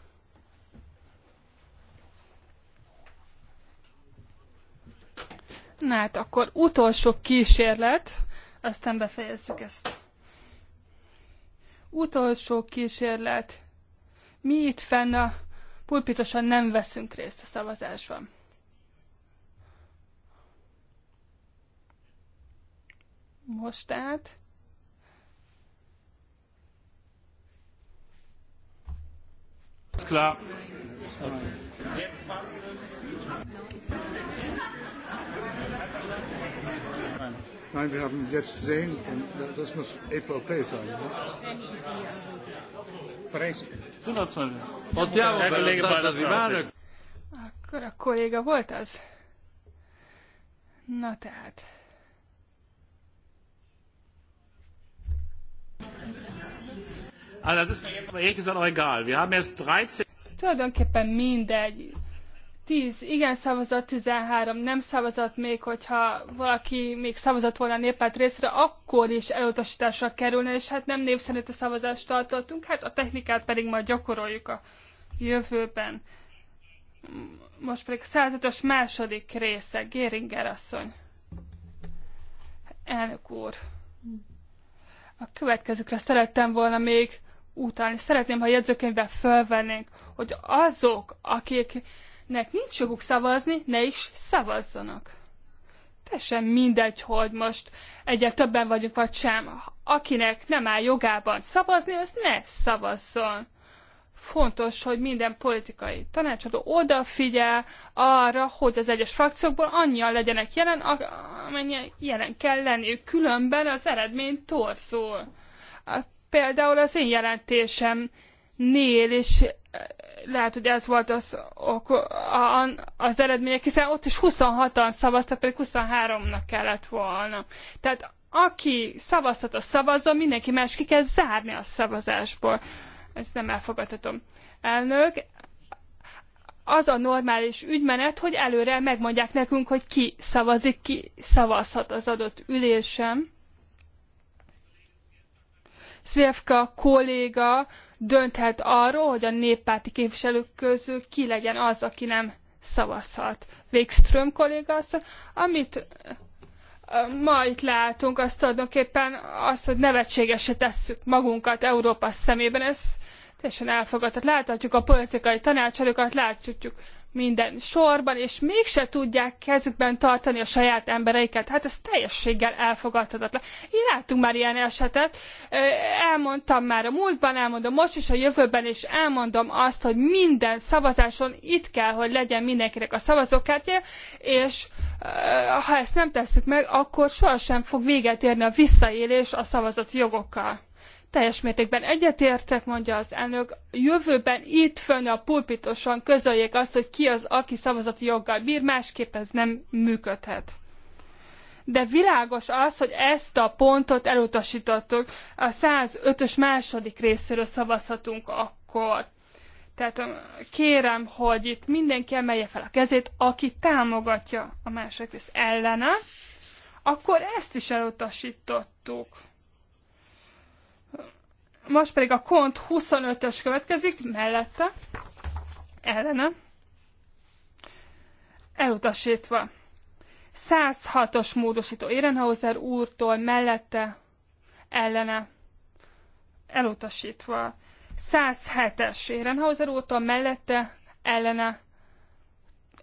Na hát akkor utolsó kísérlet, aztán befejezzük ezt. Utolsó kísérlet. Mi itt fenn a pulpitosan nem veszünk részt a szavazásban. Most tehát. Ist klar. Jetzt passt es. Nein, wir haben jetzt sehen, das muss EVP sein. Ne? Akkor a kolléga volt az? Na tehát. Also das ist mir jetzt aber ehrlich gesagt auch egal. Wir haben erst 13. Tulajdonképpen mindegy. 10 igen szavazat, 13 nem szavazat, még hogyha valaki még szavazott volna a néppárt részre, akkor is elutasításra kerülne, és hát nem név szerint a szavazást tartottunk, hát a technikát pedig majd gyakoroljuk a jövőben. Most pedig 105-ös második része, Géringer asszony. Elnök úr. A következőkre szerettem volna még utalni. Szeretném, ha a jegyzőkönyvben fölvennénk, hogy azok, akik akiknek nincs joguk szavazni, ne is szavazzanak. Teljesen mindegy, hogy most egyet többen vagyunk, vagy sem. Akinek nem áll jogában szavazni, az ne szavazzon. Fontos, hogy minden politikai tanácsadó odafigyel arra, hogy az egyes frakciókból annyian legyenek jelen, amennyien jelen kell lenniük, különben az eredmény torzul. Például az én jelentésem Nél is lehet, hogy ez volt az, ok, az eredmények, hiszen ott is 26-an szavaztak, pedig 23-nak kellett volna. Tehát aki szavazhat, a szavazó, mindenki más ki kell zárni a szavazásból. Ezt nem elfogadhatom. Elnök, az a normális ügymenet, hogy előre megmondják nekünk, hogy ki szavazik, ki szavazhat az adott ülésem. Szvjevka kolléga dönthet arról, hogy a néppárti képviselők közül ki legyen az, aki nem szavazhat. Wikström kolléga azt, amit ma itt látunk, azt tulajdonképpen azt, hogy nevetségesre tesszük magunkat Európa szemében, ez teljesen elfogadott. Láthatjuk a politikai tanácsadókat, láthatjuk minden sorban, és mégse tudják kezükben tartani a saját embereiket. Hát ez teljességgel elfogadhatatlan. Én láttunk már ilyen esetet, elmondtam már a múltban, elmondom most is, a jövőben is elmondom azt, hogy minden szavazáson itt kell, hogy legyen mindenkinek a szavazókártya, és ha ezt nem tesszük meg, akkor sohasem fog véget érni a visszaélés a szavazati jogokkal. Teljes mértékben egyetértek, mondja az elnök, jövőben itt fönn a pulpitoson közöljék azt, hogy ki az, aki szavazati joggal bír, másképp ez nem működhet de világos az, hogy ezt a pontot elutasítottuk. A 105-ös második részéről szavazhatunk akkor. Tehát kérem, hogy itt mindenki emelje fel a kezét, aki támogatja a második rész ellene, akkor ezt is elutasítottuk. Most pedig a kont 25-ös következik, mellette, ellene, elutasítva. 106-os módosító Ehrenhauser úrtól mellette, ellene, elutasítva. 107-es Ehrenhauser úrtól mellette, ellene,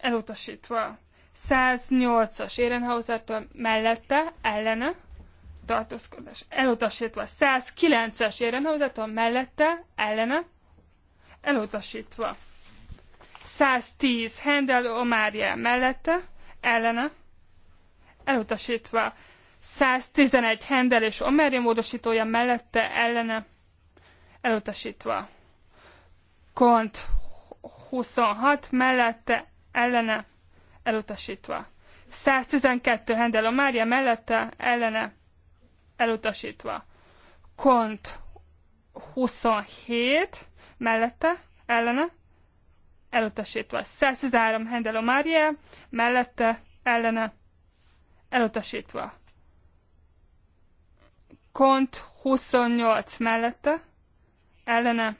elutasítva. 108-as Érenhauser-től mellette, ellene, tartózkodás elutasítva. 109-es érenhozatom mellette, ellene, elutasítva. 110 Hendel Omária mellette, ellene, elutasítva. 111 Hendel és Omária módosítója mellette, ellene, elutasítva. Kont 26 mellette, ellene, elutasítva. 112 Hendel Omária mellette, ellene, elutasítva. Kont 27 mellette, ellene, elutasítva. 113 Hendel Omária mellette, ellene, elutasítva. Kont 28 mellette, ellene,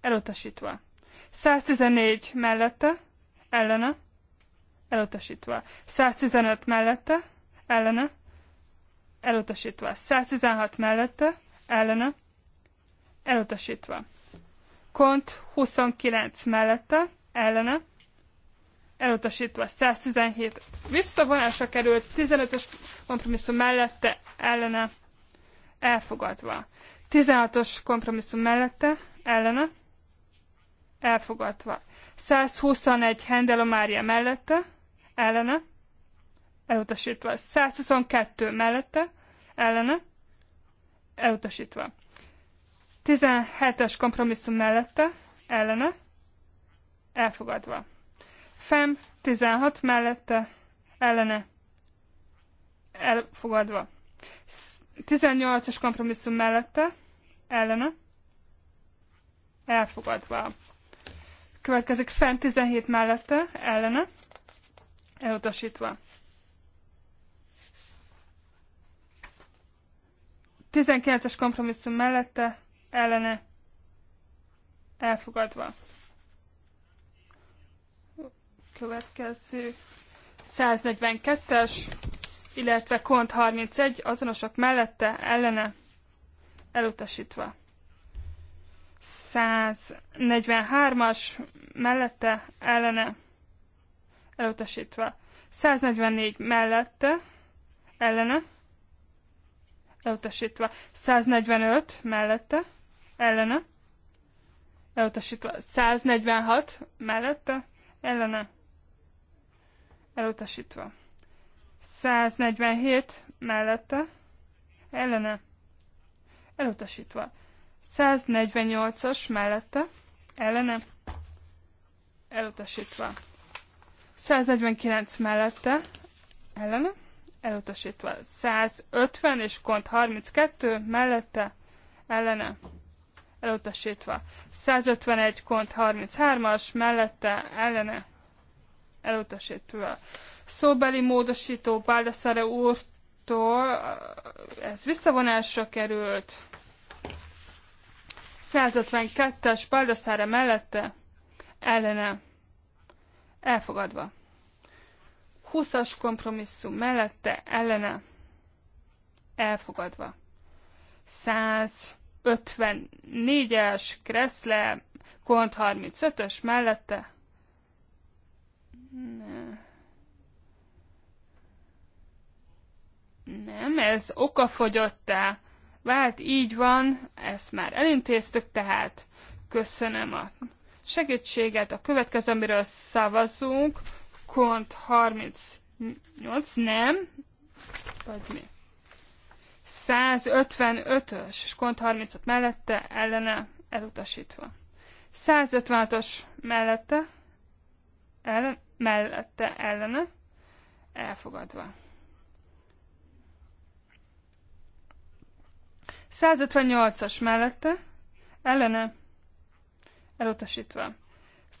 elutasítva. 114 mellette, ellene, elutasítva. 115 mellette, ellene, elutasítva. 116 mellette, ellene, elutasítva. Kont 29 mellette, ellene, elutasítva. 117 visszavonásra került, 15-ös kompromisszum mellette, ellene, elfogadva. 16-os kompromisszum mellette, ellene, elfogadva. 121 Hendel Mária mellette, ellene, elutasítva. 122 mellette, ellene, elutasítva. 17-es kompromisszum mellette, ellene, elfogadva. Fem 16 mellette, ellene, elfogadva. 18-as kompromisszum mellette, ellene, elfogadva. Következik FEM 17 mellette, ellene, elutasítva. 19-es kompromisszum mellette ellene elfogadva. Következő 142-es, illetve kont 31, azonosak mellette ellene elutasítva. 143-as mellette ellene elutasítva. 144 mellette ellene elutasítva. 145 mellette, ellene, elutasítva. 146 mellette, ellene, elutasítva. 147 mellette, ellene, elutasítva. 148-as mellette, ellene, elutasítva. 149 mellette, ellene, elutasítva 150 és kont 32 mellette ellene elutasítva 151 kont 33-as mellette ellene elutasítva. Szóbeli módosító Báldaszare úrtól ez visszavonásra került. 152-es Báldaszare mellette ellene elfogadva. 20-as kompromisszum mellette ellene elfogadva. 154-es Kressle, Kont 35-ös mellette. Nem, ez okafogyottá vált, így van, ezt már elintéztük, tehát köszönöm a segítséget. A következő, amiről szavazunk, kont 38, nem, vagy mi? 155-ös, és kont 35 mellette, ellene elutasítva. 156-os mellette, ellen, mellette, ellene, elfogadva. 158-as mellette, ellene, elutasítva.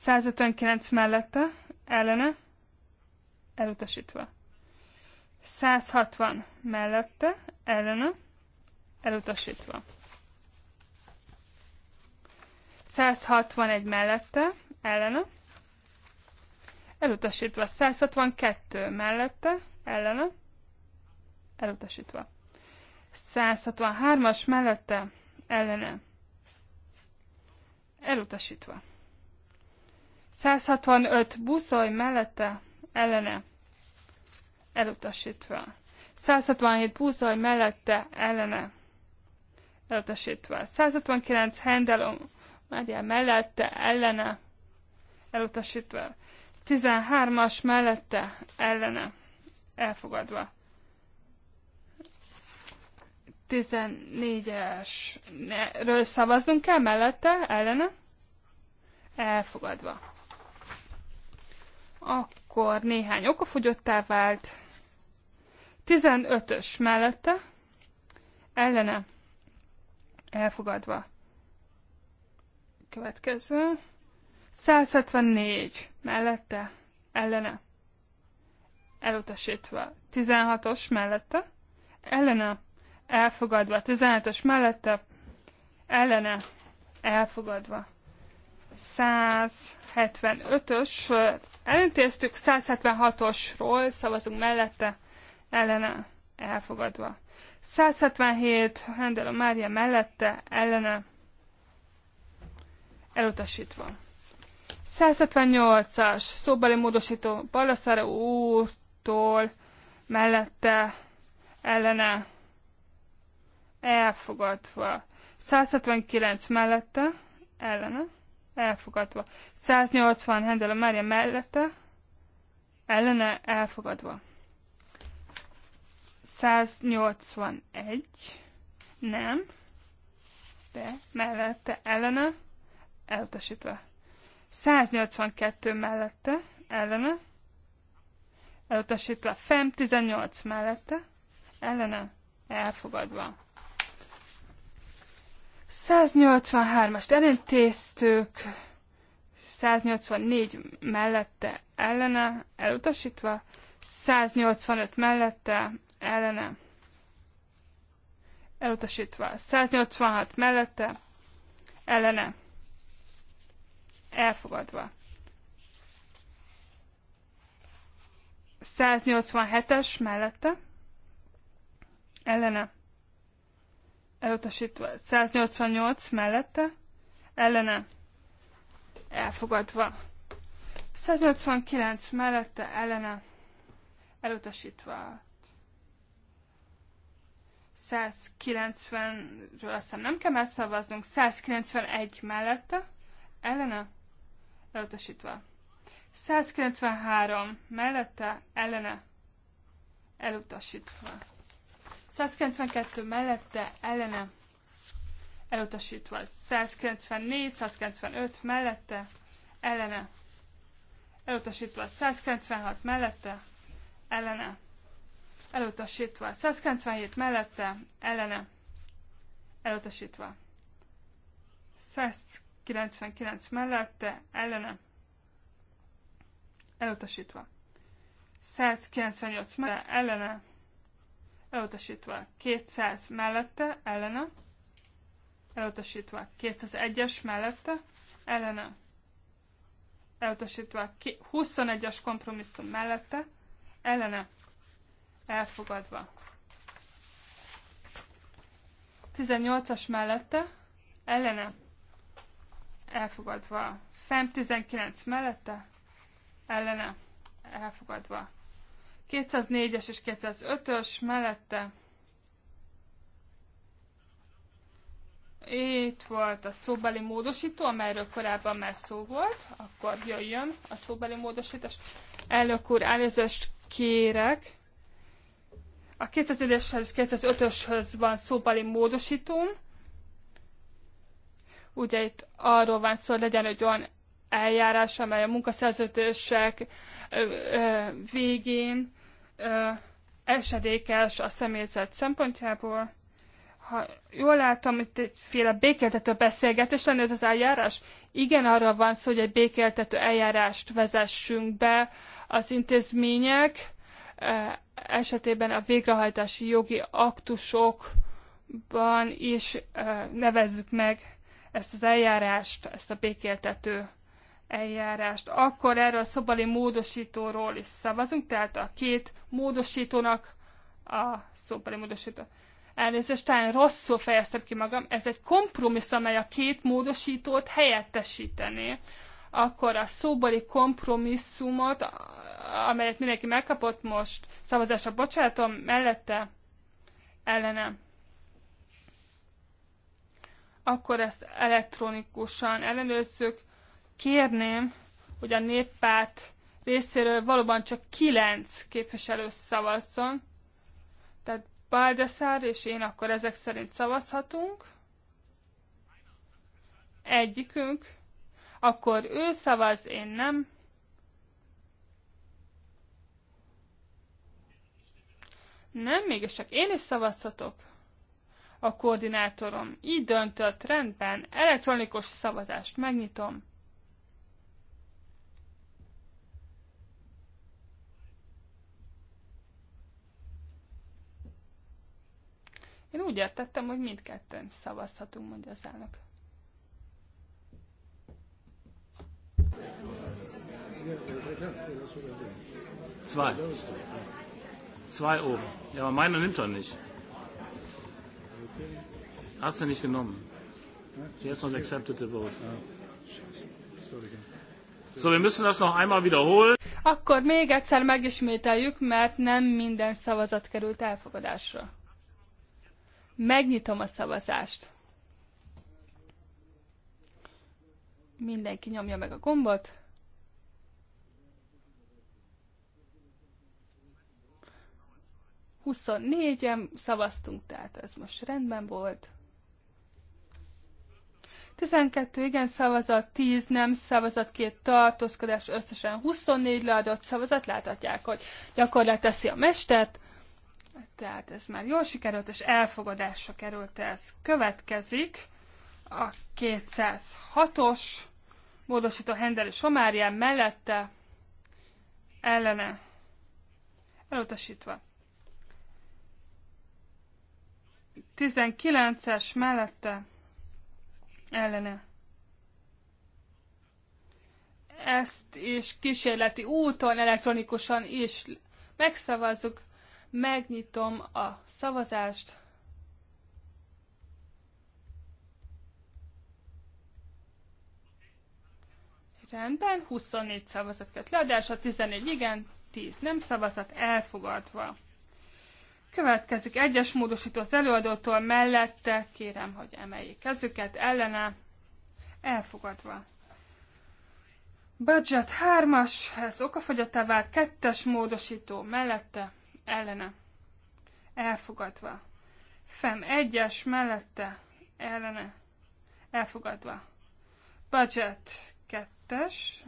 159 mellette, ellene, elutasítva. 160 mellette, ellene, elutasítva. 161 mellette, ellene, elutasítva. 162 mellette, ellene, elutasítva. 163-as mellette, ellene, elutasítva. 165 buszolj mellette, ellene elutasítva. 167 búzaj mellette ellene elutasítva. 169 hendelom Mária mellette ellene elutasítva. 13-as mellette ellene elfogadva. 14-esről szavaznunk kell mellette, ellene? Elfogadva. Akkor néhány okafogyottá vált. 15-ös mellette, ellene, elfogadva. Következő. 174 mellette, ellene, elutasítva. 16-os mellette, ellene, elfogadva. 17 ös mellette, ellene, elfogadva. 175-ös elintéztük, 176-osról szavazunk mellette, ellene elfogadva. 177 Hendel a Mária mellette, ellene elutasítva. 178-as szóbeli módosító Ballaszara úrtól mellette ellene elfogadva. 179 mellette ellene elfogadva. 180 Hendel a Mária mellette, ellene elfogadva. 181, nem, de mellette ellene, elutasítva. 182 mellette, ellene, elutasítva. Fem 18 mellette, ellene, elfogadva. 183-ast elintéztük, 184 mellette ellene, elutasítva, 185 mellette ellene, elutasítva, 186 mellette ellene, elfogadva. 187-es mellette ellene, elutasítva 188 mellette, ellene elfogadva. 189 mellette ellene elutasítva. 190-ről aztán nem kell megszavaznunk, 191 mellette ellene elutasítva. 193 mellette ellene elutasítva. 192 mellette ellene elutasítva. 194, 195 mellette ellene elutasítva. 196 mellette ellene elutasítva. 197 mellette ellene elutasítva. 199 mellette ellene elutasítva. 198 mellette ellene elutasítva 200 mellette, ellene, elutasítva 201-es mellette, ellene, elutasítva 21-es kompromisszum mellette, ellene, elfogadva. 18-as mellette, ellene, elfogadva. Fem 19 mellette, ellene, elfogadva. 204-es és 205-ös mellette. Itt volt a szóbeli módosító, amelyről korábban már szó volt, akkor jöjjön a szóbeli módosítás. Elnök úr, elnézést kérek. A 2001-eshez és 2005-öshöz van szóbeli módosítóm. Ugye itt arról van szó, hogy legyen egy olyan eljárás, amely a munkaszerződések végén esedékes a személyzet szempontjából. Ha jól látom, itt egyféle békéltető beszélgetés lenne ez az eljárás. Igen, arra van szó, hogy egy békéltető eljárást vezessünk be az intézmények esetében a végrehajtási jogi aktusokban is nevezzük meg ezt az eljárást, ezt a békéltető eljárást. Akkor erről a szobali módosítóról is szavazunk, tehát a két módosítónak a szobali módosító. Elnézést, talán rosszul fejeztem ki magam, ez egy kompromisszum, amely a két módosítót helyettesítené. Akkor a szóbeli kompromisszumot, amelyet mindenki megkapott most, szavazásra bocsátom, mellette ellene. akkor ezt elektronikusan ellenőrzzük kérném, hogy a néppárt részéről valóban csak kilenc képviselő szavazzon. Tehát Baldessar és én akkor ezek szerint szavazhatunk. Egyikünk. Akkor ő szavaz, én nem. Nem, mégis csak én is szavazhatok. A koordinátorom így döntött, rendben, elektronikus szavazást megnyitom. Én úgy értettem, hogy mindketten szavazhatunk, mondja az elnök. Zwei. Zwei oben. Ja, aber meiner nimmt er nicht. Hast du nicht genommen? She has not accepted the vote. So, wir müssen das noch einmal wiederholen. Akkor még egyszer megismételjük, mert nem minden szavazat került elfogadásra. Megnyitom a szavazást. Mindenki nyomja meg a gombot. Huszonnégyen szavaztunk, tehát ez most rendben volt. 12 igen szavazat, 10 nem szavazat, két tartózkodás, összesen 24 leadott szavazat. Láthatják, hogy gyakorlat teszi a mestert. Tehát ez már jól sikerült, és elfogadásra került ez. Következik a 206-os módosító Hendel és Somárján mellette ellene elutasítva. 19-es mellette ellene. Ezt is kísérleti úton, elektronikusan is megszavazzuk megnyitom a szavazást. Rendben, 24 szavazat kett leadása, 14 igen, 10 nem szavazat, elfogadva. Következik egyes módosító az előadótól mellette, kérem, hogy emeljék kezüket, ellene, elfogadva. Budget 3-as, ez okafogyottá vált, 2-es módosító mellette, ellene elfogadva. Fem egyes mellette ellene elfogadva. Budget kettes,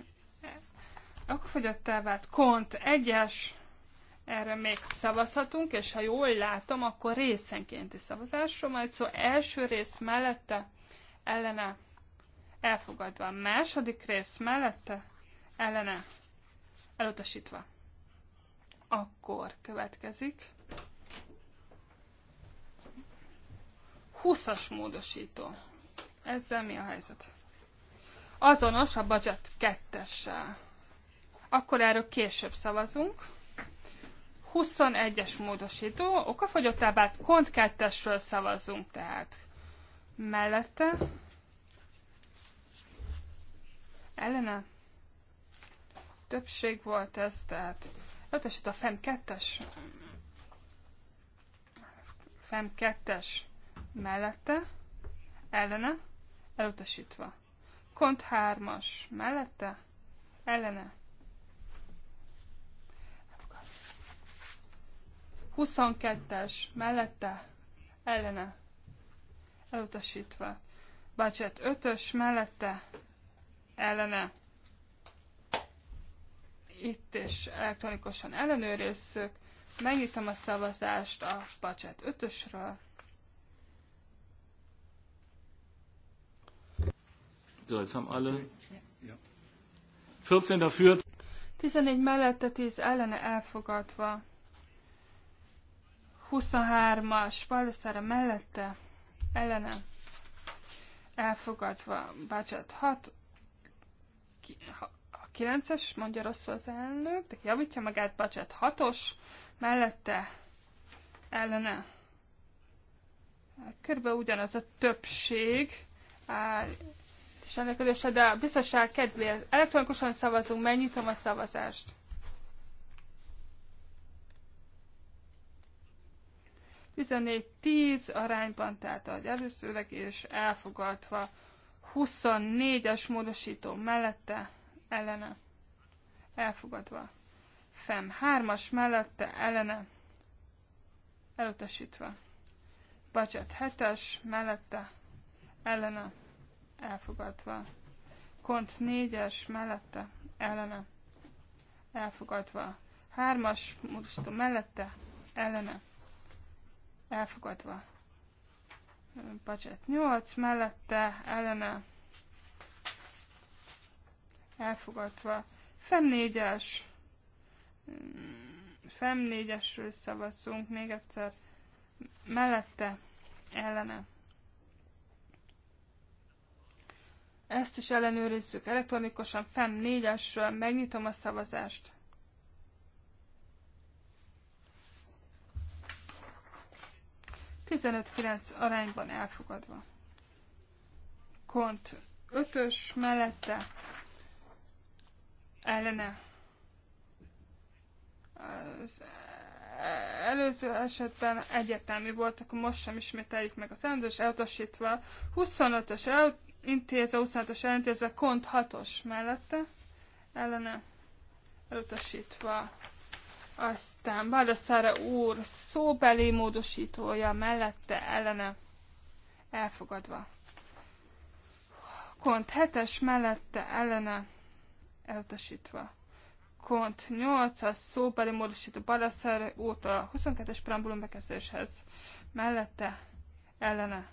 akkor el vált kont egyes, erre még szavazhatunk, és ha jól látom, akkor részenkénti szavazásról majd szó első rész mellette ellene elfogadva, második rész mellette ellene elutasítva akkor következik. 20-as módosító. Ezzel mi a helyzet? Azonos a budget 2-essel. Akkor erről később szavazunk. 21-es módosító, okafogyottá vált kont 2 szavazunk tehát. Mellette. Ellene. Többség volt ez, tehát Ötösít a FEM 2-es. FEM 2-es mellette, ellene, elutasítva. Kont 3-as mellette, ellene. 22-es mellette, ellene, elutasítva. Bácsát 5-ös mellette, ellene, itt is elektronikusan ellenőrizzük. Megnyitom a szavazást a budget 5-ösről. So, alle 14 dafür. 14 mellette, 10 ellene elfogadva. 23-as Baldaszára mellette, ellene elfogadva. Budget 6, 9-es, mondja rosszul az elnök, de javítja magát, bacset 6-os, mellette ellene körülbelül ugyanaz a többség, és elnöködésre, de a biztonság kedvéért elektronikusan szavazunk, megnyitom a szavazást. Tizennégy tíz arányban, tehát az előszőleg és elfogadva 24-es módosító mellette ellene, elfogadva. Fem hármas mellette ellene, elutasítva. Bacset hetes mellette ellene, elfogadva. Kont négyes mellette ellene, elfogadva. Hármas módosító mellette ellene, elfogadva. Bacset nyolc mellette ellene, elfogadva. Femnégyes. Femnégyesről szavazzunk még egyszer. Mellette, ellene. Ezt is ellenőrizzük elektronikusan. Fem négyesről megnyitom a szavazást. Tizenöt-kilenc arányban elfogadva. Kont ötös mellette ellene. Az előző esetben egyértelmű volt, akkor most sem ismételjük meg a szendős elutasítva. 25-ös elintézve, 25-ös elintézve, kont 6-os mellette ellene elutasítva. Aztán Baldassare úr szóbeli módosítója mellette ellene elfogadva. Kont 7-es mellette ellene elutasítva. Kont 8 a szóbeli módosító Balaszer a 22-es preambulum bekezdéshez. Mellette ellene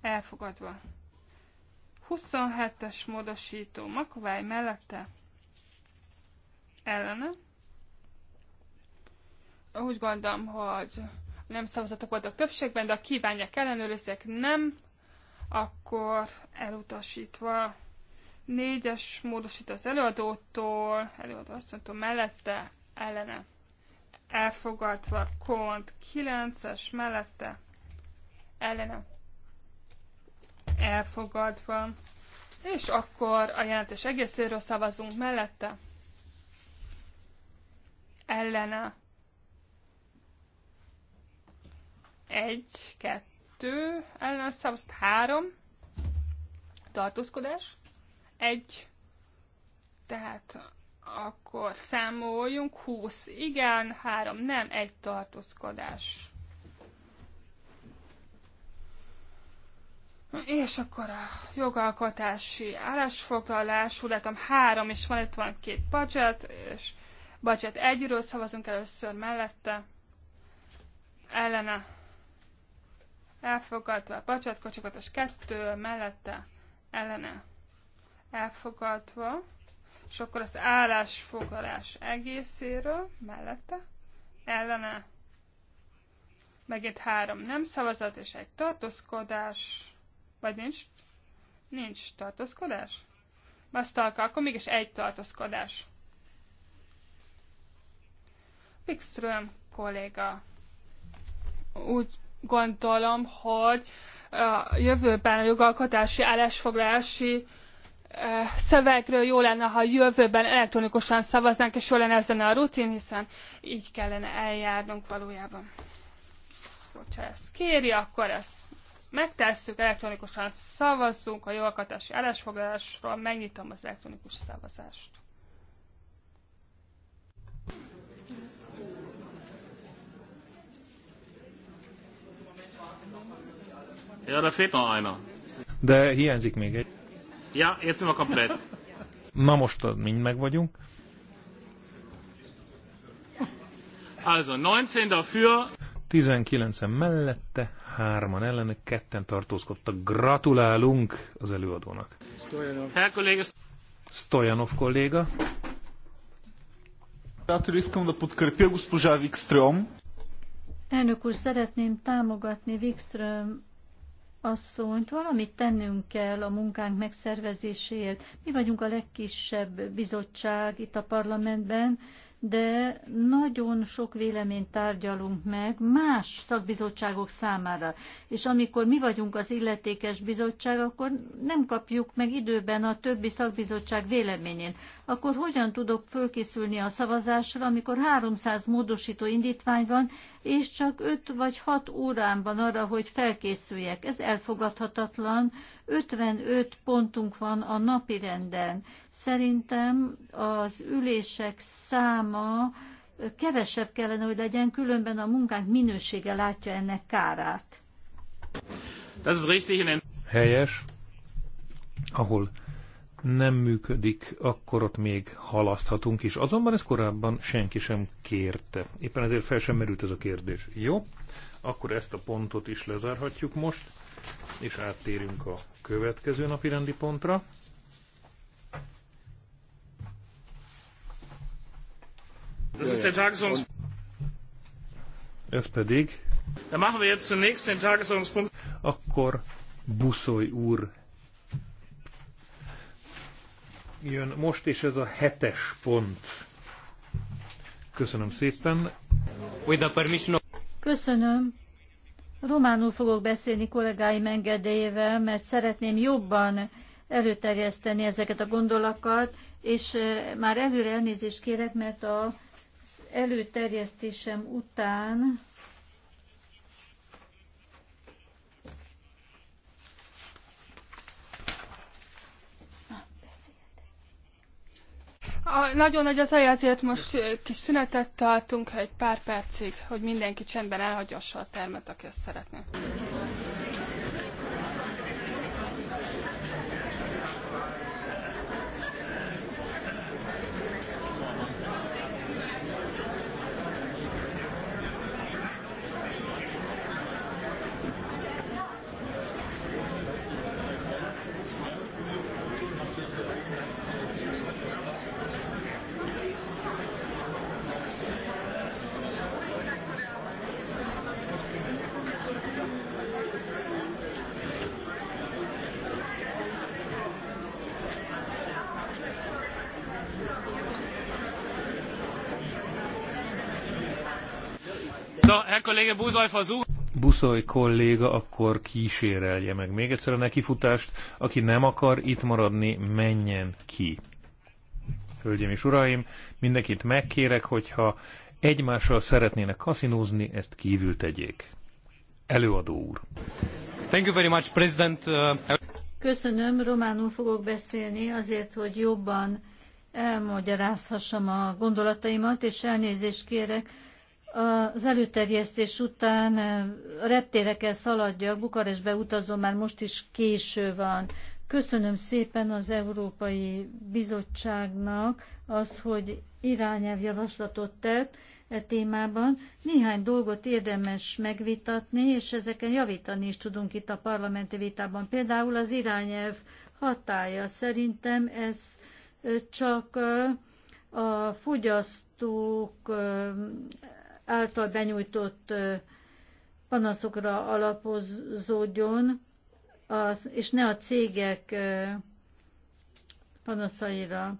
elfogadva. 27-es módosító Makovály mellette ellene. Úgy gondolom, hogy nem szavazatok voltak többségben, de a kívánják ellenőrizzék nem, akkor elutasítva Négyes módosít az előadótól, előadó asszonytól mellette, ellene. Elfogadva kont kilences, mellette, ellene. Elfogadva. És akkor a jelentés egészéről szavazunk mellette. Ellene. Egy, kettő, ellene szavazott három. Tartózkodás egy, tehát akkor számoljunk, 20 igen, 3 nem, egy tartózkodás. És akkor a jogalkotási állásfoglalás, látom három, és van itt van két budget, és budget egyről szavazunk először mellette, ellene elfogadva, a budget kocsokatos kettő mellette, ellene elfogadva, és akkor az állásfoglalás egészéről mellette ellene megint három nem szavazat és egy tartózkodás, vagy nincs, nincs tartózkodás? Basztalka, akkor mégis egy tartózkodás. Wikström kolléga. Úgy gondolom, hogy a jövőben a jogalkotási állásfoglalási szövegről jó lenne, ha jövőben elektronikusan szavaznánk, és jó lenne ezen a rutin, hiszen így kellene eljárnunk valójában. Hogyha ezt kéri, akkor ezt megtesszük, elektronikusan szavazzunk a jogalkotási állásfoglalásról, megnyitom az elektronikus szavazást. Ja, De hiányzik még egy. Ja, jetzt sind wir komplett. Na most mind meg vagyunk. Also 19 dafür. 19 mellette, hárman ellene, ketten tartózkodtak. Gratulálunk az előadónak. Stojanov. Herr kolléga. Stojanov kolléga. Искам да подкрепя госпожа Викстрём. Elnök úr, szeretném támogatni Wikström asszonyt, valamit tennünk kell a munkánk megszervezéséért. Mi vagyunk a legkisebb bizottság itt a parlamentben, de nagyon sok véleményt tárgyalunk meg más szakbizottságok számára. És amikor mi vagyunk az illetékes bizottság, akkor nem kapjuk meg időben a többi szakbizottság véleményét. Akkor hogyan tudok fölkészülni a szavazásra, amikor 300 módosító indítvány van, és csak öt vagy hat órán van arra, hogy felkészüljek. Ez elfogadhatatlan. 55 pontunk van a napi renden. Szerintem az ülések száma kevesebb kellene, hogy legyen, különben a munkánk minősége látja ennek kárát. Helyes, ahol nem működik, akkor ott még halaszthatunk is. Azonban ez korábban senki sem kérte. Éppen ezért fel sem merült ez a kérdés. Jó, akkor ezt a pontot is lezárhatjuk most, és áttérünk a következő napi rendi pontra. Ez pedig... Akkor Buszoly úr jön most, és ez a hetes pont. Köszönöm szépen. Köszönöm. Románul fogok beszélni kollégáim engedélyével, mert szeretném jobban előterjeszteni ezeket a gondolatokat, és már előre elnézést kérek, mert az előterjesztésem után A, nagyon nagy az hely, ezért most kis szünetet tartunk egy pár percig, hogy mindenki csendben elhagyassa a termet, aki ezt szeretné. kollége Buzoy fazú! Buszoly kolléga akkor kísérelje meg még egyszer a nekifutást. Aki nem akar itt maradni, menjen ki. Hölgyeim és uraim, mindenkit megkérek, hogyha egymással szeretnének kaszinózni, ezt kívül tegyék. Előadó úr. Thank you very much, President. Köszönöm, románul fogok beszélni azért, hogy jobban elmagyarázhassam a gondolataimat, és elnézést kérek, az előterjesztés után a reptérekkel szaladjak, Bukarestbe utazom, már most is késő van. Köszönöm szépen az Európai Bizottságnak az, hogy irányelvjavaslatot tett e témában. Néhány dolgot érdemes megvitatni, és ezeken javítani is tudunk itt a parlamenti vitában. Például az irányelv hatája. Szerintem ez csak a fogyasztók által benyújtott panaszokra alapozódjon, az, és ne a cégek panaszaira.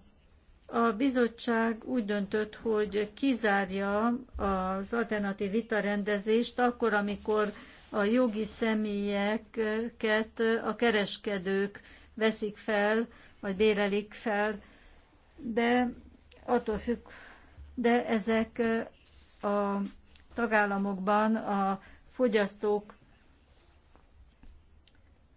A bizottság úgy döntött, hogy kizárja az alternatív vitarendezést akkor, amikor a jogi személyeket a kereskedők veszik fel, vagy bérelik fel, de attól függ, de ezek a tagállamokban a fogyasztók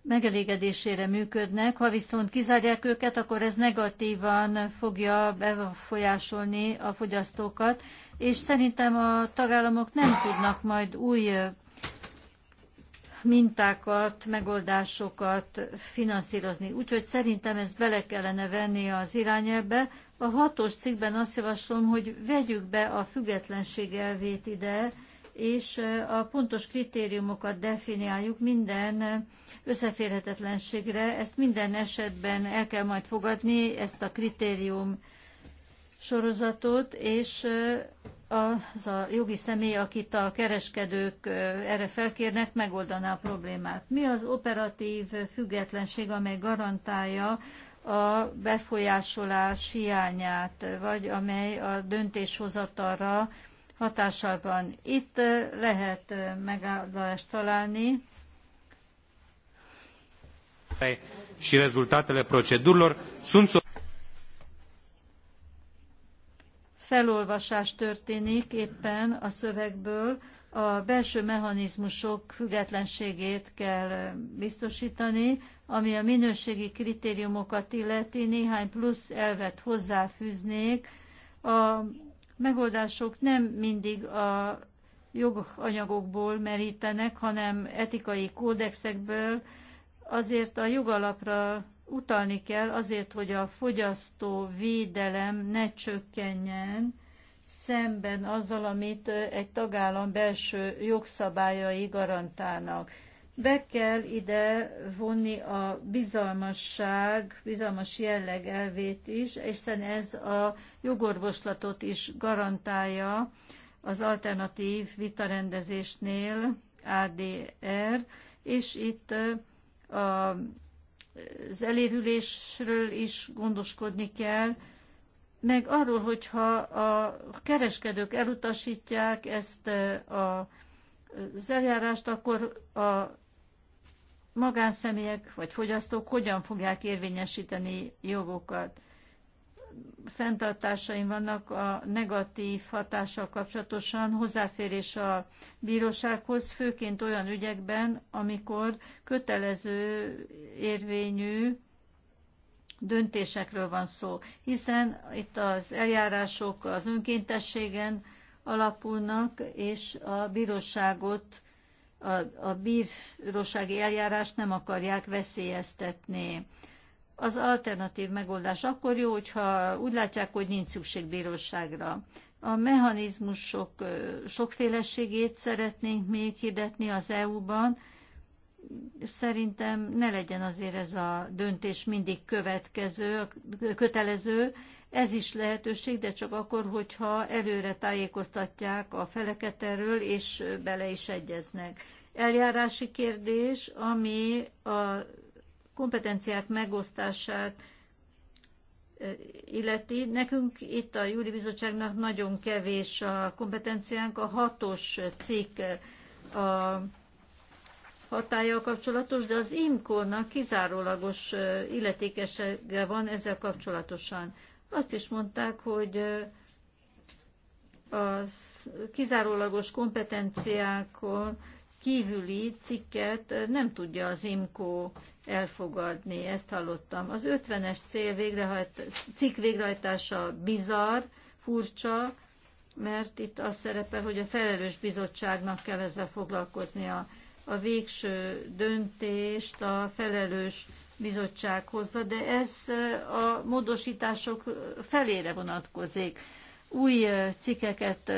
megelégedésére működnek. Ha viszont kizárják őket, akkor ez negatívan fogja befolyásolni a fogyasztókat, és szerintem a tagállamok nem tudnak majd új mintákat, megoldásokat finanszírozni. Úgyhogy szerintem ezt bele kellene venni az irányelbe, a hatos cikkben azt javaslom, hogy vegyük be a függetlenség elvét ide, és a pontos kritériumokat definiáljuk minden összeférhetetlenségre. Ezt minden esetben el kell majd fogadni, ezt a kritérium sorozatot, és az a jogi személy, akit a kereskedők erre felkérnek, megoldaná a problémát. Mi az operatív függetlenség, amely garantálja a befolyásolás hiányát, vagy amely a döntéshozatalra hatással van. Itt lehet megállást találni. Și rezultatele procedurilor sunt felolvasás történik éppen a szövegből, a belső mechanizmusok függetlenségét kell biztosítani, ami a minőségi kritériumokat illeti, néhány plusz elvet hozzáfűznék. A megoldások nem mindig a joganyagokból merítenek, hanem etikai kódexekből, azért a jogalapra utalni kell, azért, hogy a fogyasztó védelem ne csökkenjen, szemben azzal, amit egy tagállam belső jogszabályai garantálnak. Be kell ide vonni a bizalmasság, bizalmas jelleg elvét is, hiszen ez a jogorvoslatot is garantálja az alternatív vitarendezésnél, ADR, és itt az elérülésről is gondoskodni kell, meg arról, hogyha a kereskedők elutasítják ezt eh, a, az eljárást, akkor a magánszemélyek vagy fogyasztók hogyan fogják érvényesíteni jogokat. Fentartásaim vannak a negatív hatással kapcsolatosan hozzáférés a bírósághoz, főként olyan ügyekben, amikor kötelező érvényű döntésekről van szó, hiszen itt az eljárások az önkéntességen alapulnak, és a bíróságot, a, a bírósági eljárást nem akarják veszélyeztetni. Az alternatív megoldás akkor jó, hogyha úgy látják, hogy nincs szükség bíróságra. A mechanizmusok sokféleségét szeretnénk még hirdetni az EU-ban, szerintem ne legyen azért ez a döntés mindig következő, kötelező. Ez is lehetőség, de csak akkor, hogyha előre tájékoztatják a feleket erről, és bele is egyeznek. Eljárási kérdés, ami a kompetenciák megosztását illeti. Nekünk itt a Júli Bizottságnak nagyon kevés a kompetenciánk. A hatos cikk a hatája kapcsolatos, de az IMCO-nak kizárólagos illetékesége van ezzel kapcsolatosan. Azt is mondták, hogy a kizárólagos kompetenciákon kívüli cikket nem tudja az IMCO elfogadni, ezt hallottam. Az 50-es cél végrehajt, cikk végrehajtása bizarr, furcsa, mert itt az szerepel, hogy a felelős bizottságnak kell ezzel foglalkoznia a végső döntést a felelős bizottság hozza, de ez a módosítások felére vonatkozik. Új cikkeket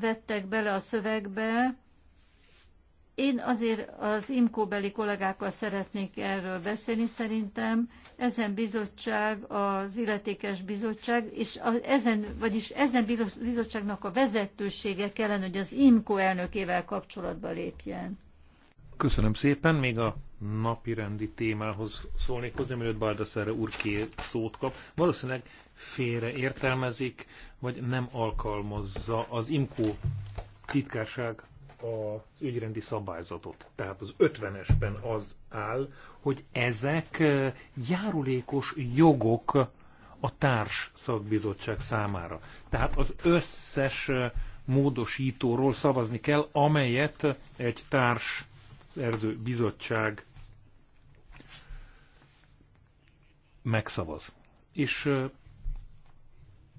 vettek bele a szövegbe, én azért az imkóbeli kollégákkal szeretnék erről beszélni. Szerintem ezen bizottság, az illetékes bizottság, és a, ezen, vagyis ezen bizottságnak a vezetősége kellene, hogy az imkó elnökével kapcsolatba lépjen. Köszönöm szépen. Még a napi rendi témához szólnék hozzá, mielőtt Bárdaszerre úr kér szót kap. Valószínűleg félre értelmezik, vagy nem alkalmazza az IMCO titkárság az ügyrendi szabályzatot. Tehát az 50-esben az áll, hogy ezek járulékos jogok a társ szakbizottság számára. Tehát az összes módosítóról szavazni kell, amelyet egy társ szerző bizottság megszavaz. És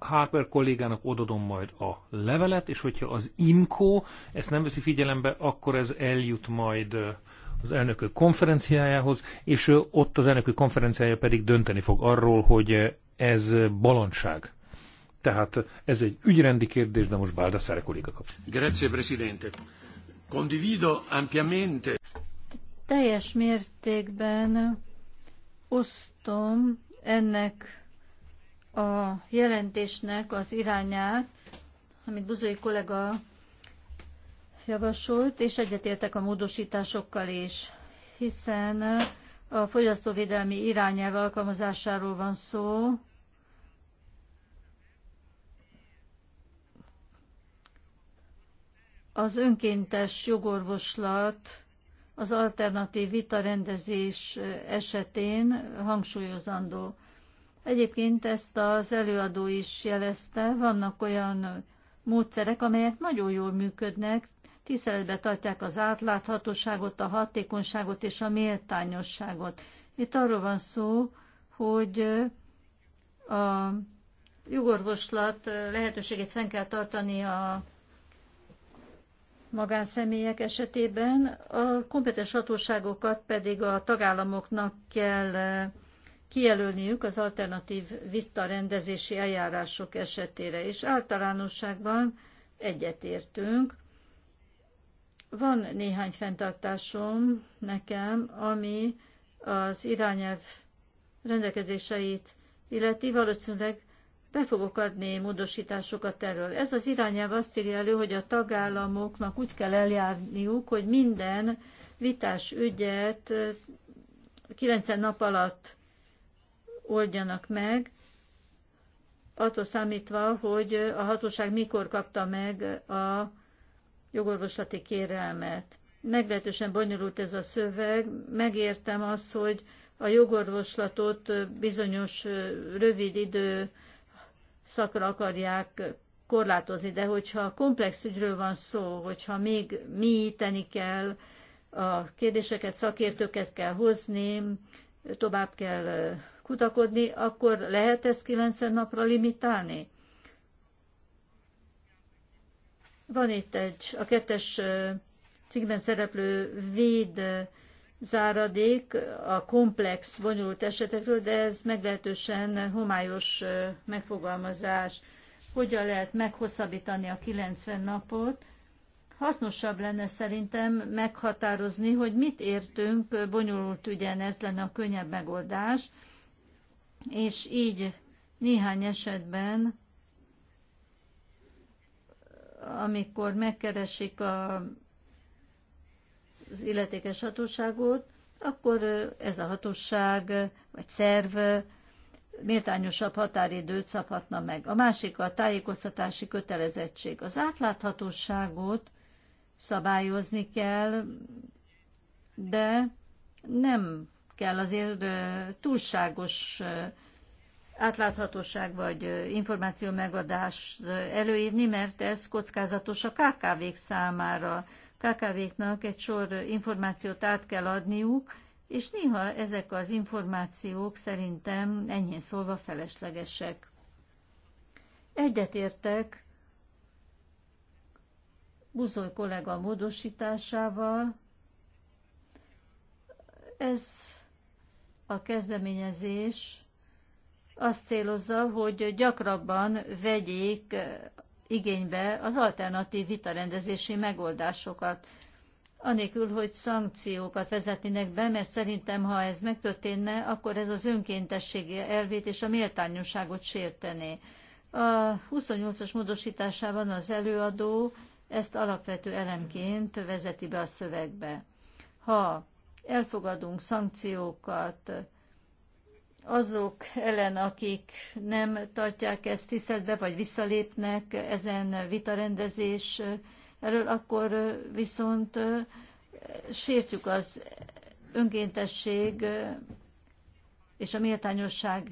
Harper kollégának odadom majd a levelet, és hogyha az IMCO ezt nem veszi figyelembe, akkor ez eljut majd az elnökök konferenciájához, és ott az elnökök konferenciája pedig dönteni fog arról, hogy ez balanság. Tehát ez egy ügyrendi kérdés, de most Baldassare kolléga kap. Grazie, Presidente. Condivido ampiamente. Teljes mértékben osztom ennek a jelentésnek az irányát, amit Buzói kollega javasolt, és egyetértek a módosításokkal is, hiszen a fogyasztóvédelmi irányelv alkalmazásáról van szó, az önkéntes jogorvoslat az alternatív vitarendezés esetén hangsúlyozandó. Egyébként ezt az előadó is jelezte, vannak olyan módszerek, amelyek nagyon jól működnek, tiszteletbe tartják az átláthatóságot, a hatékonyságot és a méltányosságot. Itt arról van szó, hogy a jogorvoslat lehetőségét fenn kell tartani a magánszemélyek esetében, a kompetens hatóságokat pedig a tagállamoknak kell kijelölniük az alternatív vitarendezési eljárások esetére, és általánosságban egyetértünk. Van néhány fenntartásom nekem, ami az irányelv rendelkezéseit illeti, valószínűleg be fogok adni módosításokat erről. Ez az irányelv azt írja elő, hogy a tagállamoknak úgy kell eljárniuk, hogy minden vitás ügyet 90 nap alatt oldjanak meg, attól számítva, hogy a hatóság mikor kapta meg a jogorvoslati kérelmet. Meglehetősen bonyolult ez a szöveg. Megértem azt, hogy a jogorvoslatot bizonyos rövid idő szakra akarják korlátozni, de hogyha komplex ügyről van szó, hogyha még mélyíteni kell, a kérdéseket, szakértőket kell hozni, tovább kell kutakodni, akkor lehet ezt 90 napra limitálni? Van itt egy, a kettes cikkben szereplő véd záradék a komplex, bonyolult esetekről, de ez meglehetősen homályos megfogalmazás. Hogyan lehet meghosszabbítani a 90 napot? Hasznosabb lenne szerintem meghatározni, hogy mit értünk bonyolult ügyen, ez lenne a könnyebb megoldás, és így néhány esetben, amikor megkeresik a, az illetékes hatóságot, akkor ez a hatóság vagy szerv méltányosabb határidőt szabhatna meg. A másik a tájékoztatási kötelezettség. Az átláthatóságot szabályozni kell, de nem kell azért túlságos átláthatóság vagy információ megadás előírni, mert ez kockázatos a KKV-k számára. KKV-knak egy sor információt át kell adniuk, és néha ezek az információk szerintem ennyien szólva feleslegesek. Egyetértek Buzoly kollega módosításával. Ez a kezdeményezés azt célozza, hogy gyakrabban vegyék igénybe az alternatív vitarendezési megoldásokat, anélkül, hogy szankciókat vezetnének be, mert szerintem, ha ez megtörténne, akkor ez az önkéntességi elvét és a méltányosságot sértené. A 28-as módosításában az előadó ezt alapvető elemként vezeti be a szövegbe. Ha elfogadunk szankciókat azok ellen, akik nem tartják ezt tiszteletbe, vagy visszalépnek ezen vitarendezés elől, akkor viszont sértjük az önkéntesség és a méltányosság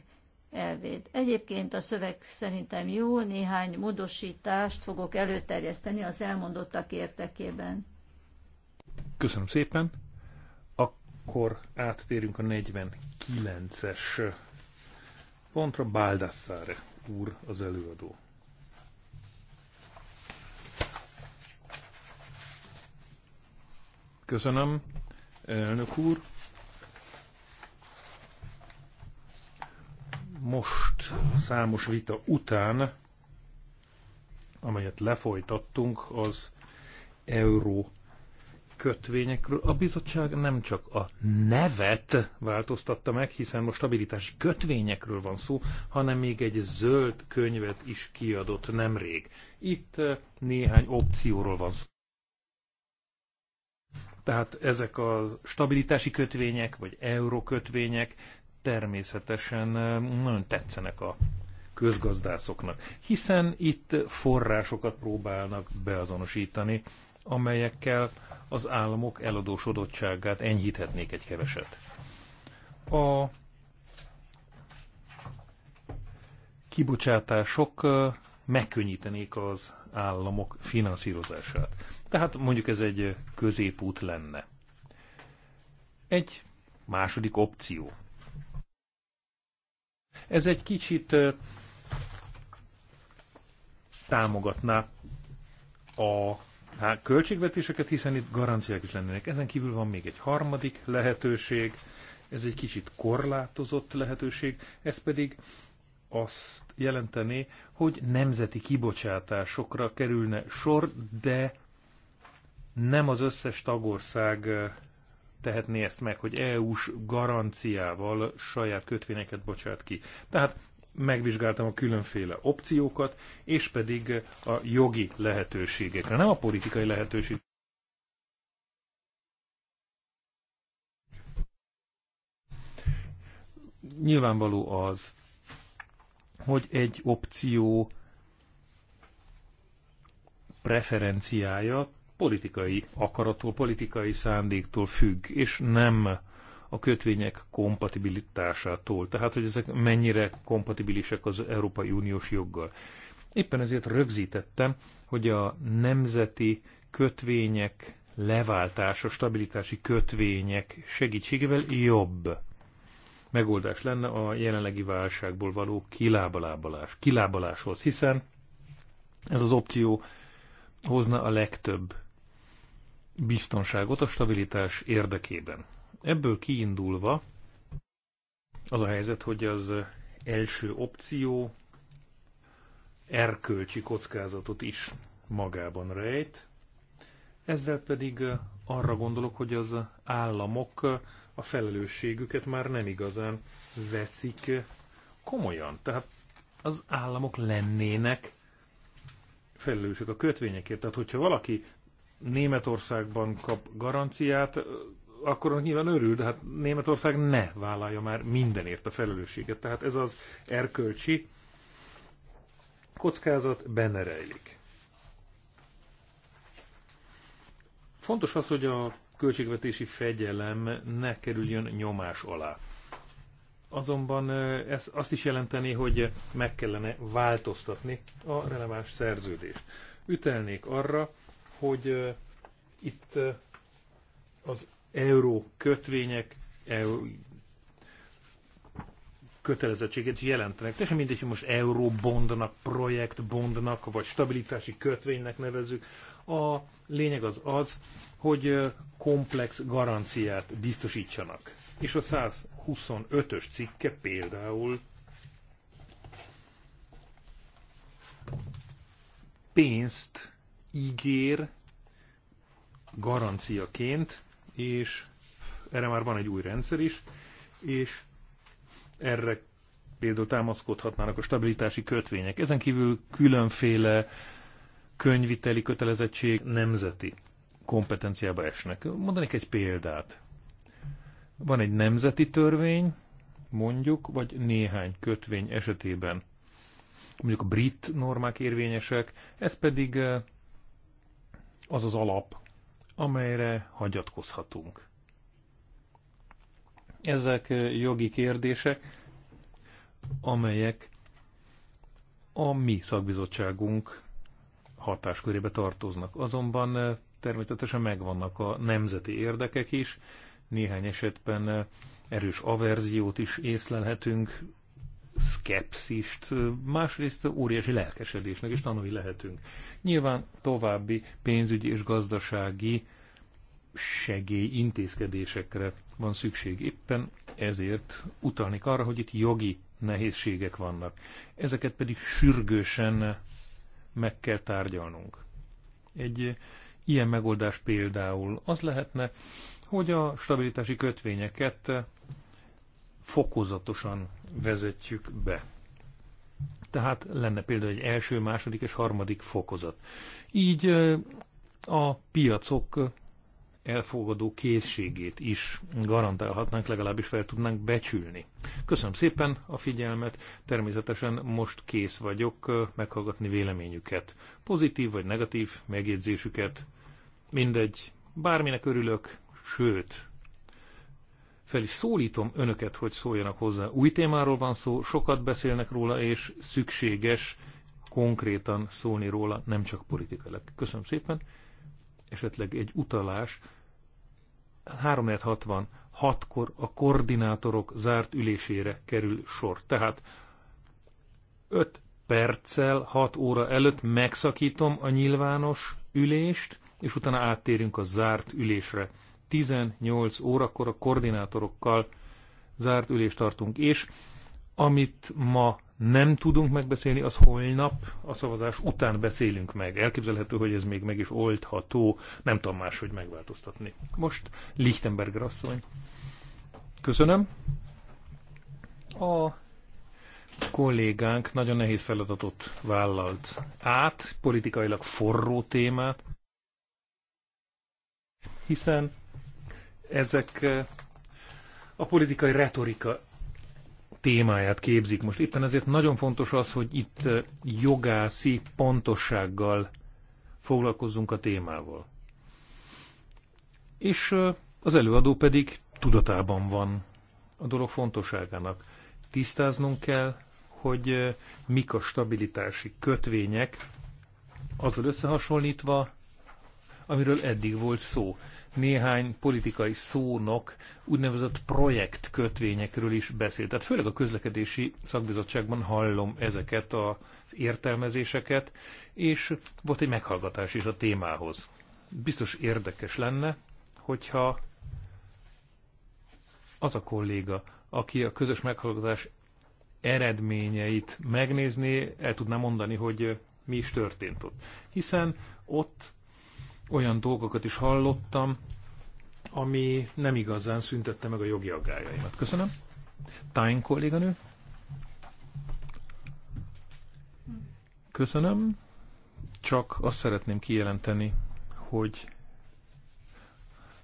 elvét. Egyébként a szöveg szerintem jó, néhány módosítást fogok előterjeszteni az elmondottak értekében. Köszönöm szépen! akkor áttérünk a 49-es pontra Baldassare úr az előadó. Köszönöm, elnök úr. Most számos vita után, amelyet lefolytattunk az euró kötvényekről a bizottság nem csak a nevet változtatta meg, hiszen most stabilitási kötvényekről van szó, hanem még egy zöld könyvet is kiadott nemrég. Itt eh, néhány opcióról van szó. Tehát ezek a stabilitási kötvények, vagy eurokötvények természetesen eh, nagyon tetszenek a közgazdászoknak, hiszen itt forrásokat próbálnak beazonosítani, amelyekkel az államok eladósodottságát enyhíthetnék egy keveset. A kibocsátások megkönnyítenék az államok finanszírozását. Tehát mondjuk ez egy középút lenne. Egy második opció. Ez egy kicsit támogatná a hát költségvetéseket, hiszen itt garanciák is lennének. Ezen kívül van még egy harmadik lehetőség, ez egy kicsit korlátozott lehetőség, ez pedig azt jelenteni, hogy nemzeti kibocsátásokra kerülne sor, de nem az összes tagország tehetné ezt meg, hogy EU-s garanciával saját kötvényeket bocsát ki. Tehát megvizsgáltam a különféle opciókat, és pedig a jogi lehetőségekre, nem a politikai lehetőségekre. Nyilvánvaló az, hogy egy opció preferenciája politikai akarattól, politikai szándéktól függ, és nem a kötvények kompatibilitásától, tehát hogy ezek mennyire kompatibilisek az Európai Uniós joggal. Éppen ezért rögzítettem, hogy a nemzeti kötvények leváltása, stabilitási kötvények segítségével jobb megoldás lenne a jelenlegi válságból való kilábalábalás, kilábaláshoz, hiszen ez az opció hozna a legtöbb biztonságot a stabilitás érdekében. Ebből kiindulva az a helyzet, hogy az első opció erkölcsi kockázatot is magában rejt, ezzel pedig arra gondolok, hogy az államok a felelősségüket már nem igazán veszik komolyan. Tehát az államok lennének felelősek a kötvényekért. Tehát, hogyha valaki Németországban kap garanciát, akkor nyilván örül, de hát Németország ne vállalja már mindenért a felelősséget. Tehát ez az erkölcsi kockázat benne rejlik. Fontos az, hogy a költségvetési fegyelem ne kerüljön nyomás alá. Azonban ez azt is jelenteni, hogy meg kellene változtatni a releváns szerződést. Ütelnék arra, hogy itt az euró kötvények euró kötelezettséget is jelentenek. Teljesen mindegy, hogy most eurobondnak, projektbondnak, vagy stabilitási kötvénynek nevezzük. A lényeg az az, hogy komplex garanciát biztosítsanak. És a 125-ös cikke például pénzt ígér garanciaként és erre már van egy új rendszer is, és erre például támaszkodhatnának a stabilitási kötvények. Ezen kívül különféle könyviteli kötelezettség nemzeti kompetenciába esnek. Mondanék egy példát. Van egy nemzeti törvény, mondjuk, vagy néhány kötvény esetében mondjuk a brit normák érvényesek, ez pedig eh, az az alap, amelyre hagyatkozhatunk. Ezek jogi kérdések, amelyek a mi szakbizottságunk hatáskörébe tartoznak. Azonban eh, természetesen megvannak a nemzeti érdekek is, néhány esetben eh, erős averziót is észlelhetünk szkepszist, másrészt óriási lelkesedésnek is tanulni lehetünk. Nyilván további pénzügyi és gazdasági intézkedésekre van szükség. Éppen ezért utalni arra, hogy itt jogi nehézségek vannak. Ezeket pedig sürgősen meg kell tárgyalnunk. Egy ilyen megoldás például az lehetne, hogy a stabilitási kötvényeket fokozatosan vezetjük be. Tehát lenne például egy első, második és harmadik fokozat. Így a piacok elfogadó készségét is garantálhatnánk, legalábbis fel tudnánk becsülni. Köszönöm szépen a figyelmet, természetesen most kész vagyok meghallgatni véleményüket. Pozitív vagy negatív megjegyzésüket, mindegy, bárminek örülök, sőt, fel is szólítom önöket, hogy szóljanak hozzá. Új témáról van szó, sokat beszélnek róla, és szükséges konkrétan szólni róla, nem csak politikailag. Köszönöm szépen. Esetleg egy utalás. 3.66-kor a koordinátorok zárt ülésére kerül sor. Tehát 5 perccel 6 óra előtt megszakítom a nyilvános ülést, és utána áttérünk a zárt ülésre. 18 órakor a koordinátorokkal zárt ülést tartunk, és amit ma nem tudunk megbeszélni, az holnap a szavazás után beszélünk meg. Elképzelhető, hogy ez még meg is oldható, nem tudom máshogy megváltoztatni. Most Lichtenberger asszony. Köszönöm. A kollégánk nagyon nehéz feladatot vállalt át, politikailag forró témát, hiszen ezek eh, a politikai retorika témáját képzik most. Éppen ezért nagyon fontos az, hogy itt eh, jogászi pontossággal foglalkozzunk a témával. És eh, az előadó pedig tudatában van a dolog fontosságának. Tisztáznunk kell, hogy mik a stabilitási kötvények, azzal összehasonlítva, amiről eddig volt szó néhány politikai szónok úgynevezett projektkötvényekről is beszélt. Tehát főleg a közlekedési szakbizottságban hallom ezeket az értelmezéseket, és volt egy meghallgatás is a témához. Biztos érdekes lenne, hogyha az a kolléga, aki a közös meghallgatás eredményeit megnézni, el tudná mondani, hogy mi is történt ott. Hiszen ott olyan dolgokat is hallottam, ami nem igazán szüntette meg a jogi aggájaimat. Köszönöm. Tájn kolléganő. Köszönöm. Csak azt szeretném kijelenteni, hogy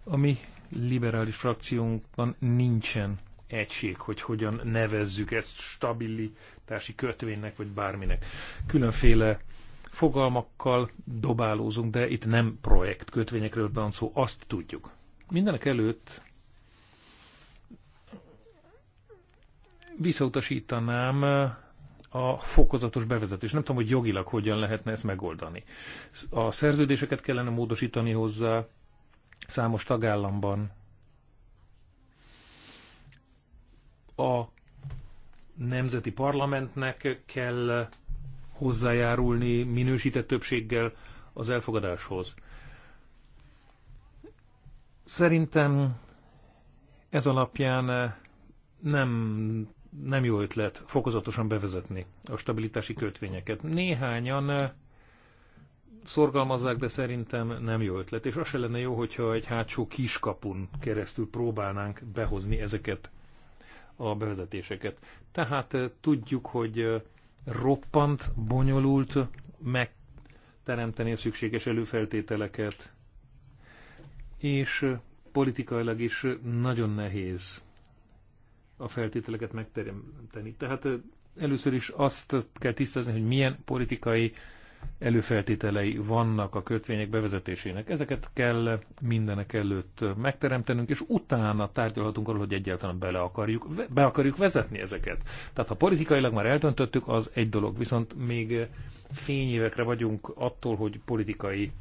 a mi liberális frakciónkban nincsen egység, hogy hogyan nevezzük ezt stabilitási kötvénynek, vagy bárminek. Különféle fogalmakkal dobálózunk, de itt nem projektkötvényekről van szó, azt tudjuk. Mindenek előtt visszautasítanám a fokozatos bevezetés. Nem tudom, hogy jogilag hogyan lehetne ezt megoldani. A szerződéseket kellene módosítani hozzá számos tagállamban. A nemzeti parlamentnek kell hozzájárulni minősített többséggel az elfogadáshoz. Szerintem ez alapján nem, nem jó ötlet fokozatosan bevezetni a stabilitási kötvényeket. Néhányan szorgalmazzák, de szerintem nem jó ötlet. És az se lenne jó, hogyha egy hátsó kiskapun keresztül próbálnánk behozni ezeket a bevezetéseket. Tehát eh, tudjuk, hogy eh, roppant, bonyolult megteremteni a szükséges előfeltételeket, és politikailag is nagyon nehéz a feltételeket megteremteni. Tehát először is azt kell tisztázni, hogy milyen politikai előfeltételei vannak a kötvények bevezetésének. Ezeket kell mindenek előtt megteremtenünk, és utána tárgyalhatunk arról, hogy egyáltalán bele akarjuk, be akarjuk vezetni ezeket. Tehát ha politikailag már eltöntöttük, az egy dolog, viszont még fényévekre vagyunk attól, hogy politikai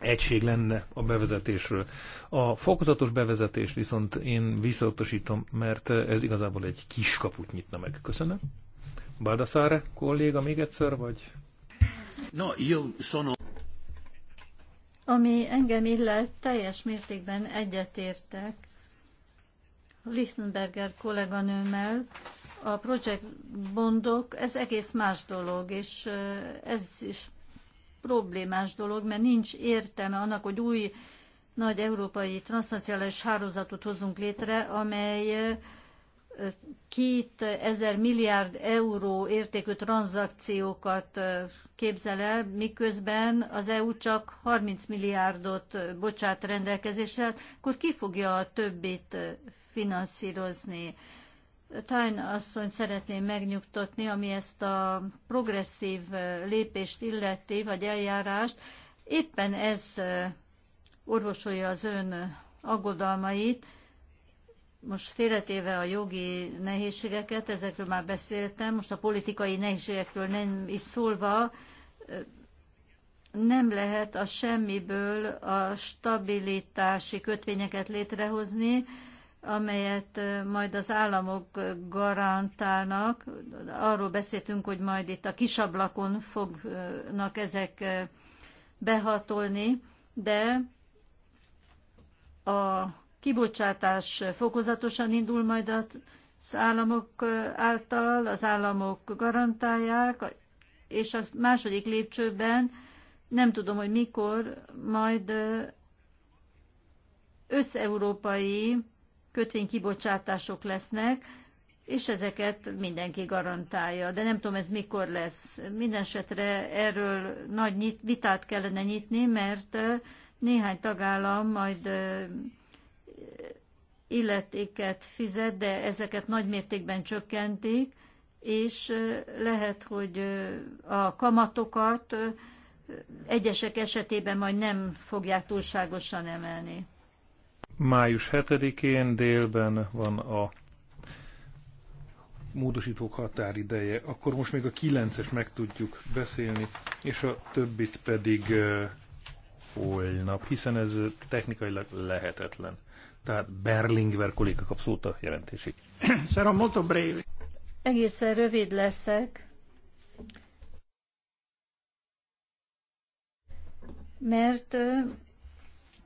egység lenne a bevezetésről. A fokozatos bevezetés viszont én visszautasítom, mert ez igazából egy kiskaput nyitna meg. Köszönöm. Baldassare kolléga még egyszer, vagy? No, sono... Ami engem illet, teljes mértékben egyetértek Lichtenberger kolléganőmmel, a project bondok, ez egész más dolog, és ez is problémás dolog, mert nincs értelme annak, hogy új nagy európai transznacionális hálózatot hozunk létre, amely két ezer milliárd euró értékű tranzakciókat képzel el, miközben az EU csak 30 milliárdot bocsát rendelkezésre, akkor ki fogja a többit finanszírozni? Tájn asszony szeretném megnyugtatni, ami ezt a progresszív lépést illeti, vagy eljárást. Éppen ez orvosolja az ön aggodalmait, most félretéve a jogi nehézségeket, ezekről már beszéltem, most a politikai nehézségekről nem is szólva, nem lehet a semmiből a stabilitási kötvényeket létrehozni, amelyet majd az államok garantálnak. Arról beszéltünk, hogy majd itt a kisablakon fognak ezek behatolni, de a kibocsátás fokozatosan indul majd az államok által, az államok garantálják, és a második lépcsőben nem tudom, hogy mikor, majd összeurópai kötvénykibocsátások lesznek, és ezeket mindenki garantálja. De nem tudom, ez mikor lesz. Mindenesetre erről nagy vitát kellene nyitni, mert néhány tagállam majd illetéket fizet, de ezeket nagy mértékben csökkentik, és lehet, hogy a kamatokat egyesek esetében majd nem fogják túlságosan emelni. Május 7-én délben van a módosítók határideje, akkor most még a 9-es meg tudjuk beszélni, és a többit pedig holnap, hiszen ez technikailag lehetetlen. Tehát Berlingver kolléga kap szót a jelentésig. Sarah, molto breve. Egészen rövid leszek, mert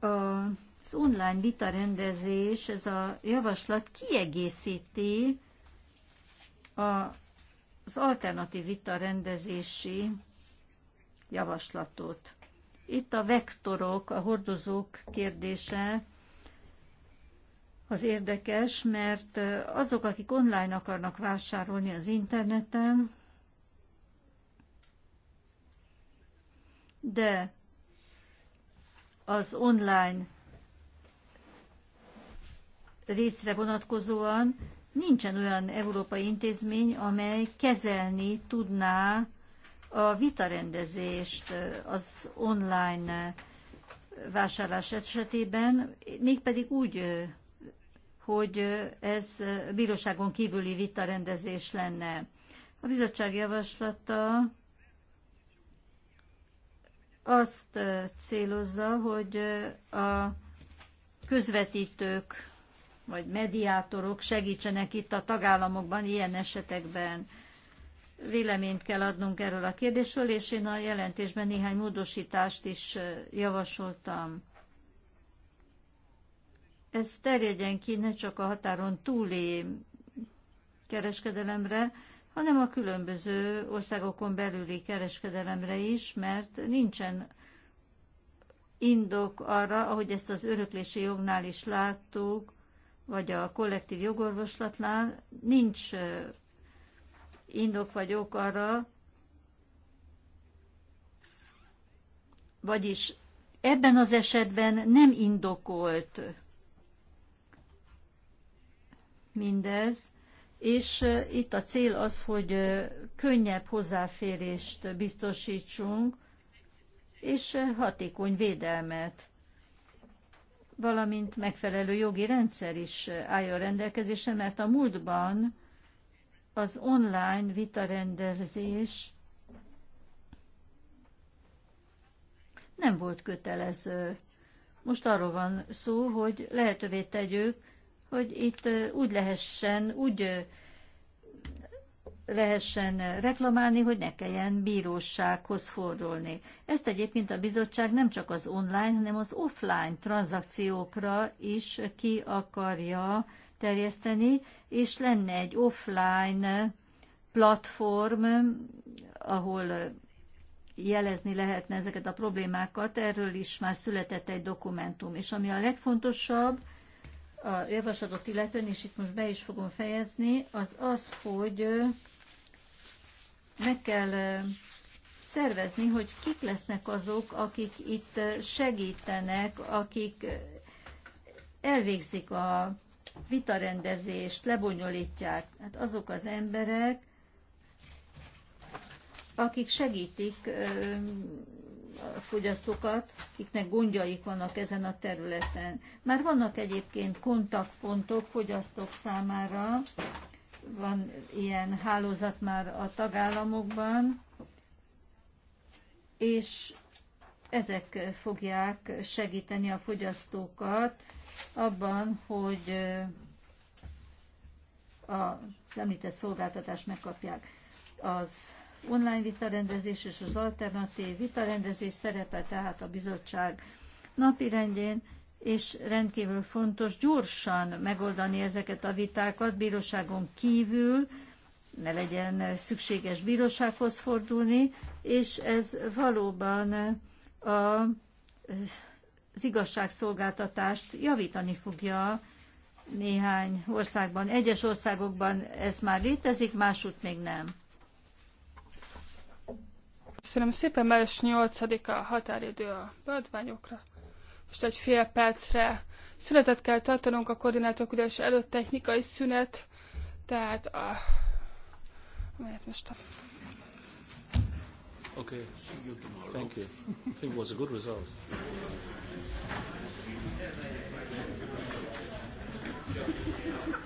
az online vitarendezés, ez a javaslat kiegészíti a, az alternatív vitarendezési javaslatot. Itt a vektorok, a hordozók kérdése az érdekes, mert azok, akik online akarnak vásárolni az interneten, de az online részre vonatkozóan nincsen olyan európai intézmény, amely kezelni tudná a vitarendezést az online vásárlás esetében, mégpedig úgy hogy ez bíróságon kívüli vitarendezés lenne. A bizottság javaslata azt célozza, hogy a közvetítők vagy mediátorok segítsenek itt a tagállamokban ilyen esetekben. Véleményt kell adnunk erről a kérdésről, és én a jelentésben néhány módosítást is javasoltam ez terjedjen ki ne csak a határon túli kereskedelemre, hanem a különböző országokon belüli kereskedelemre is, mert nincsen indok arra, ahogy ezt az öröklési jognál is láttuk, vagy a kollektív jogorvoslatnál, nincs indok vagy ok arra, vagyis ebben az esetben nem indokolt mindez, és itt a cél az, hogy könnyebb hozzáférést biztosítsunk, és hatékony védelmet, valamint megfelelő jogi rendszer is a rendelkezésre, mert a múltban az online vitarendezés nem volt kötelező. Most arról van szó, hogy lehetővé tegyük hogy itt úgy lehessen, úgy lehessen reklamálni, hogy ne kelljen bírósághoz fordulni. Ezt egyébként a bizottság nem csak az online, hanem az offline tranzakciókra is ki akarja terjeszteni, és lenne egy offline platform, ahol jelezni lehetne ezeket a problémákat. Erről is már született egy dokumentum. És ami a legfontosabb, a javaslatot illetően, és itt most be is fogom fejezni, az az, hogy meg kell szervezni, hogy kik lesznek azok, akik itt segítenek, akik elvégzik a vitarendezést, lebonyolítják. Hát azok az emberek, akik segítik fogyasztókat, akiknek gondjaik vannak ezen a területen. Már vannak egyébként kontaktpontok fogyasztók számára, van ilyen hálózat már a tagállamokban, és ezek fogják segíteni a fogyasztókat abban, hogy az említett szolgáltatást megkapják. Az online vitarendezés és az alternatív vitarendezés szerepe tehát a bizottság napirendjén, és rendkívül fontos gyorsan megoldani ezeket a vitákat bíróságon kívül, ne legyen szükséges bírósághoz fordulni, és ez valóban a, az igazságszolgáltatást javítani fogja néhány országban. Egyes országokban ez már létezik, másút még nem. Köszönöm szépen, május 8-a a határidő a beadványokra. Most egy fél percre szünetet kell tartanunk a koordinátorok ülés előtt technikai szünet, tehát a... Mert most a... Okay, see you tomorrow. Thank you. I think it was a good result.